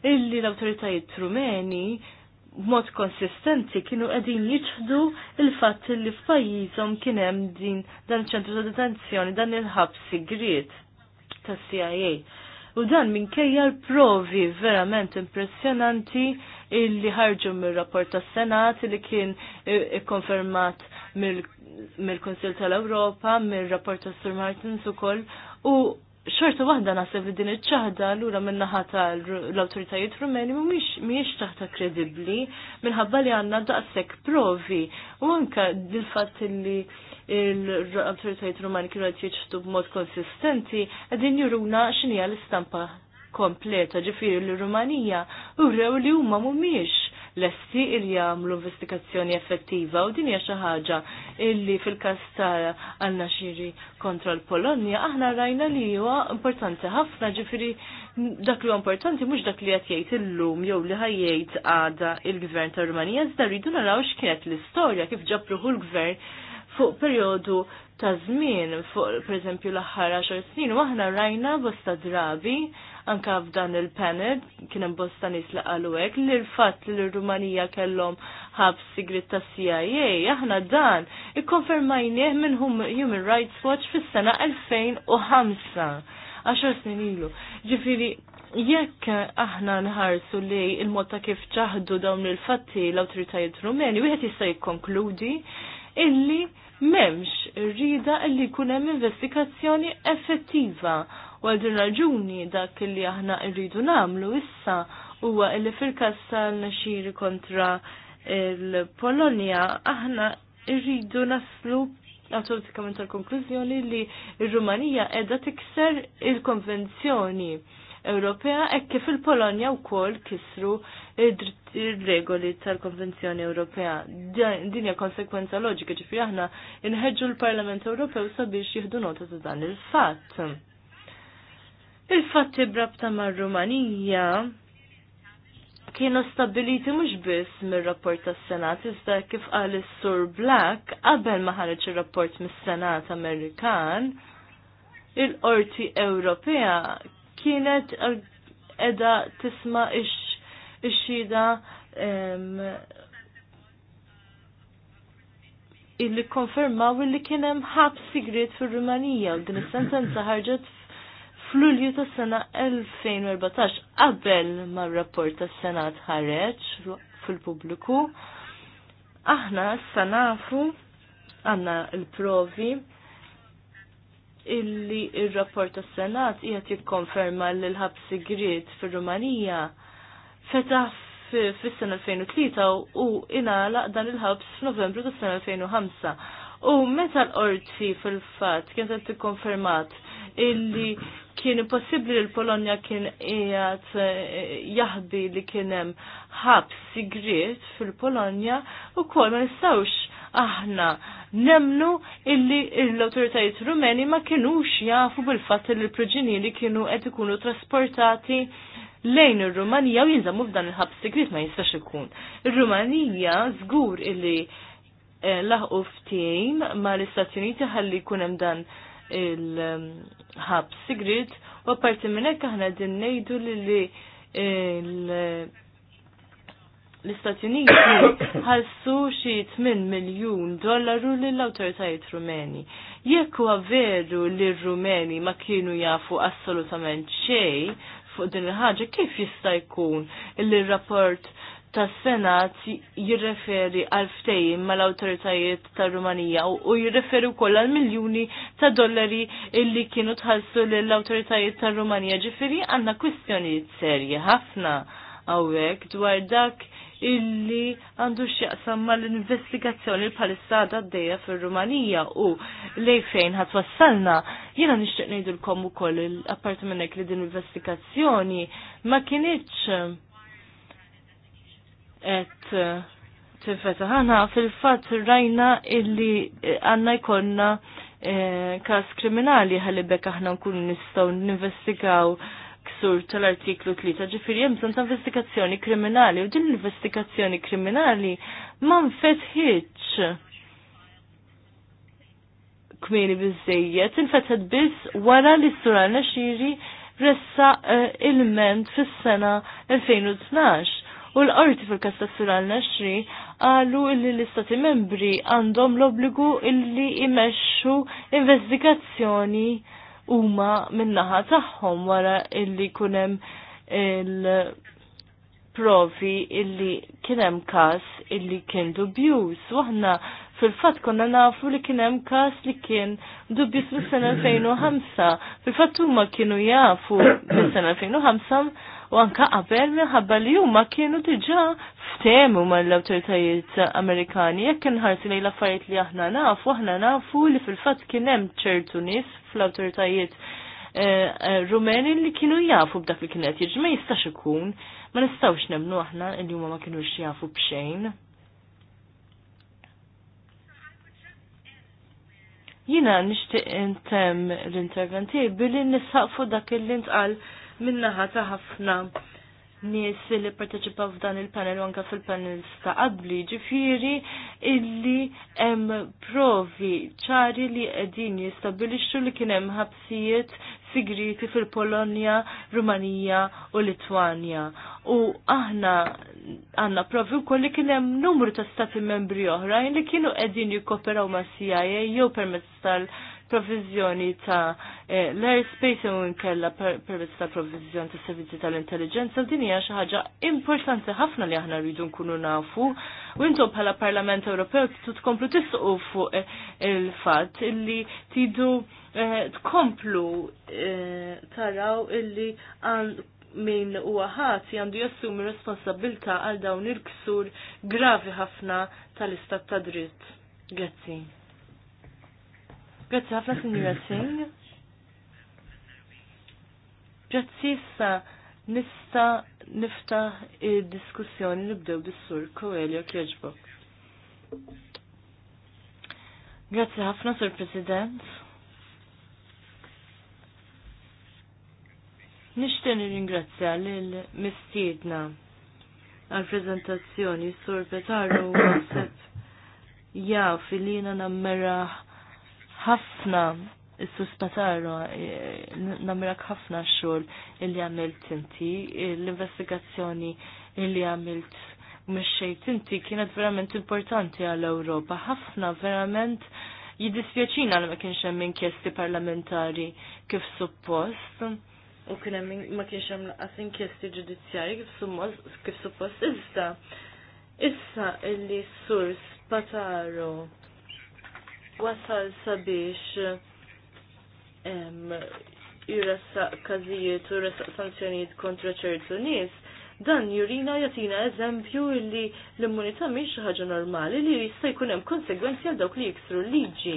illi l-awtoritajiet rumeni mod konsistenti kienu qegħdin jiċħdu il-fatt li f'pajjiżhom kien hemm din dan ċentru ta' detenzjoni dan il-ħabs sigriet tas-CIA. U dan minkejja l-provi verament impressjonanti illi ħarġu mir-rapport tas-Senat li kien ikkonfermat e, e, mill-Konsil tal-Ewropa, mir-rapport tas-Sur Martins ukoll u xorta waħda naħseb li din iċ l-ura min-naħa tal-awtoritajiet rumeni mhijiex taħta kredibbli minħabba li għandna daqshekk provi u anke dil-fatt li l-awtoritajiet rumani kienu qed jiġtu b'mod konsistenti qegħdin juruna x'inija l-istampa kompleta ġifieri l-Rumanija u rew li huma mhumiex lesti il jagħmlu investigazzjoni effettiva u din hija xi ħaġa illi fil-każ ta' xiri kontra l-Polonja aħna rajna li huwa importanti ħafna ġifieri dak li huwa importanti mhux dak li qed jgħid illum jew li ħajjgħid għada il-Gvern ta' Rumanija iżda rridu naraw x'kienet l-istorja kif ġabruħu l-Gvern fuq perjodu ta' żmien fuq pereżempju l-aħħar 10 snin u aħna rajna bosta drabi anka f'dan il-panel kien hemm bosta nies li qalu hekk li l-fatt li l-Rumanija kellhom ħabs sigrit ta' CIA aħna dan ikkonfermajnieh minn Human Rights Watch fis-sena 2005 għaxar snin ilu. Ġifiri, jekk aħna nħarsu li il-mod ta' kif ċaħdu dawn il-fatti l-awtoritajiet rumeni, wieħed jista' jikkonkludi illi memx rrida illi jkun hemm investigazzjoni effettiva U għal din raġuni dak li aħna rridu nagħmlu issa huwa li fil-każ tal-naxiri kontra il-Polonja aħna rridu naslu automatikament tal-konklużjoni li r-Rumanija qiegħda tikser il-konvenzjoni Ewropea hekk kif il-Polonja wkoll kisru ir-regoli tal-Konvenzjoni Ewropea. Din hija konsekwenza loġika ġifri aħna inħeġġu l-Parlament Ewropew sabiex jieħdu nota ta' dan il-fatt. Il-fatti brabta mar-Rumanija kienu stabiliti mhux biss mir-rapport tas-Senat iżda kif qal sur Black qabel ma ħareġ ir-rapport mis-Senat Amerikan, il-Qorti Ewropea kienet edha tisma ix-xhieda illi konfermaw illi kien hemm ħabs sigriet fir-Rumanija u din is-sentenza ħarġet fl-ulju ta' sena 2014 qabel ma' rapport ta' senat ħareġ fil-pubbliku. Aħna s nafu għanna l-provi illi il-rapport ta' senat jgħat jikkonferma l-ħabsi grid fil-Rumanija fetaħ fis-sena 2003 u inala dan il-ħabs f'Novembru tas sena 2005. U meta l-qorti fil-fatt kienet tikkonfermat illi kien possibbli li l-Polonja kien jgħat eh, jaħbi li kien hemm ħabs sigriet fil-Polonja kol ma nistgħux aħna nemnu illi l-autoritajiet rumeni ma kienux jafu bil-fatt li l-proġinieri kienu qed ikunu trasportati lejn ir-Rumanija u jinżamu f'dan il-ħabs sigriet ma jistax ikun. Ir-Rumanija żgur illi eh, laħqu ftim ma l-Istati Uniti ħalli jkun hemm dan il-ħab sigrid u apparti minn hekk aħna din ngħidu li li l-Istati Uniti ħassu xi 8 miljun dollaru lill-awtoritajiet Rumeni. Jekk huwa veru li r-Rumeni ma kienu jafu assolutament xejn fuq din il-ħaġa, kif jista' jkun li rapport tas-Senat jirreferi għal ftejim mal-awtoritajiet tar rumanija u jirreferi wkoll għal miljuni ta' dollari illi kienu tħallsu lill-awtoritajiet tar rumanija ġifieri għandna kwistjonijiet serji ħafna hawnhekk dwar dak illi għandu x'jaqsam mal-investigazzjoni l bħalissa għaddejja fir-Rumanija u lej fejn ħadd wassalna jiena nixtieq ngħidulkom ukoll apparti minn li din investigazzjoni ma kienieċ qed eh, tifeta ħana fil-fatt rajna illi eh, għandna jkollna eh, każ kriminali għalli bekk aħna nkunu nistgħu ninvestigaw ksur tal-artiklu 3 ġifiri jemżon ta' investigazzjoni kriminali u din l-investigazzjoni kriminali ma nfetħiċ kmini bizzejiet, infetħet biz wara li s sura xiri ressa il-ment fis sena 2012. U l-qorti fil-kas ta' Sura l-Nexri għalu illi l-istati membri għandhom l-obligu illi imexxu investigazzjoni huma minnaħa tagħhom wara illi kunem il-provi illi kienem kas illi kien dubjuż. Waħna fil-fat konna nafu li kienem kas li kien dubjus mis sena 2005. Fil-fat huma kienu jafu fil-sena 2005 u anka qabel minħabba li huma kienu diġà ftemu mal-awtoritajiet Amerikani jekk inħarsi lejn l-affarijiet li aħna nafu aħna nafu li fil-fatt kien hemm ċertu nies fl-awtoritajiet eh, eh, Rumeni li kienu jafu b'dak li kienet jiġri ma jistax ikun, ma nistawx nemnu aħna li huma ma kienux jafu b'xejn. Jina nishtiq intem l-interventi billi nisħaqfu dak il lint ntqal minnaħa ta' ħafna nies li parteċipaw f'dan il-panel u anka fil panel sta qabli ġifiri illi hemm provi ċari li qegħdin jistabilixxu li kien hemm ħabsijiet sigriti fil-Polonja, Rumanija u Litwanja. U aħna għanna provi wkoll li kien hemm numru ta' stati membri oħrajn li kienu qegħdin jikkoperaw ma' CIA jew permezz tal- provizjoni ta' eh, l-airspace u nkella permezz ta' provizjoni ta' servizzi tal-intelligenza din hija xi ħaġa importanti ħafna li aħna rridu nkunu nafu u intom bħala Parlament Ewropew titu tkomplu tisqu fuq eh, il-fatt illi tidu eh, tkomplu taraw illi min huwa ħati għandu jassumi responsabilta għal dawn il-ksur gravi ħafna tal-istat ta' dritt. Grazzi. Grazzi ħafna Sinjura Singh. Grazzi issa nista nifta il diskussjoni nibdew bis-sur Koelio Kieġbok. Grazzi ħafna, Sur President. Nishtin ringrazzja l-mistiedna għal-prezentazzjoni Sur Petaru għasib jaf filina jina nammeraħ ħafna s sus Pataro, eh, namrak ħafna xogħol illi għamilt inti, l-investigazzjoni li għamilt mxejt inti kienet verament importanti għall europa Ħafna verament jiddispjaċina għal ma kienx hemm inkjesti parlamentari kif suppost. U kien hemm ma kienx hemm laqas inkjesti ġudizzjarji kif suppost issa. Issa illi s-sur Pataro wasal sabiex juressaq kazijiet u juressaq sanzjonijiet kontra ċertu nies, dan jurina jatina eżempju illi l-immunità miex ħaġa normali li jista' jkun hemm konsegwenzi għal dawk li jiksru liġi.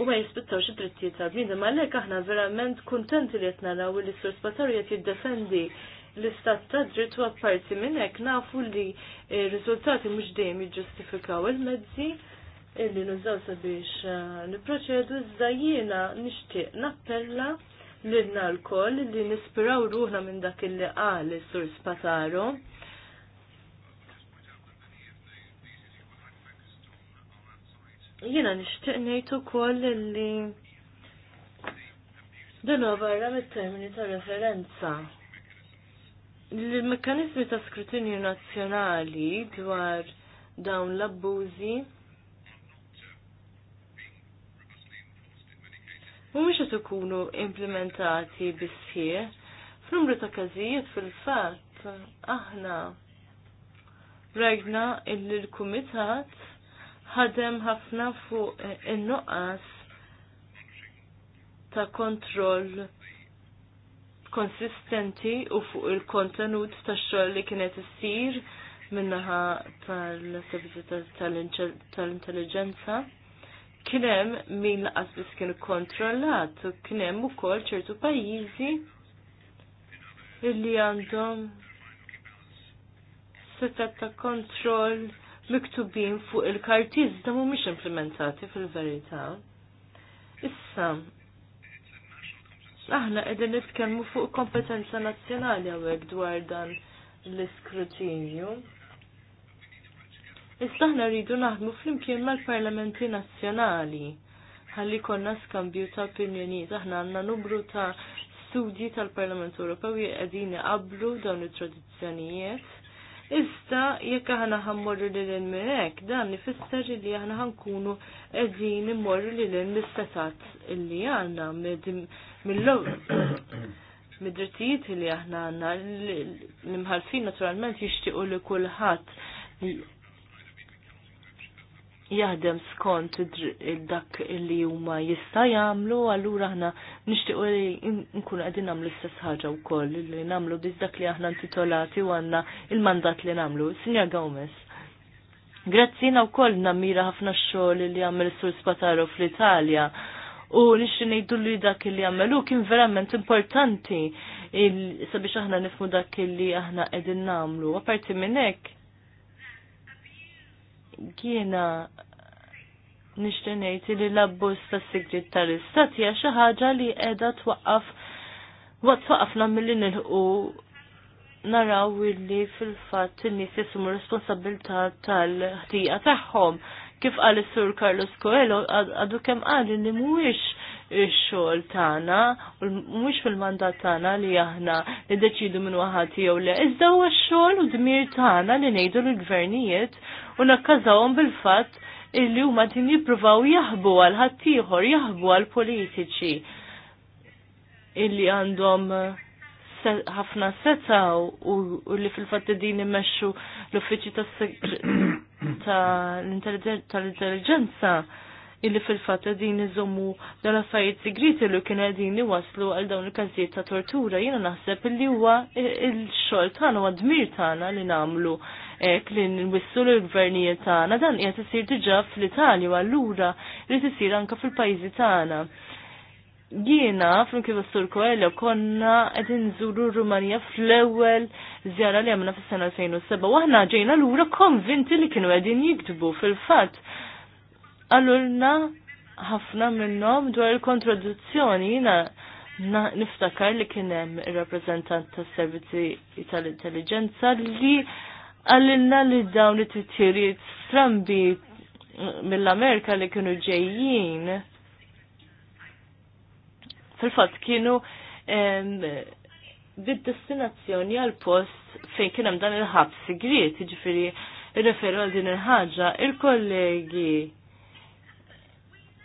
U ma jispettawx id-drittijiet tal-bniedem għalhekk aħna verament kuntenti li qed naraw li s-sur Spataru qed jiddefendi l-istat ta' dritt u apparti minn hekk nafu li r-riżultati mhux dejjem jiġġustifikaw il-mezzi illi nużaw sabiex eh, niproċedu zzajjina nishtiq nixtieq nappella lilna l-koll li nispiraw ruħna minn dak illi qal sur Spataro. Jiena nixtieq ngħid ukoll illi dinu għabarra mit-termini ta' referenza l-mekkanizmi ta' skrutinju nazzjonali dwar dawn l-abbużi mhumiex qed ikunu implementati bisħieħ. F'numru ta' każijiet fil-fatt aħna rajna illi l-kumitat ħadem ħafna fuq in nuqqas ta' kontroll konsistenti u fuq il-kontenut tax xogħol li kienet issir minnaħa tal-servizzi tal-intelligenza. Tal kienem min laqas li kien kontrollat, kienem u kol ċertu pajizi illi għandhom setat ta' kontroll miktubin fuq il-kartiz da mhumiex implementati fil-verità. Issa, aħna qegħdin nitkellmu fuq kompetenza nazzjonali hawnhekk dwar dan l-iskrutinju. Issa aħna rridu naħdmu flimkien mal-parlamenti nazzjonali. Ħalli konna skambju ta' opinjonijiet, aħna għandna numru ta' studji tal-Parlament Ewropew qegħdin iqablu dawn it-tradizzjonijiet. Iżda jekk aħna ħammorru lil minn hekk, dan ifisser li aħna ħankunu qegħdin immorru lil mis-setat illi għandna mill-ewwel mid-drittijiet li aħna għandna l-imħalfin naturalment jixtiequ li kulħadd jaħdem skont dak li huma jista' jagħmlu, allura aħna nixtiequ li nkunu qegħdin nagħmlu l-istess ħaġa wkoll li nagħmlu biss dak li aħna ntitolati u għandna il-mandat li nagħmlu. Sinja Gomez. Grazzi na wkoll nammira ħafna x-xogħol li għamel sur Spataro fl-Italja u nixti ngħidu li dak li jagħmlu kien verament importanti sabiex aħna nifmu dak li aħna qegħdin nagħmlu. Aparti minn hekk, kiena nishtenejti li l-abbus ta' sigrit tal-istat hija xi ħaġa li qiegħda twaqqaf wa twaqqafna milli ħu naraw li fil-fatt in-nies jissumu responsabilta tal-ħtija tagħhom. Kif għal sur Carlos Coelho għadu kemm għal li mhuwiex il-xol tana, u mux fil-mandat tana li aħna deċidu minn waħat jew le. Iżda huwa xol u dmir tana li nejdu l-gvernijiet u nakkazawhom bil-fatt illi huma din jippruvaw jaħbu għal ħaddieħor, jaħbu għal politiċi illi għandhom ħafna setaw u li fil-fatt din immexxu l-uffiċċju tal-intelligenza. Ta illi fil-fatt qegħdin iżommu dan affarijiet segreti li kienu qegħdin waslu għal dawn il-każijiet ta' tortura. Jiena naħseb illi huwa il-xogħol tagħna u dmir tagħna li nagħmlu hekk li nwissu l-gvernijiet tagħna dan qiegħed isir diġà fl-Italja u allura li tisir anke fil-pajjiżi tagħna. Jiena, fl kif s-sur Koelho, konna għedin nżuru Rumanija fl-ewel zjara li għamna fis-sena 2007. aħna ġejna l konvinti li kienu għedin jiktbu fil-fat għallulna ħafna minnom dwar il kontraduzzjoni jina niftakar li kienem il-rappresentant ta' servizzi tal-intelligenza li għallilna li dawn it-tiriet strambi eh, mill-Amerika li kienu ġejjin fil-fat kienu bid-destinazzjoni għal-post fejn kien hemm dan il-ħabs sigriet, jiġifieri irreferu għal din il-ħaġa, il-kollegi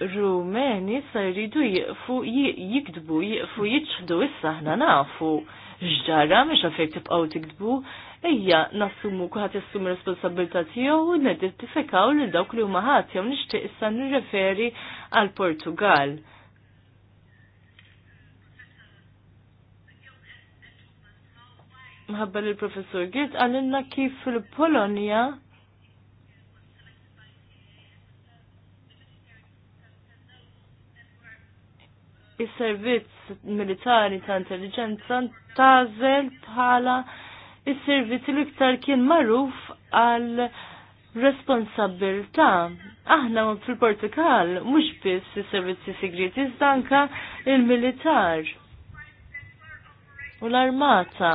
Rumeni sa jridu jiqfu jikdbu, jiqfu jitxdu issa ħna nafu ġġara miex għafek tibqaw tikdbu, ejja nassumu kuħat jassumi responsabilta tiegħu u nidentifikaw li dawk li huma ħadd jew nixtieq issa nirreferi għal Portugal. Mħabba li l-professur Gilt għalinna kif fil-Polonja is-servizz militari ta' intelligenza tażel bħala is-servizz l-iktar kien magħruf għal responsabilta. Aħna fil-Portugal mhux biss is-servizzi segreti iżda anke il-militar u l-armata.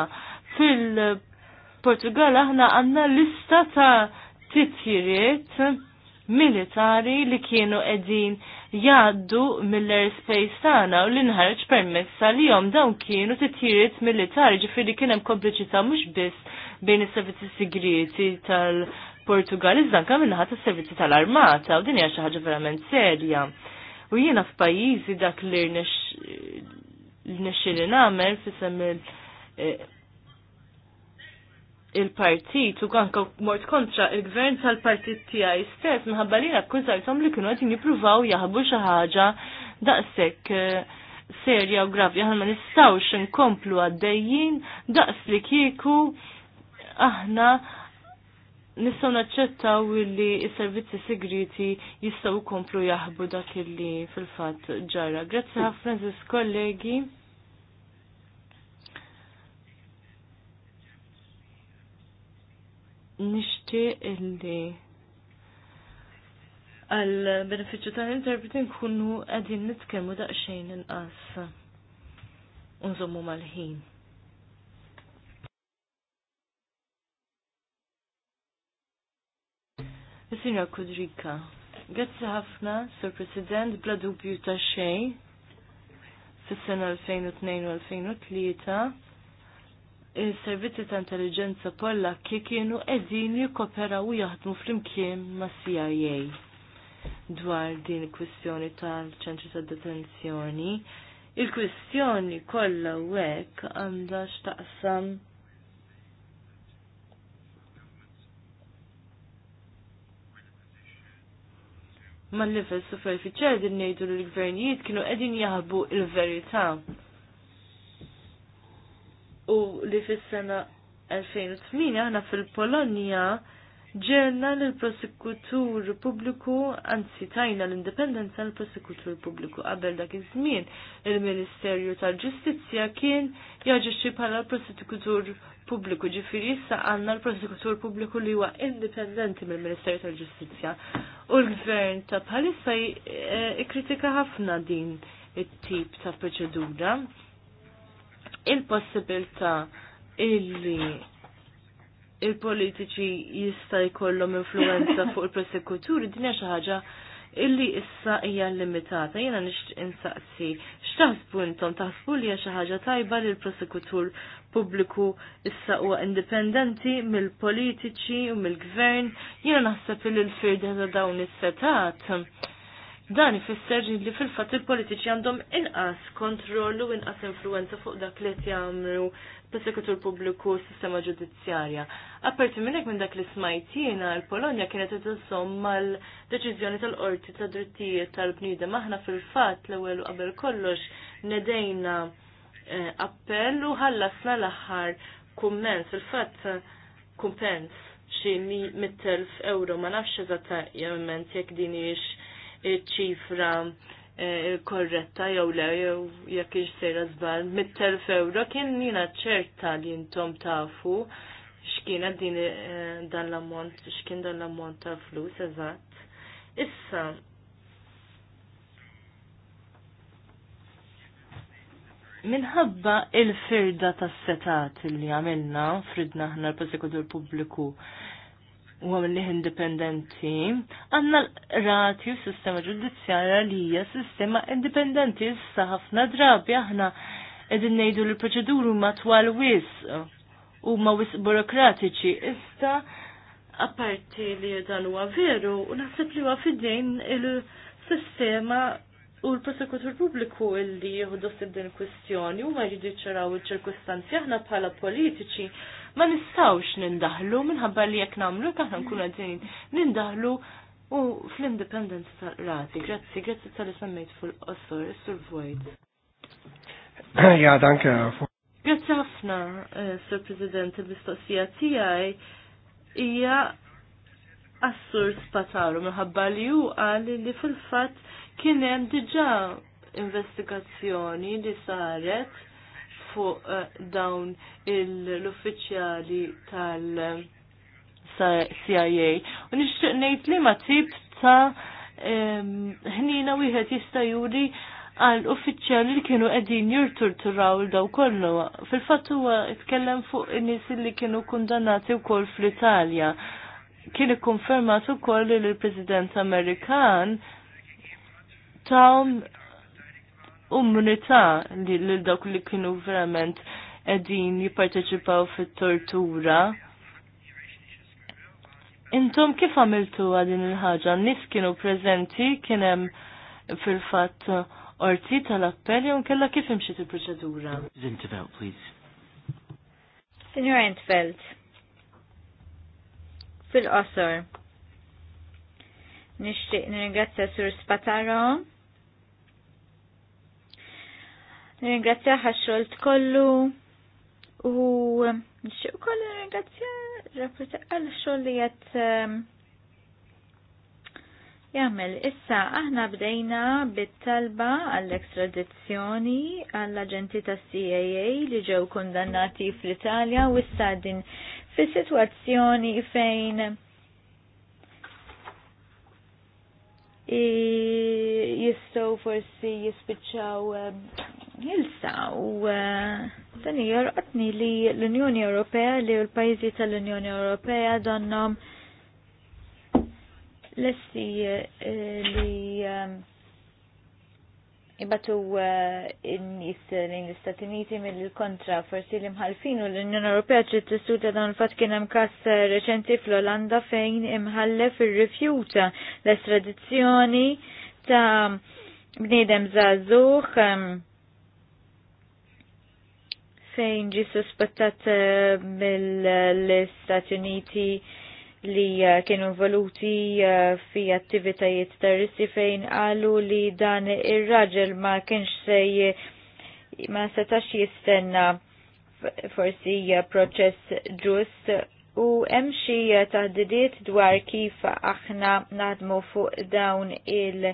Fil-Portugal aħna għandna lista ta' titjiriet militari li kienu edin jgħaddu mill-airspace tagħna u l-inħarġ permessa li jom dawn kienu titjiriet militari ġifiri kien hemm kompliċità mhux biss bejn is-servizzi sigriti tal-Portugal iżda anke minnaħa tas-servizzi tal-Armata u din hija xi ħaġa verament serja. U jiena f'pajjiżi dak li nexxieli nagħmel fisem eh, il-partit u kanka mort kontra il-gvern tal-partit tiegħi stess minħabba li akkużajthom li kienu qed jipruvaw jaħbu xi ħaġa daqshekk eh, serja u gravi aħna ma nistgħux inkomplu għaddejjin daqs li kieku aħna nistgħu naċċettaw li s-servizzi segreti jistgħu komplu jaħbu dak illi fil-fatt ġara. Grazzi ħafna kollegi. nixtieq illi għal beneficju tal interpreting kunnu għadin nitkemmu daqsxejn inqas unżommu mal-ħin. Sinja Kudrika, grazzi ħafna, Sir President, bla dubju ta' xej, fis-sena 2002 u 2003, il-servizzi ta' intelligenza pollakki kienu jikkoperaw u jaħdmu flimkien ma' CIA dwar din il-kwistjoni tal-ċentru ta' detenzjoni. Il-kwistjoni kollha hekk għandha x'taqsam mal-level superficiali din ngħidu l-gvernijiet kienu qegħdin jaħbu il-verità u li fis-sena 2008 aħna fil-Polonja ġerna l-prosekutur pubbliku, anzi tajna l-indipendenza l-prosekutur pubbliku. Qabel dak iż-żmien il-Ministerju tal-Ġustizzja kien jaġixxi bħala l-prosekutur pubbliku, ġifieri issa għandna l-prosekutur pubbliku li huwa indipendenti mill-Ministerju tal-Ġustizzja. U l-Gvern ta' bħalissa eh, ikkritika ħafna din it-tip ta' proċedura il-possibilità illi il-politiċi jista' jkollhom influenza fuq il-persekuturi din hija xi ħaġa illi issa hija limitata. Jiena nixtieq insaqsi x'taħsbu intom taħsbu li hija xi ħaġa tajba li l-prosekutur pubbliku issa huwa indipendenti mill-politiċi u mill-gvern. Jiena naħseb li l-firda ta' dawn is-setat Dan ifisser li fil-fatt il-politiċi għandhom inqas kontrollu inqas influenza fuq dak li qed jagħmlu l Pubbliku u s-sistema ġudizzjarja. Apparti minn hekk minn dak li smajt jiena l-Polonja kienet insomm mal-deċiżjoni tal-Qorti ta' Drittijiet tal-Bniedem aħna fil-fatt l-ewwel qabel kollox nedejna eh, appell u ħallasna l-aħħar kummens fil-fatt kumpens xi mit-telf euro ma nafx eżattament jekk din ċifra eh, korretta jew le jew jekk sejra żball. Mit-telf euro kien jiena ċerta li intom tafu x'kienet din eh, dan l-ammont, x'kien dan l-ammont ta' flus eżatt. Issa, minħabba il-firda tas setat li għamilna fridna ħna l-prosekutur pubbliku u liħ indipendenti, għanna l-rati u sistema ġudizzjara li hija sistema indipendenti issa ħafna drabi aħna edin nejdu li proċeduru ma twal wis u ma wis burokratiċi issa apparti li dan huwa veru u naħseb li huwa fidejn il-sistema u l-prosekutur pubbliku illi jieħu din il kwestjoni u ma jridu ċaraw il-ċirkustanzi aħna bħala politiċi ma nistawx nindaħlu minħabba li jekk nagħmlu aħna nkunu qegħdin nindaħlu u fl independenza tal-rati. Grazzi, grazzi tal semmejt fil-qosor, sur void. Ja, danke. Grazzi ħafna, eh, Sur President, il-mistoqsija tiegħi hija assur spataru minħabba li hu qal li fil-fatt kien hemm diġà investigazzjoni li saret fuq eh, dawn l-uffiċjali tal-CIA. Eh, U nixtieq ngħid li ma tip ta' ħnina wieħed jista' juri għal uffiċjali li kienu qegħdin jirturturaw il daw kollu. Fil-fatt huwa tkellem fuq in-nies li kienu kundannati wkoll fl-Italja. Kien ikkonfermat ukoll li l-President Amerikan ta' umunità li l-dawk li kienu verament edin jipparteċipaw fit-tortura. Intom kif għamiltu għadin il-ħagġa? Nis kienu prezenti, kienem fil-fat orti tal-appelli, un kella kif imxiet il-proċedura? Zintveld, please. Signor Entfeld, fil-qosor, nishtiq nirgazza sur Spataro Nirringrazzja ħaxolt kollu u nixtieq kollu ringrazzja rapporta għal xol li jett ehm, jagħmel. Issa aħna bdejna bit-talba għall-ekstradizzjoni għall-aġenti tas-CIA li ġew kundannati fl-Italja u issa din fis-sitwazzjoni fejn jistow forsi jispiċċaw ehm, Jilsa, u eh, dani jorqatni li l-Unjoni Ewropea li l-pajzi tal-Unjoni Ewropea donnom l-essi eh, li jibatu eh, in nis lejn l-Istati Uniti mill-kontra forsi li mħalfin u l-Unjoni Ewropea t tistudja dan l fatt kien hemm każ reċenti fl-Olanda fejn imħallef ir-rifjuta l-estradizzjoni ta' bniedem żagħżugħ fejn ġi sospettat eh, mill-Istati Uniti li eh, kienu involuti eh, fi attivitajiet terroristi fejn qalu li dan ir-raġel ma kienx sej ma setax jistenna forsi proċess ġust u hemm xi taħdidiet dwar kif aħna naħdmu fuq dawn il-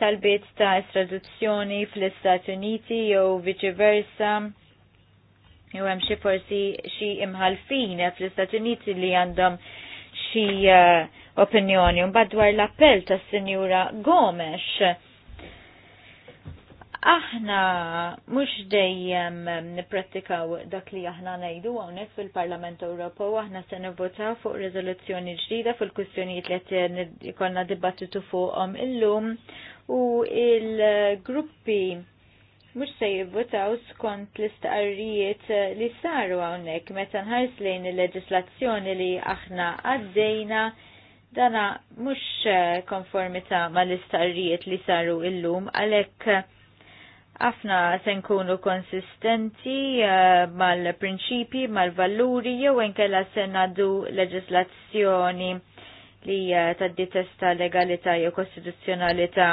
talbiet ta' estraduzzjoni fl-Istati Uniti jew viċi versa jew hemm xi forsi xi imħalfin fl-Istati Uniti li għandhom xi eh, opinjoni. Mbagħad dwar l-appell tas-Sinjura Gomes aħna mhux dejjem nipprattikaw dak li aħna ngħidu hawnhekk fil-Parlament Ewropew aħna se nivvotaw fuq riżoluzzjoni ġdida fil-kwistjonijiet li qed ikollna dibattitu fuqhom illum u il-gruppi mux se jivvotaw skont l-istqarrijiet li saru għawnek meta nħarż lejn il-leġislazzjoni li aħna għaddejna dana mux eh, konformita ma l-istqarrijiet li saru illum għalek għafna se nkunu konsistenti eh, mal-prinċipi, mal-valuri, jew inkella se nadu leġislazzjoni li eh, taddi testa legalità jew kostituzzjonalità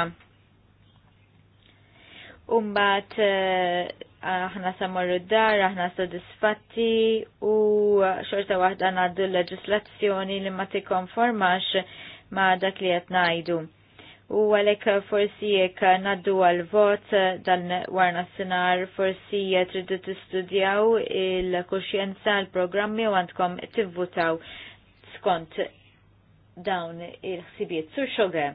Umbat eh, aħna samorru d-dar, aħna sodisfatti u xorta waħda għaddu l-leġislazzjoni li ma tikkonformax ma dak li qed ngħidu. U għalek forsi jek naddu għal-vot dan warna s-sinar forsi tridu t-studjaw il-kuxjenza l-programmi u għandkom t-votaw skont dawn il-ħsibiet. Sur xogre.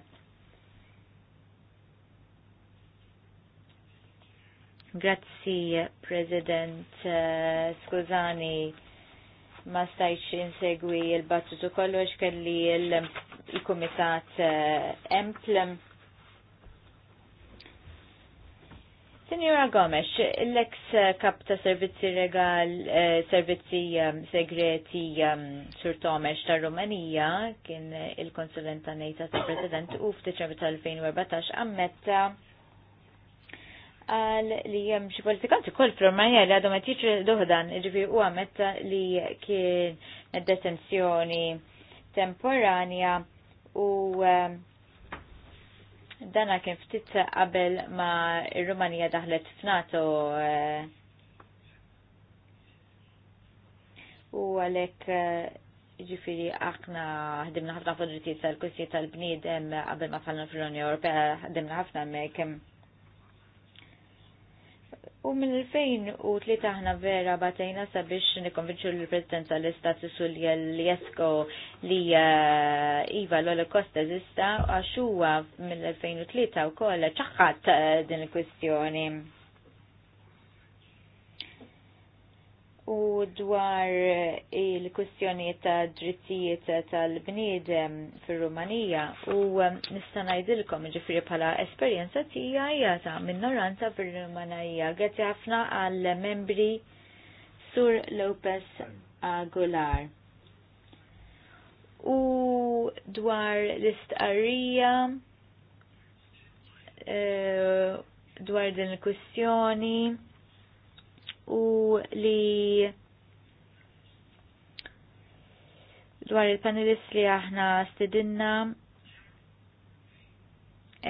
Grazzi, President, uh, skużani, ma stajċ insegwi il-battutu kollox kelli il-Komitat uh, eh, Emplem. Signora Gomes, l-ex kap ta' servizzi regal, eh, servizzi um, segreti um, Sur Tomes ta' Rumanija, kien il konsulenta nejta ta' president u f'Deċembru tal-2014 ammetta għal li jem xie politikanti kol fl-Romanija li għadhom għatiċ doħdan, ġifi u għametta li kien detenzjoni temporanja u ehm, dana kien ftit qabel ma il-Rumanija daħlet f'NATO ehm, u għalek ehm, ġifiri aħna ħdimna ħafna fodritiet tal-kussijiet tal-bnidem qabel ma falna fl-Unjoni Ewropea ħdimna ħafna kem U minn u tlitaħna vera batejna sabiex nikonvinċu l-President tal-Istat Sulja l-Jesko li uh, Iva l-Olokost eżista għax huwa il fejn u kolla ċaħħat uh, din il-kwistjoni. u dwar il-kwestjoni ta' drittijiet tal-bniedem fir-Rumanija u um, nista' ngħidilkom ġifieri bħala esperjenza tiegħi ta' minoranza fir-Rumanija. Get ħafna għal membri Sur Lopez Agular. U dwar l-istqarrija eh, dwar din il kustjoni u li dwar il-panelist li aħna stedinna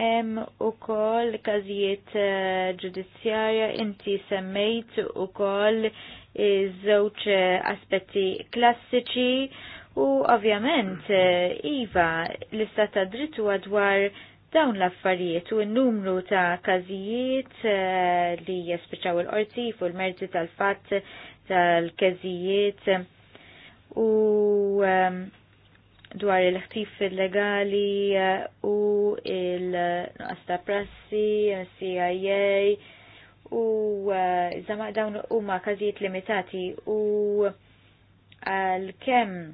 Em u kol kazijiet eh, ġudizzjarja inti semmejt u kol iż-żewġ eh, aspetti klassiċi u ovvjament eh, Iva l-istat ta' dritt huwa dwar dawn l-affarijiet u n-numru ta' kazijiet eh, li jespiċaw il-qorti fu l-merġi tal-fat tal-kazijiet u ehm, dwar il-ħtif legali eh, u il-nuqasta prassi, CIA u eh, zama dawn u ma kazijiet limitati u għal-kem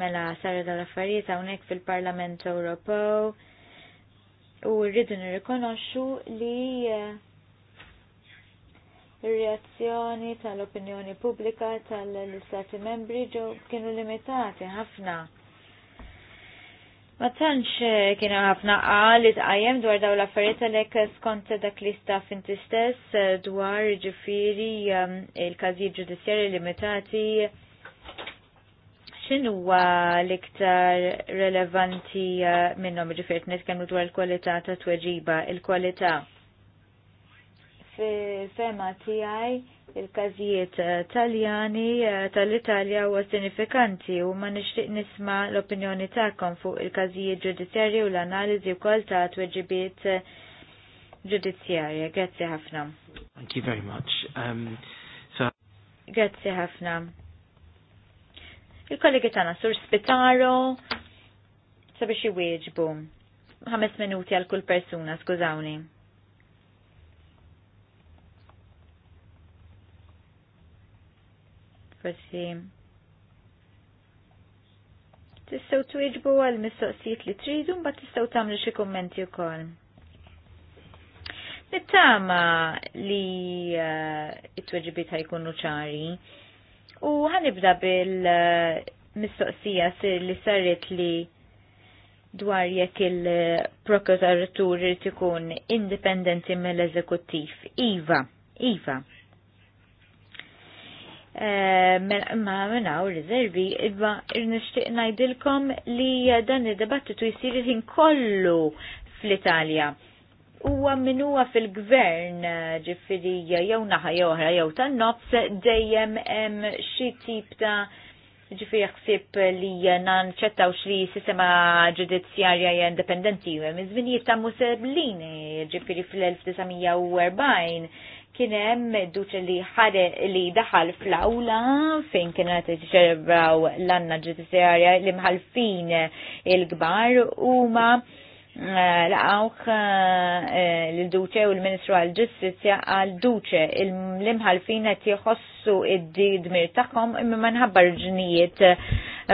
mela sarra dal-affarijiet għonek fil-Parlament Ewropew u rridu nirrikonoxxu li eh, ir-reazzjoni tal-opinjoni pubblika tal-istati membri ġew kienu limitati ħafna. Ma tantx eh, kienu ħafna qali tqajjem dwar daw l-affarijiet għalhekk skont dak li staff inti stess eh, dwar ġifieri il-każijiet ġudizzjarji limitati huwa l-iktar relevanti eh, minnom ġifirt nitkellmu dwar il-kwalità ta' tweġiba, il-kwalità. Fi fema tiegħi il-każijiet eh, taljani eh, tal-Italja huwa sinifikanti u ma nixtieq nisma' l-opinjoni tagħkom fuq il-każijiet ġudizzjarji u l-analiżi wkoll ta' tweġibiet ġudizzjarja. Grazzi ħafna. Thank you very much. Um, so... Grazzi ħafna il-kollegi tagħna sur Spitaro sabiex jwieġbu Ħames minuti għal kull persuna, skużawni. Forsi tistgħu twieġbu għal mistoqsijiet li tridu mbagħad tistgħu tagħmlu xi kummenti wkoll. Nittama li uh, eh, it tweġibiet ħajkunu jkunu ċari U ħanibda bil-mistoqsija li sarret li dwar jekk il-prokuratur irid ikun indipendenti mill-eżekuttiv. Iva, Iva. Eh, mela, ma minnaw riservi, imma nixtieq ngħidilkom li dan id debattitu jsir il-ħin kollu fl-Italja huwa min fil-gvern ġifiri jew naħa jew oħra jew tan-nofs dejjem hemm xi tip ta' ġifiri ħsib li nanċettaw li sistema ġudizzjarja indipendenti u hemm iż-żminijiet ta' Mussolini ġifiri fl-1940 kien hemm duċ li ħare li daħal fl-awla fejn kien qed iċċelebraw l-anna ġudizzjarja li mħalfin il-kbar huma Eh, laqawk eh, l-duċe u l-Ministru għal ġistizja għal-duċe l-imħalfin qed jħossu id-dmir tagħhom imma manħabbar ġnijiet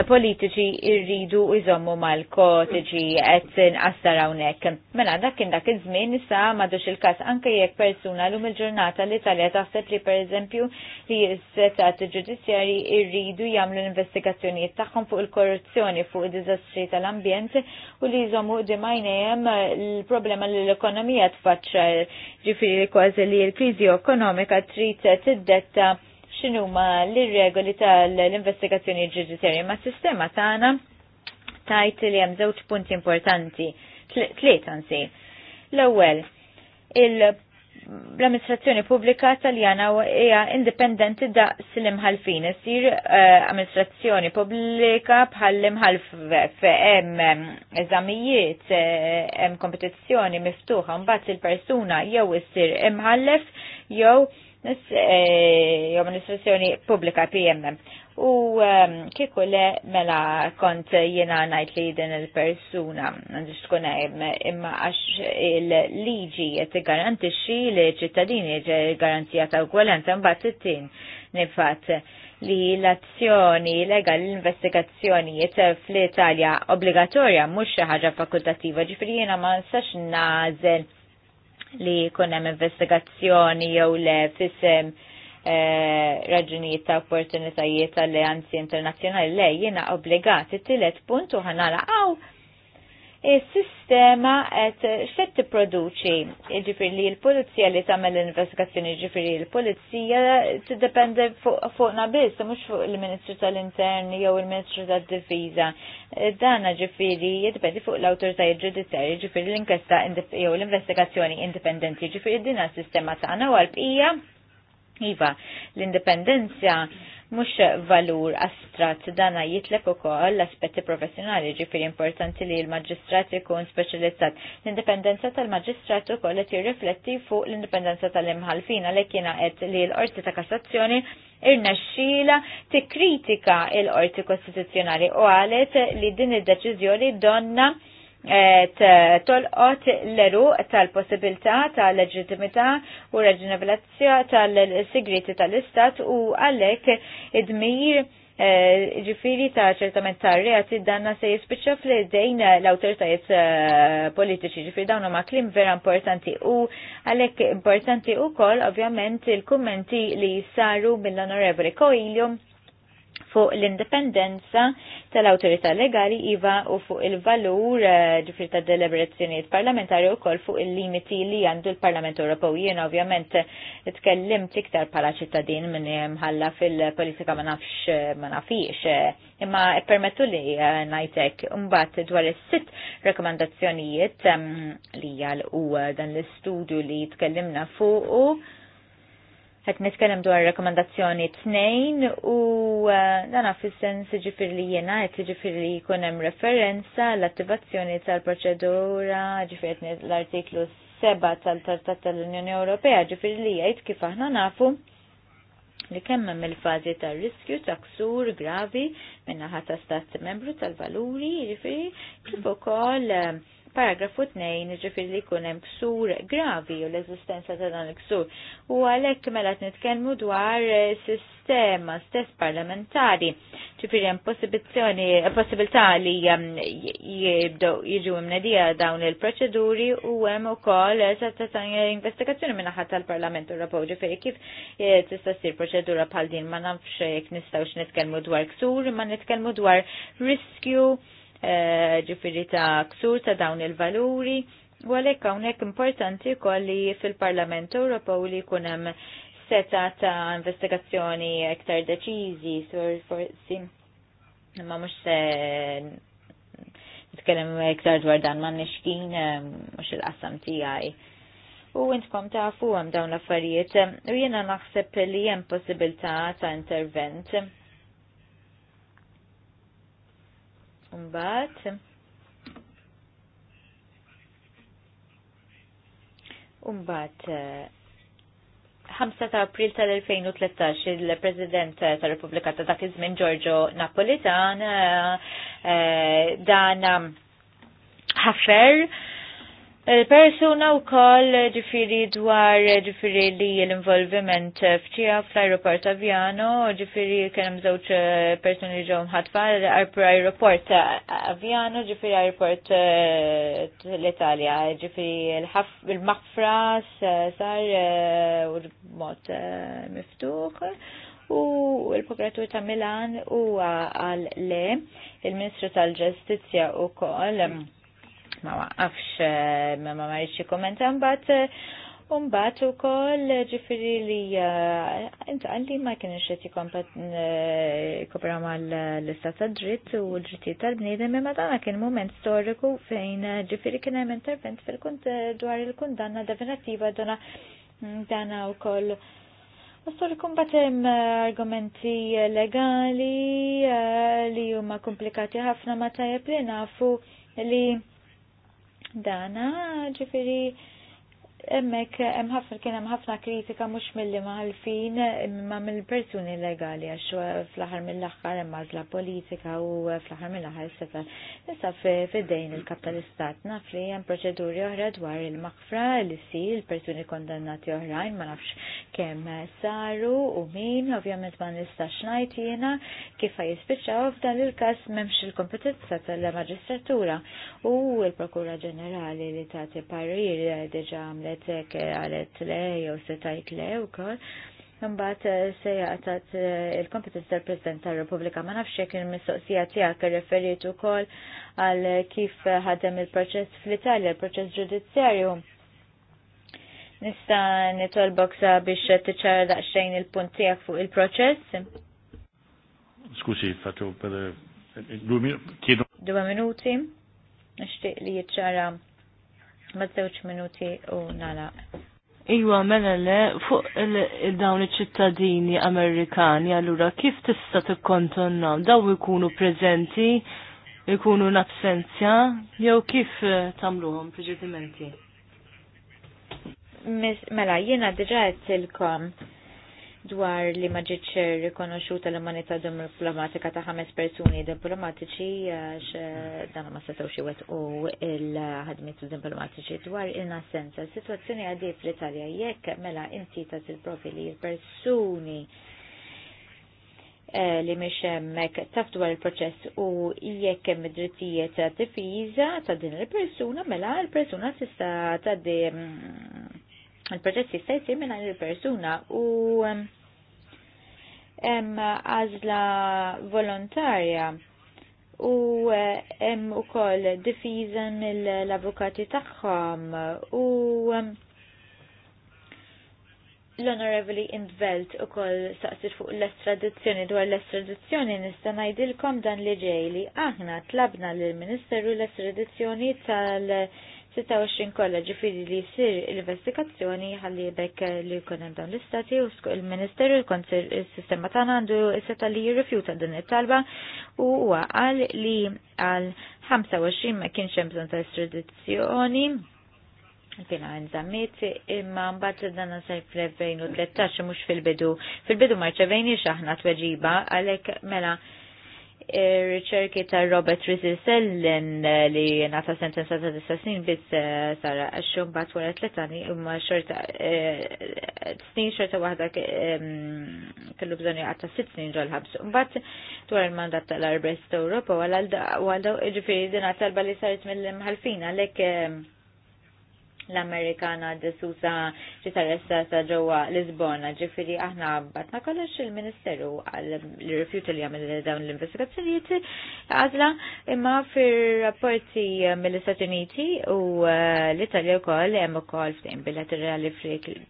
politiċi irridu iżommu mal-kotiġi qed inqassar hawnhekk. Mela dak kien dak iż-żmien issa ma'dux il-każ anke jekk persuna l-um il-ġurnata l-Italja taħseb li pereżempju li s-setat ġudizjari irridu jagħmlu l-investigazzjonijiet tagħhom fuq il-korruzzjoni fuq id-diżastri tal-ambjent u li jżommu dimajnejjem l problema li l-ekonomija tfaċċa ġifieri kważi li l-kriżi ekonomika trid tiddetta x'inhuma l-regoli tal-investigazzjoni ġudizjarja ma' sistema tagħna tajt li hemm żewġ punti importanti, tliet għansi. L-ewwel, l-amministrazzjoni pubblika taljana hija indipendenti daqs l-imħalfin. sir eh, amministrazzjoni pubblika bħal limħalf hemm eżamijiet, hemm eh, kompetizzjoni miftuħa mbagħad il-persuna jew issir imħallef jew Eh, jew amministrazzjoni pubblika PM. U ehm, kieku le mela kont jena najt li din il-persuna għandix tkun hemm imma għax il-liġi qed tiggarantixxi li ċittadini garanzija ta' ugwalenza mbagħad it tin nifat li l-azzjoni legal l-investigazzjonijiet fl-Italja obbligatorja mhux xi ħaġa fakultattiva, ġifieri jiena ma nsax nażel li kunem investigazzjoni jew le fisem eh, raġunijiet ta' opportunitajiet tal-leanzi internazjonali le jiena obbligati t-tillet puntu ħanala għaw il-sistema qed xed tipproduċi. Ġifiri li l-pulizija li tagħmel l-investigazzjoni, ġifiri l-pulizija tiddependi fuqna biss, mhux fuq il-Ministru tal-Intern jew il-Ministru tad-Difiża. Dana ġifiri jiddependi fuq l-awtoritajiet ġudizzjarji, ġifiri l-inkesta jew l-investigazzjoni indipendenti, ġifiri s sistema tagħna u għalbqija. Iva, l-indipendenzja mhux valur astrat dana jitlek ukoll l-aspetti professjonali ġifiri importanti li l magistrat ikun speċjalizzat. L-indipendenza tal-maġistrat ukoll qed rifletti fuq l-indipendenza tal-imħalfin li jiena qed li l-Qorti ta' Kassazzjoni ti tikkritika l-Qorti Kostituzzjonali u qalet li din id-deċiżjoni donna Eh, tolqot l-eru tal-possibilità tal-leġitimità u reġinabilizzja tal-sigriti tal-istat u għallek id-dmir eh, ġifiri ta' ċertament ta' reati danna se jispiċċa fl-dejn l-autoritajiet eh, politiċi ġifiri dawna ma' klim vera importanti u għalek importanti u kol ovvjament il-kummenti li saru mill-onorevoli Koilju fuq l-indipendenza tal-autorità legali iva u fuq il-valur eh, ġifri ta' deliberazzjoniet parlamentari u kol fuq il-limiti li għandu l-Parlament Ewropew. Jien ovvjament tkellimt iktar bħala ċittadin minn mħalla fil-politika ma nafx ma nafix. Imma permettu li eh, najtek mbagħad dwar is-sitt rekomandazzjonijiet ehm, li jgħal u eh, dan l-istudju li tkellimna fuq Għet nitkellem dwar rekomendazzjoni tnejn u uh, dana fis-sens ġifir li jena għet ġifir li kunem referenza l-attivazzjoni tal-proċedura ġifir l-artiklu 7 tal-Tartat tal-Unjoni Ewropea ġifir li jgħid kif aħna nafu li kemmem il-fazi tar riskju ta' ksur gravi minna ta' stat membru tal-valuri ġifiri kif ukoll uh, Paragrafu 2 ġifir li kunem ksur gravi u l-eżistenza ta' dan il-ksur. U għalek mela t-nitkelmu dwar eh, sistema stess parlamentari. Ġifir jem eh, possibilità li ehm, jibdow jiġu imnedija dawn il-proċeduri u jem u kol ta' eh, investigazzjoni minna ħat tal-Parlament Ewropew ġifir kif tista' istassir proċedura bħal din ma nafx jek nistawx nitkelmu dwar ksur ma nitkelmu dwar riskju Eh, ġifiri ta' ksur ta' dawn il-valuri. U għalek hawnhekk importanti kolli fil-Parlament Ewropew li jkun hemm seta ta' investigazzjoni iktar deċiżi sur forsi ma mhux se nitkellem iktar dwar dan ma nixkin eh, mhux il-qasam tiegħi. U intkom tafu hemm dawn l-affarijiet u jiena naħseb li hemm possibilità ta' intervent Umbat. Umbat. 5 eh, ta' april tal-2013 il-President tal-Repubblika ta' dak iż-żmien Giorgio Napolitan eh, dan eh, ħafer Persuna u koll ġifiri dwar ġifiri li l-involviment fċija fl-aeroport avjano, ġifiri mżawċ eh, persuna li ġom ħatfa l-aeroport avjano, ġifiri aeroport eh, l-Italja, ġifiri l-mafra eh, sar u mot miftuħ u l-Prokuratur ta' Milan u għal le il-Ministru tal ġestizja u koll mm ma waqafx eh, ma ma marriċi kommenta mbagħad Umbat eh, u koll eh, ġifiri li inta għalli ma kienu qed jikompat kopra ma l-istat dritt u l-ġittijiet tal bniedem imma dana kien moment storiku fejn ġifiri kien hemm intervent fil-kunt dwar il-kundanna definitiva mm, dana dana u koll Storikum batem argumenti legali li huma komplikati ħafna ma tajjeb li nafu li dana ġifiri emmek hemm ħafna kien hemm ħafna kritika mhux milli maħalfin imma mill-persuni legali għax fl-aħħar mill-aħħar hemm għażla politika u fl-aħħar mill-aħħar seta nisa fidejn il-kap tal-istat naf li hemm proċeduri oħra dwar il-maħfra li ssir il-persuni kondannati oħrajn ma nafx kemm saru u min ovvjament ma nistax ngħid jiena kif jispiċċaw f'dan il-każ m'hemmx il-kompetenza tal-maġistratura u l-Prokura Ġenerali li tagħti parir deġa għamlet kienet għalet le jew setajt le u kol. Mbagħad eh, se jgħatat eh, il-kompetenza tal-President tar republika ma nafx jekk il-mistoqsija tiegħek irreferiet ukoll għal kif ħadem il-proċess fl-Italja, il-proċess ġudizzjarju. Nista' nitolbok sa biex tiċċara daqsxejn il-punt tiegħek fuq il-proċess. Skużi, fatu per eh, due minuti. Nishtiq minuti. Nixtieq li jiċċara ma' żewġ minuti u nala. Iwa, mela le, fuq dawn iċ-ċittadini Amerikani, allura kif tista' tikkontonnaw? Daw ikunu preżenti, ikunu n-absenzja, jew kif eh, tagħmluhom preġedimenti? Mela, jiena diġa għedtilkom dwar li ma ġietx rikonoxxuta l-umanità diplomatika ta' ħames persuni diplomatiċi għax eh, dan ma setgħu xi u l-ħadmiet diplomatiċi dwar il-nasenza. Situazzjoni għaddej fl-Italja jekk mela inti ta' il-profili l persuni eh, li miex hemmhekk taf dwar il-proċess u jekk hemm drittijiet ta' difiża ta' din il-persuna mela l-persuna tista' tgħaddi mm, il proċess jista' jsir minn il-persuna u hemm għażla volontarja u hemm ukoll difiża mill-avukati tagħhom u l-Honorevoli Indvelt u koll saqsir fuq l-estradizzjoni dwar l-estradizzjoni nista' ngħidilkom dan li ġej aħna tlabna lill ministeru l-estradizzjoni tal- 26 kolla ġifieri li jsir l-investigazzjoni ħalli bekk li jkun hemm dawn l-istati u sku il-Ministeru l-Konsir, is-sistema tagħna għandu seta li jirrifjuta din it-talba u huwa qal li għal 25 ma kienx hemm bżonn ta' estradizzjoni Fina għanżammiet, imma mbagħad dan sar fl-2013 mhux fil-bidu. Fil-bidu marċevejni xaħna tweġiba għalhekk mela ir-riċerki ta' Robert Rizisellen eh, li nata sentenza ta' disa snin biz eh, sara għaxxum bat wara tletani imma xorta eh, snin xorta wahda kellu bżonni għatta sitt snin ġol ħabs. Mbatt dwar il-mandat tal-Arbest Europa għal għal għal din għal li saret għal għal lek l-Amerikana d-susa ċitaressata ġewwa Lisbona. Ġifiri aħna batna kollox il-Ministeru għal-rifjuta li għamil dawn l-investigazzjonijiet għazla imma fir-rapporti mill-Istati Uniti u uh, l-Italja wkoll hemm ukoll f'tejn bilaterali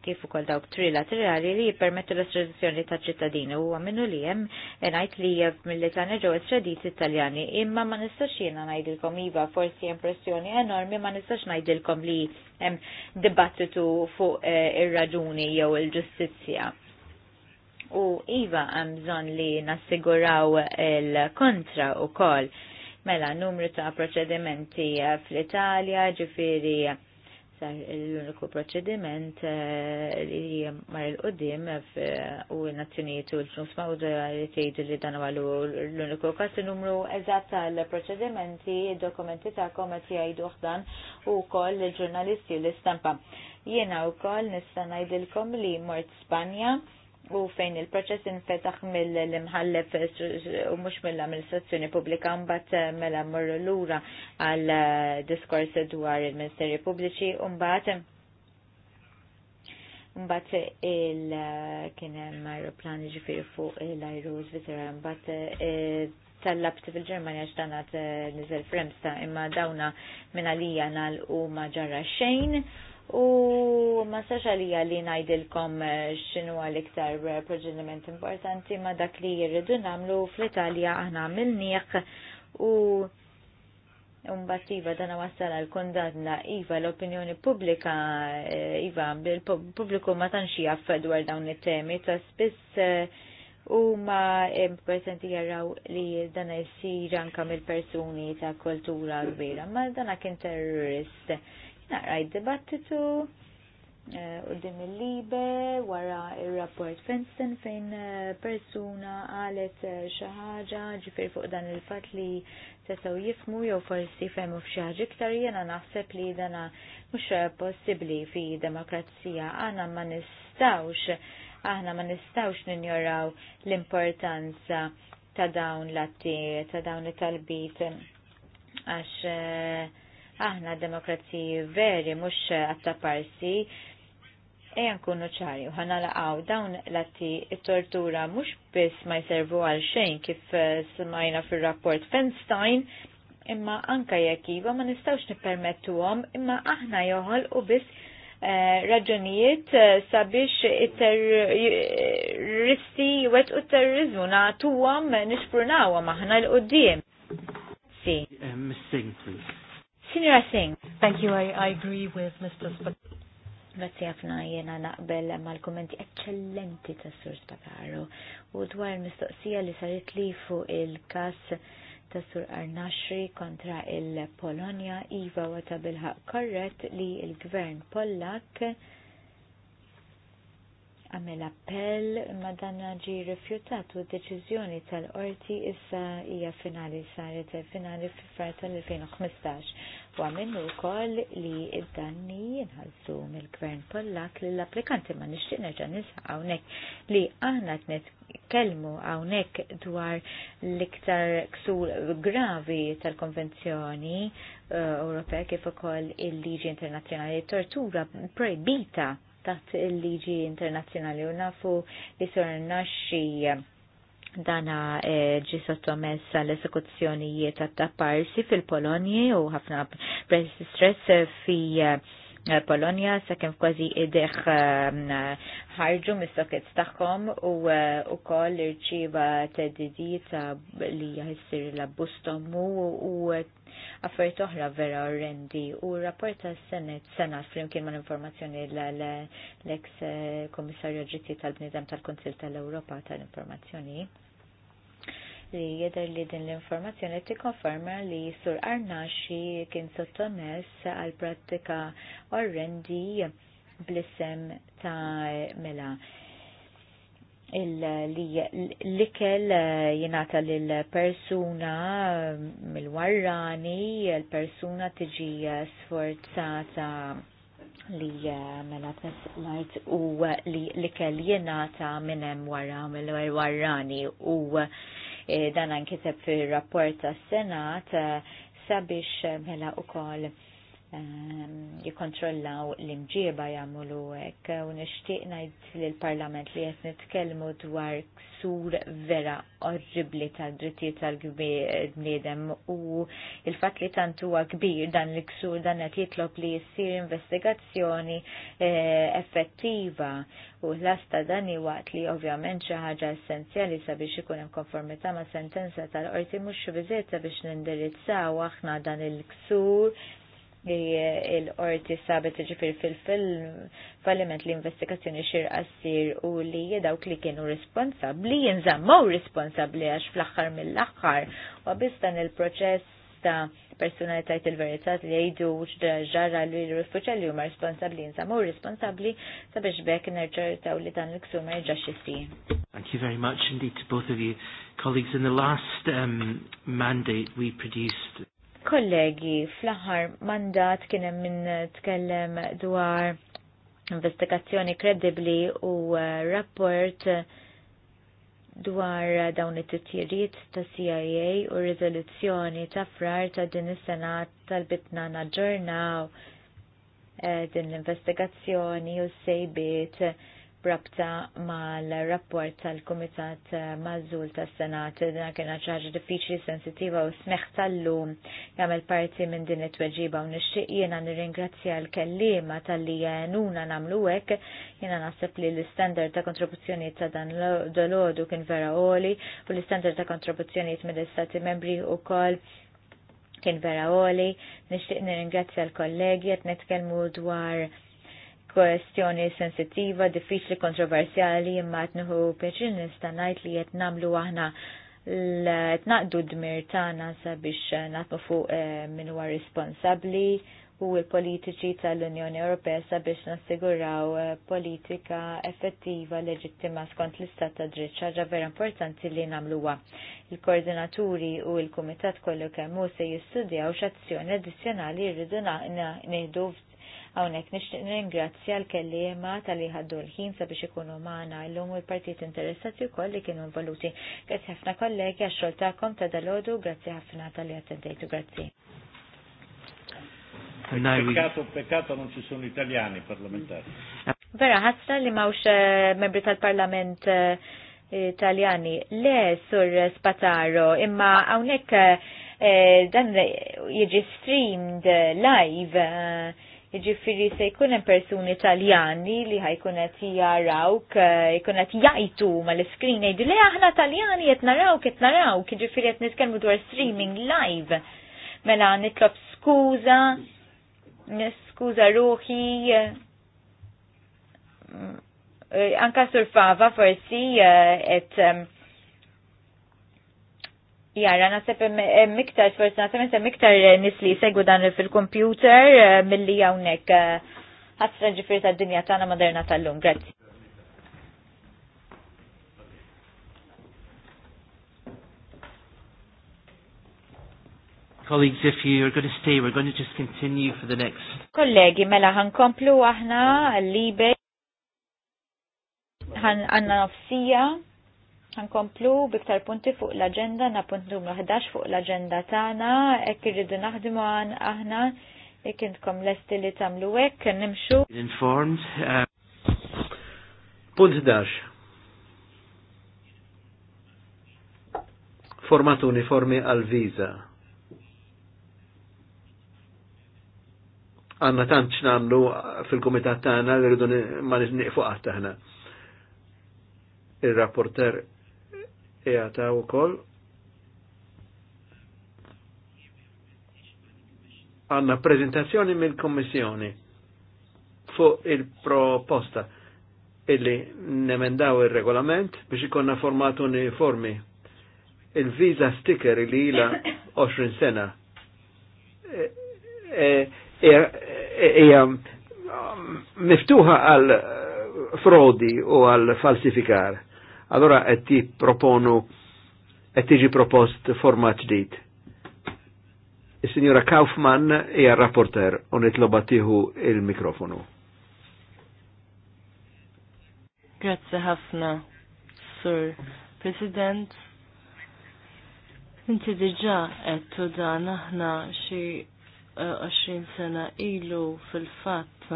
kif ukoll dawk trilaterali li jippermettu l estradizjoni ta' ċittadini u għaminu li jem ngħid li mill-Italja ġewwa ċadit Italjani imma ma nistax jiena ngħidilkom iva forsi impressjoni enormi ma nistax ngħidilkom li hemm dibattitu fuq eh, ir-raġuni jew il-ġustizzja. U iva hemm bżonn li nassiguraw il-kontra u kol. Mela numru ta' proċedimenti eh, fl-Italja ġifiri sar l-uniku proċediment eh, li mar il-qoddim eh, u n u l-ġnus mawda li tgħidu li dan għalu l-uniku kas numru eżatt tal-proċedimenti, dokumenti ta' komet jgħidu dan u kol l-ġurnalisti u l-istampa. Jena u kol nista' ngħidilkom li mort Spanja u fejn il-proċess infetaħ mill-imħallef u mux mill-amministrazzjoni pubblika mbagħad eh, mela mmorru lura għal eh, diskors dwar il-Ministeri Pubbliċi u mbagħad Mbagħad il eh, kien hemm aeroplan ġifir fuq l-ajru vitra, mbagħad tal-labt fil-Ġermanja x'tanat niżel Fremsta imma dawna minn għalija nagħlqu ma ġara xejn U ma saċalija li najdilkom eh, xinu għal-iktar eh, proġediment importanti ma dak li jirridu namlu fl-Italja aħna mill U u Umbattiva dana wassal għal kondanna Iva l-opinjoni pubblika eh, Iva bil-pubbliku ma tanxi jaffed dwar dawn it-temi ta' spiss u ma importanti jarraw li dana jessir anka mill-persuni ta' kultura kbira ma dana kien terrorist naqra id-dibattitu eh, u dim il-libe wara il-rapport Fenston fejn eh, persuna għalet eh, xaħġa ġifir fuq dan il-fat li setaw jifmu jew forsi femu fxaħġi ktar jena naħseb li dana mux possibli fi demokrazija għana ma nistawx aħna ma nistawx ninjoraw l-importanza ta' dawn l-atti, ta' dawn it-talbit għax Aħna demokrazi veri mhux attaparsi. parsi ejja nkunu ċari u laqaw dawn l-atti tortura mhux biss ma jservu għal xejn kif smajna fir-rapport Fenstein, imma anka jekk iva ma nistgħux nippermettuhom imma aħna joħol u biss eh, raġunijiet eh, sabiex terroristi wet u terrorizmu natuwam nixprunawam aħna l-qoddim. Si. Eh, Miss Singh, please. Signora Singh. Thank you, I, I agree with Mr. Spataro. Grazzi ħafna jena naqbel mal-kommenti eccellenti ta' Sur Spataro u dwar mistoqsija li sarit li fuq il-kas ta' Sur Arnashri kontra il polonia Iva wata bilħaq korret li il-gvern Pollak għamil appell ma danna ġi rifjutat u d-deċiżjoni tal-qorti issa hija finali saret finali f'frar tal-2015 u għamennu wkoll li id-danni jinħalsu mill-gvern Pollak li l-applikanti ma nixtieq nerġa' nisħaq hawnhekk li aħna kelmu hawnhekk dwar l-iktar ksur gravi tal-Konvenzjoni uh, Ewropea kif ukoll il-liġi internazzjonali tortura projbita taħt il-liġi internazzjonali u nafu li sorna xie dana eh, ġi sottomess l-esekuzzjonijiet ta' parsi fil-Polonji u ħafna stress fi eh, Polonja sakemm kważi ideħ um, ħarġu mis-sockets tagħhom u wkoll uh, t dizijiet li jahissir la bustommu u uh, affarijiet oħra vera orrendi u rapporta s senet sena flimkien mal informazzjoni l-ex uh, komissarju ġitti tal-bnidem tal-Konsil tal-Ewropa tal-Informazzjoni li jeder li din l-informazzjoni tikkonferma li sur Arnaxi kien sottomess għal prattika orrendi bl-isem ta' mela l-ikel eh, jenata l-persuna mil-warrani, mm, l-persuna tiġi eh, sforzata li eh, mela t-lajt u li l-ikel jenata minnem warra mill-warrani u E, dan ankiseb fir-rapport tas-Senat eh, sabiex eh, mela ukoll Ehm, jikontrollaw l-imġieba jagħmlu hekk u nixtieq ngħid lill-Parlament li qed nitkellmu dwar ksur vera orribbli tad-drittijiet tal-bniedem u il-fatt li tant huwa kbir dan l-ksur dan qed jitlob li jsir investigazzjoni eh, effettiva u l-asta dan waqt li ovvjament xi ħaġa essenzjali sabiex ikun hemm konformità ma' sentenza tal-qorti mhux biżejt sabiex nindirizzaw aħna dan il-ksur li l-ordi sabet ġifir fil-falliment li investigazzjoni xirqa sir u li dawk li kienu responsabli jinżammaw responsabli għax fl-axħar mill-axħar u għabistan il-proċess ta' personalitajt il-verità li jgħidu ġarra li l-rifuċa li huma responsabli jinżammaw responsabli sabiex bekk nerċertaw li dan l-ksuma jġa Thank you very much indeed to both of you. Colleagues, in the last um, mandate we produced Kollegi, fl-aħħar mandat kien hemm min tkellem dwar investigazzjoni kredibbli u uh, rapport dwar dawn it-titjiriet ta' CIA u riżoluzzjoni ta' frar ta' din is-sena tal-bitna naġġornaw eh, din l-investigazzjoni u sejbiet rabta mal-rapport tal-Kumitat Mażul tas-Senat dan kien ċaġa diffiċli sensittiva u smeħ tal-lum jagħmel parti minn din it-tweġiba u nixtieq jiena nirringrazzja l-kellima tal-li jenuna nagħmlu hekk jiena naħseb li l-istandard ta' kontribuzzjonijiet ta' dan dolodu kien vera għoli u l-istandard ta' kontribuzzjonijiet mill-Istati membri wkoll kien vera għoli, nixtieq nirringrazzja l-kollegi qed nitkellmu dwar kwestjoni sensittiva, diffiċli kontroversjali imma tnuħu peċin nistanajt li jett namlu aħna l-tnaqdu d-dmir tana sabiex natmu fuq eh, minn huwa responsabli u l-politiċi tal-Unjoni Ewropea sabiex nassiguraw eh, politika effettiva leġittima skont l-istat ta' dritt ċaġa vera importanti li namluwa. Il-koordinaturi u il-kumitat kollu kemmu se jistudjaw x'azzjoni addizzjonali rridu nieħdu Hawnhekk nixtieq ringrazzja l-kellima tal-li ħaddu l-ħin sabiex ikunu l-lum u l-partit interessati wkoll li kienu involuti. Grazzi ħafna kollegi għax-xogħol tagħkom ta' dalodu, grazzi ħafna tal-li attendejtu, grazzi. Peccato, peccato non ci sono italiani parlamentari. Vera, ħassa li mawx eh, membri tal-parlament eh, italjani. Le, sur Spataro, imma għawnek eh, dan jieġi streamed live Jiġifieri se jkun hemm persuni Taljani li ħajkun qed jarawk, eh, jkun qed jajtu mal-iskrin jgħidu le aħna Taljani qed narawk qed narawk, jiġifieri qed nitkellmu dwar streaming live. Mela nitlob skuża, niskuża ruħi. Eh, eh, anka surfava forsi qed Jara, nasib miktar, forse nasib nasib miktar nisli segu dan fil-kompjuter eh, mill-li jawnek eh, ħasra ġifir ta' dinja tana moderna tal-lum. Grazie. Colleagues, if are going to stay, we're going to just continue for the next. Kollegi, mela ħankomplu aħna libe ħan għanna nofsija. Nkomplu biktar punti fuq l-agenda na punt numru 11 fuq l-agenda tagħna hekk irridu naħdmu għan aħna jekk intkom lesti li tagħmlu hekk nimxu. Informed. Uh, punt 11. Format uniformi għal viza. Għanna tant x'namlu fil-kumitat tagħna li rridu ma niqfu qatt aħna. Il-rapporter jgħata u koll għanna prezentazzjoni mill-Kommissjoni fuq il-proposta illi nemendaw il-regolament biex ikonna format uniformi il-visa sticker illi ila 20 sena hija e, e, e, miftuħa għal frodi u għal falsifikar allora qed tipproponu qed tiġi propost format ġdid. Is-Sinjura e Kaufman hija e rapporter u nitloba tieħu il-mikrofonu. Grazzi ħafna, Sur President. Inti diġà qed tudan aħna xi 20 eh, sena ilu fil-fatt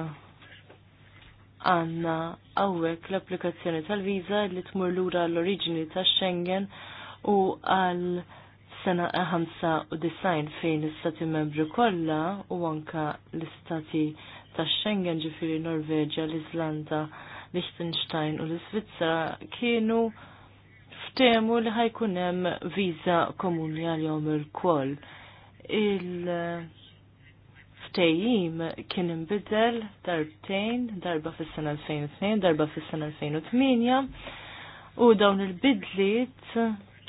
għanna għawek l-applikazzjoni tal-viza li tmur lura l-oriġini ta' Schengen u għal sena 95 fejn l-istati membri kollha u anka l-istati ta' Schengen ġifiri Norveġa, l-Islanda, Liechtenstein u l-Svizzera kienu ftemu li ħajkun hemm viża komuni għal jom il-koll. il il-ftejjim kien imbidel darbtejn, darba fis-sena 2002, darba fis-sena 2008, u dawn il-bidliet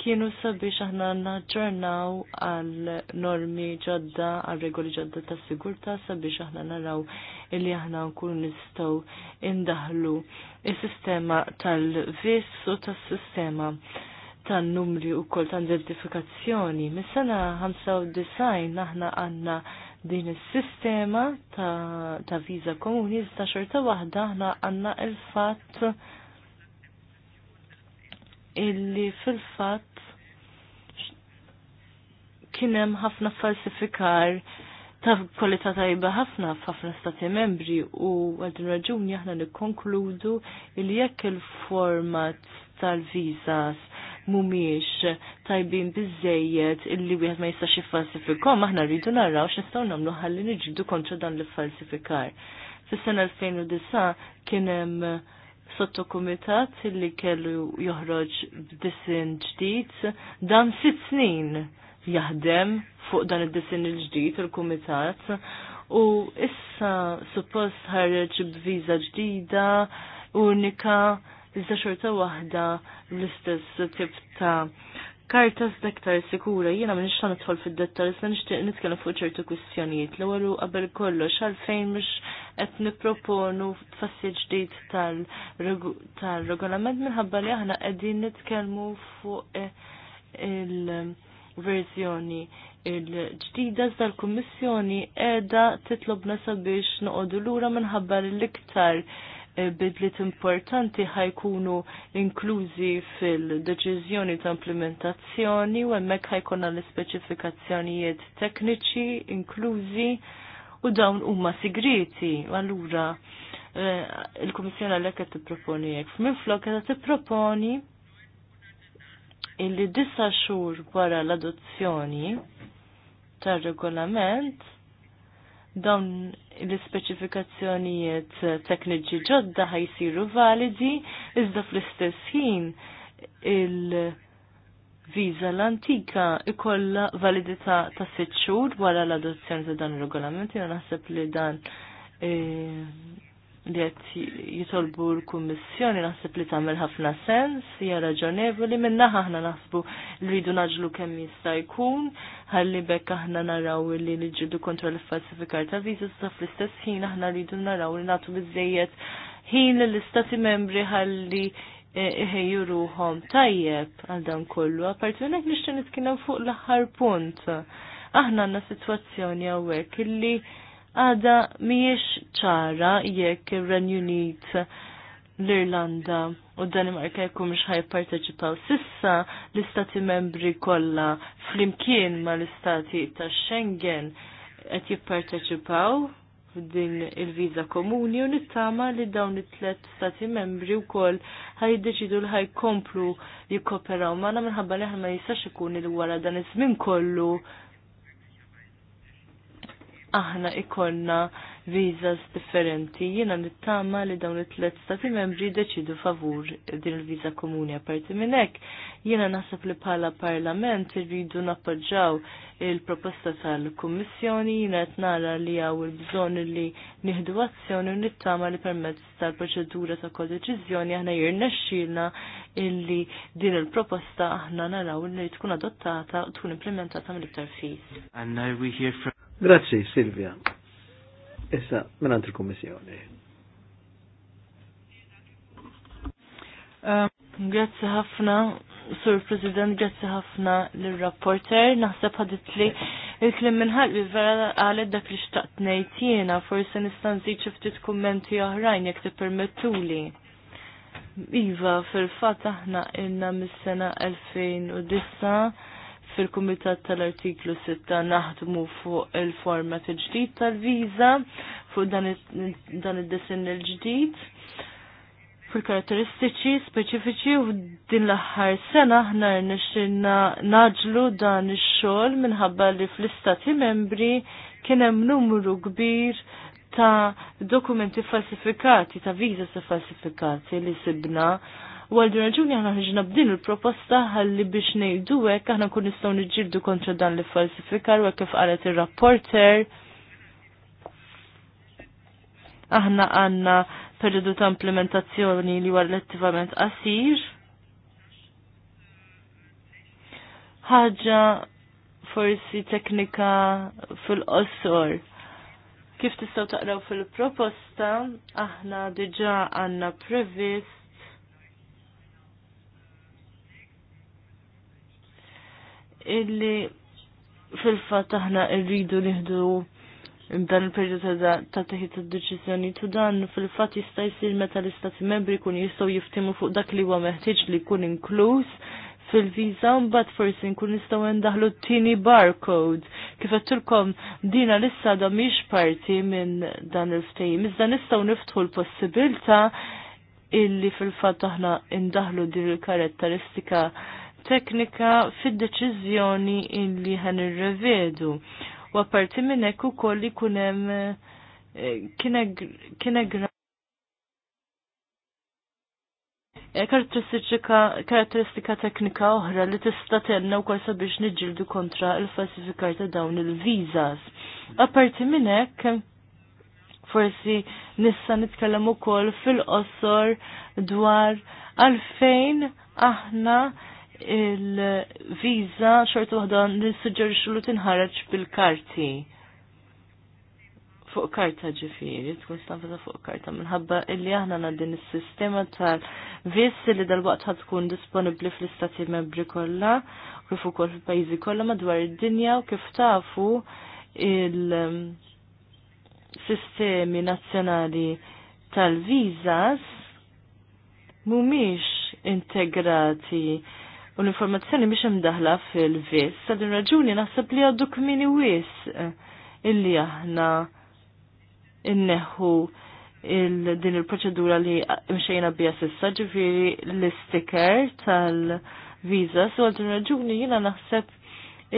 kienu sabiex aħna naġġornaw għal normi ġodda, għal regoli ġodda ta' sigurta sabiex aħna naraw illi aħna nkun nistgħu indaħlu is-sistema tal-viss u tas-sistema tan-numri u kol tan-identifikazzjoni. Mis-sena 95 aħna għandna din is-sistema ta', ta viża komuni iżda xorta waħda aħna għandna il-fatt illi fil-fatt kien hemm ħafna falsifikar ta' kwalità tajba ħafna f'ħafna stati membri u għal din raġuni aħna nikkonkludu li jekk il-format tal-viżas mumiex tajbin bizzejiet illi wieħed ma jistax jiffalsifikhom, aħna rridu naraw x'nistgħu nagħmlu ħalli niġġieldu kontra dan l-iffalsifikar. Fis-sena 2009 kien hemm sottokumitat illi kellu joħroġ b'disin ġdid dan sitt snin jaħdem fuq dan id-disin il-ġdid il-kumitat u issa suppost ħareġ b'viża ġdida unika iżda xorta waħda l-istess tip ta' karta s-dektar sikura, jiena minn xan nidħol fil-dettar, isna nishtiq nitkellem fuq ċertu kwistjonijiet. l għalu qabel kollox għalfejn mux qed nipproponu fassi ġdid tal-regolament minħabba li aħna qegħdin nitkellmu fuq eh, il verzjoni il-ġdida iżda l-Kummissjoni qiegħda titlobna sabiex noqogħdu lura minħabba l-iktar bidlit importanti ħajkunu inklużi fil-deċiżjoni ta' implementazzjoni u hemmhekk ħajkonna l-ispeċifikazzjonijiet tekniċi inklużi u dawn huma sigriti. Allura eh, il-Kummissjoni għalhekk qed tipproponi hekk. Minflok qed tipproponi illi disa xhur wara l-adozzjoni tar-regolament dawn l-ispeċifikazzjonijiet tekniċi ġodda ħajsiru validi, iżda fl-istess ħin il-viza l-antika ikolla validità ta' sitt xhur wara l-adozzjoni ta' dan ir-regolament, jiena naħseb li dan eh, li għet jitolbu l-Kummissjoni naħseb li tagħmel ħafna sens, hija raġonevoli minnaħa aħna naħsbu li rridu naġlu kemm jista' jkun, ħalli bekk aħna naraw li niġġieldu kontra l-falsifikar ta' viża sa fl-istess ħin aħna rridu naraw li nagħtu biżejjed ħin l-istati membri ħalli eh, iħejju ruhom tajjeb għal dan kollu. Apparti minn hekk nixtieq nitkellem fuq l-aħħar punt. Aħna għandna sitwazzjoni hawnhekk illi għada miex ċara jekk ir-Renju Unit l-Irlanda u Danimarka jkun ħaj parteċipaw sissa l-istati membri kollha flimkien ma l-istati ta' Schengen qed jipparteċipaw f'din il viza komuni u nittama li dawn it-tlet stati membri wkoll deċidu li ħaj komplu jikkoperaw magħna minħabba li ma jistax ikun il wara dan iż-żmien kollu aħna ikollna vizas differenti. Jiena nittama li dawn it-tlet stati membri deċidu favur din il-viza komuni apparti minn hekk. Jiena naħseb li bħala parlament irridu nappoġġaw il-proposta tal-Kummissjoni jiena qed nara li hawn il-bżonn li nieħdu azzjoni u nittama li permezz tal-proċedura ta' kol aħna aħna xilna illi din il-proposta aħna naraw li tkun adottata u tkun implementata mill-iktar fis. And now we hear from Grazzi, Silvia. Issa, minn il-Kommissjoni. Um, grazzi ħafna, Sur President, grazzi ħafna l-rapporter. Naħseb ħadit li il-klim minnħal bi vera għalet dak li xtaqt nejtjena, forse nistanzi ċiftit kummenti oħrajn jek permettu li. Iva, fil-fat aħna inna mis-sena 2009 fil-Kumitat tal-Artiklu 6 naħdmu fuq il-format il-ġdid tal-viża fuq dan id-desin il-ġdid fil-karatteristiċi speċifiċi u din l-aħħar sena ħna rnexxinna naġlu dan ix-xogħol minħabba li fl-istati membri kien hemm numru kbir ta' dokumenti falsifikati, ta' viza falsifikati li sibna U għal raġuni aħna ħriġna b'din il-proposta ħalli biex ngħidu hekk aħna kun nistgħu nġirdu kontra dan li falsifikar u kif qalet ir-rapporter. Aħna għandna periodu ta' implementazzjoni li l-attivament qasir. Ħaġa forsi teknika fil-qosor. Kif tistaw taqraw fil-proposta, aħna diġa għanna previst illi fil-fat aħna rridu nieħdu dan il-periodu ta' teħid tad-deċiżjoni tu dan fil-fatt jista' jsir meta l-istati membri kun jistgħu jiftimu fuq dak li huwa meħtieġ li jkun inkluż fil-viża mbagħad forsi nkun nistgħu ndaħlu t-tieni barcode. Kif għedtulkom dina lissa da mhix parti minn dan il-ftehim, iżda nistgħu niftħu l-possibilta illi fil-fatt aħna indaħlu din il-karatteristika teknika fid-deċiżjoni illi ħan irrevedu. U apparti minn hekk ukoll ikun hemm eh, kien eh, karatteristika teknika oħra li tista' tenna wkoll sabiex niġildu kontra il falsifikar ta' dawn il vizas Apparti minn hekk, forsi nista' nitkellem ukoll fil-qosor dwar għalfejn aħna il-viza xorta waħda nissuġġerixu li tinħareġ bil-karti. Fuq karta ġifiri, tkun stanfaza fuq karta, minħabba illi aħna għandin il-sistema tal vis li dal-waqt ħad tkun disponibli fl-istati membri kollha, kif ukoll fil-pajjiżi kollha madwar id-dinja u kif tafu il-sistemi nazzjonali tal-vizas mumiex integrati u l-informazzjoni biex imdaħla fil-vis. Sa din raġuni naħseb li għaddu kmini wis eh, illi aħna inneħu il din il-proċedura li mxejna bija sissa ġifiri l-sticker tal-viza. So għaddu raġuni jina naħseb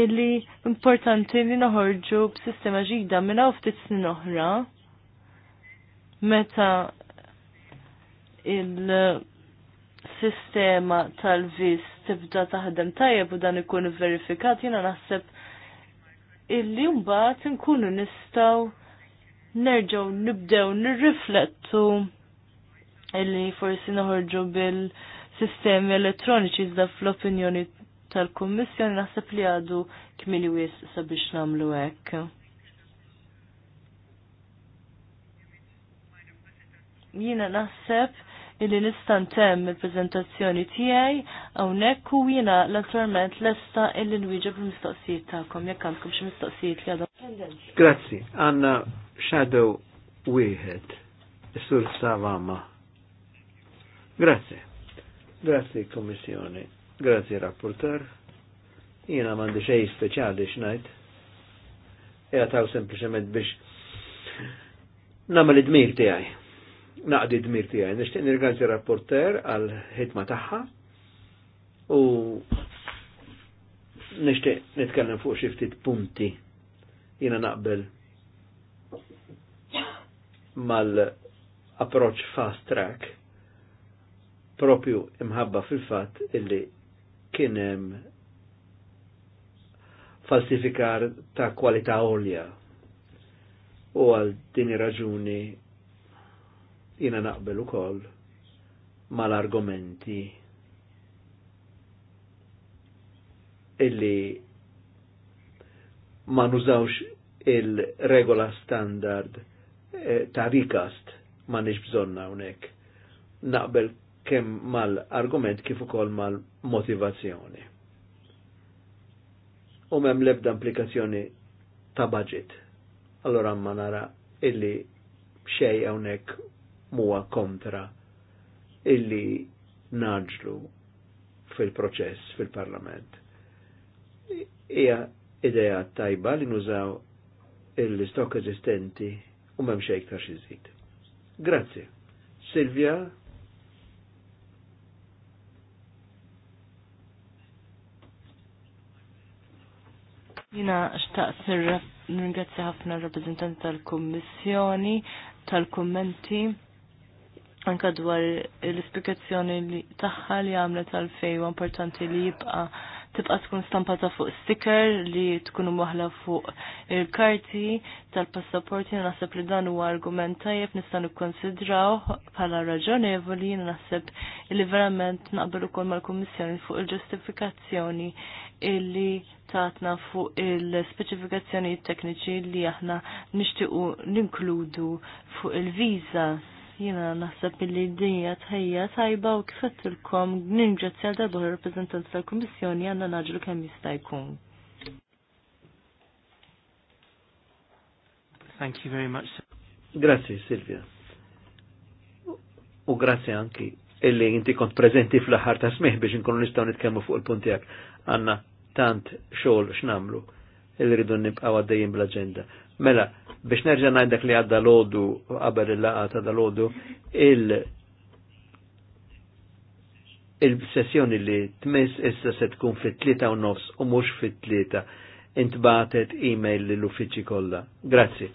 illi importanti li naħorġu b'sistema ġida minna uftit ftit snin oħra meta il- sistema tal-vis tibda taħdem tajjeb u dan ikun verifikat, jiena naħseb illi mbagħad nkunu nistgħu nerġgħu nibdew nirriflettu illi forsi noħorġu bil-sistemi elettroniċi iżda fl-opinjoni tal-Kummissjoni naħseb li għadu kmini wies sabiex nagħmlu hekk. Jiena naħseb illi tem il-prezentazzjoni tiegħi hawnhekk u jiena l lesta illi nwieġeb il-mistoqsijiet tagħkom jekk għandkom xi mistoqsijiet li għadhom. Grazzi, għanna shadow wieħed s sur Savama. Grazzi. Grazzi Kommissjoni. Grazzi Rapporter. jina mandi xejn speċjali xnajt, Ejja taw sempliċement biex nagħmel id-dmir tiegħi naqdi dmir tiegħi. Nixtieq nirgazzi rapporter għal ħitma tagħha u nixtieq nitkellem fuq xi ftit punti jiena naqbel mal-approach fast track propju imħabba fil-fatt illi kienem falsifikar ta' kwalità olja u għal dini raġuni Jina naqbel ukoll mal-argumenti illi ma nużawx il-regola standard eh, ta' rikast ma nix bżonna unek. Naqbel kem mal-argument kif ukoll mal-motivazzjoni. U mem lebda implikazzjoni ta' budget. Allora ma nara illi xej hawnhekk muwa kontra illi naġlu fil-proċess fil-parlament. Ija ideja tajba li nużaw l-istok eżistenti u memx iktar xizid. Grazie. Silvia. Jina xtaqt nirringrazzja ħafna r r-reprezentanti tal-Kommissjoni tal-kommenti anka dwar l-ispikazzjoni tagħha li għamlet fej u importanti li jibqa tibqa tkun stampata fuq sticker li tkun waħla fuq il-karti tal-passaporti naħseb li dan huwa argument tajjeb nista' nikkonsidraw bħala raġonevoli naħseb li verament naqbel ukoll mal-Kummissjoni fuq il-ġustifikazzjoni illi tatna fuq il-speċifikazzjoni tekniċi li aħna nixtiequ ninkludu fuq il-visas jina naħseb li dinja tħejja tajba u kifettilkom ningrazzja darba rappresentanti tal-Kummissjoni għandna naġlu kemm jista' jkun. Thank you very much. Grazie Silvia. U grazie anki illi inti kont prezenti fl-aħħar ta' smih biex nkunu nistgħu nitkellmu fuq il punti tiegħek. Għandna tant xogħol x'namlu illi rridu nibqgħu għaddejjin bl-aġenda. Mela, Biex nerġa' ngħidlek li għadda lodu qabel il-laqa ta' dalodu il- il-sessjoni li tmiss issa se tkun fit-tlieta u nofs u mhux fit-tlieta intbatet email lill-uffiċċji kollha. Grazzi.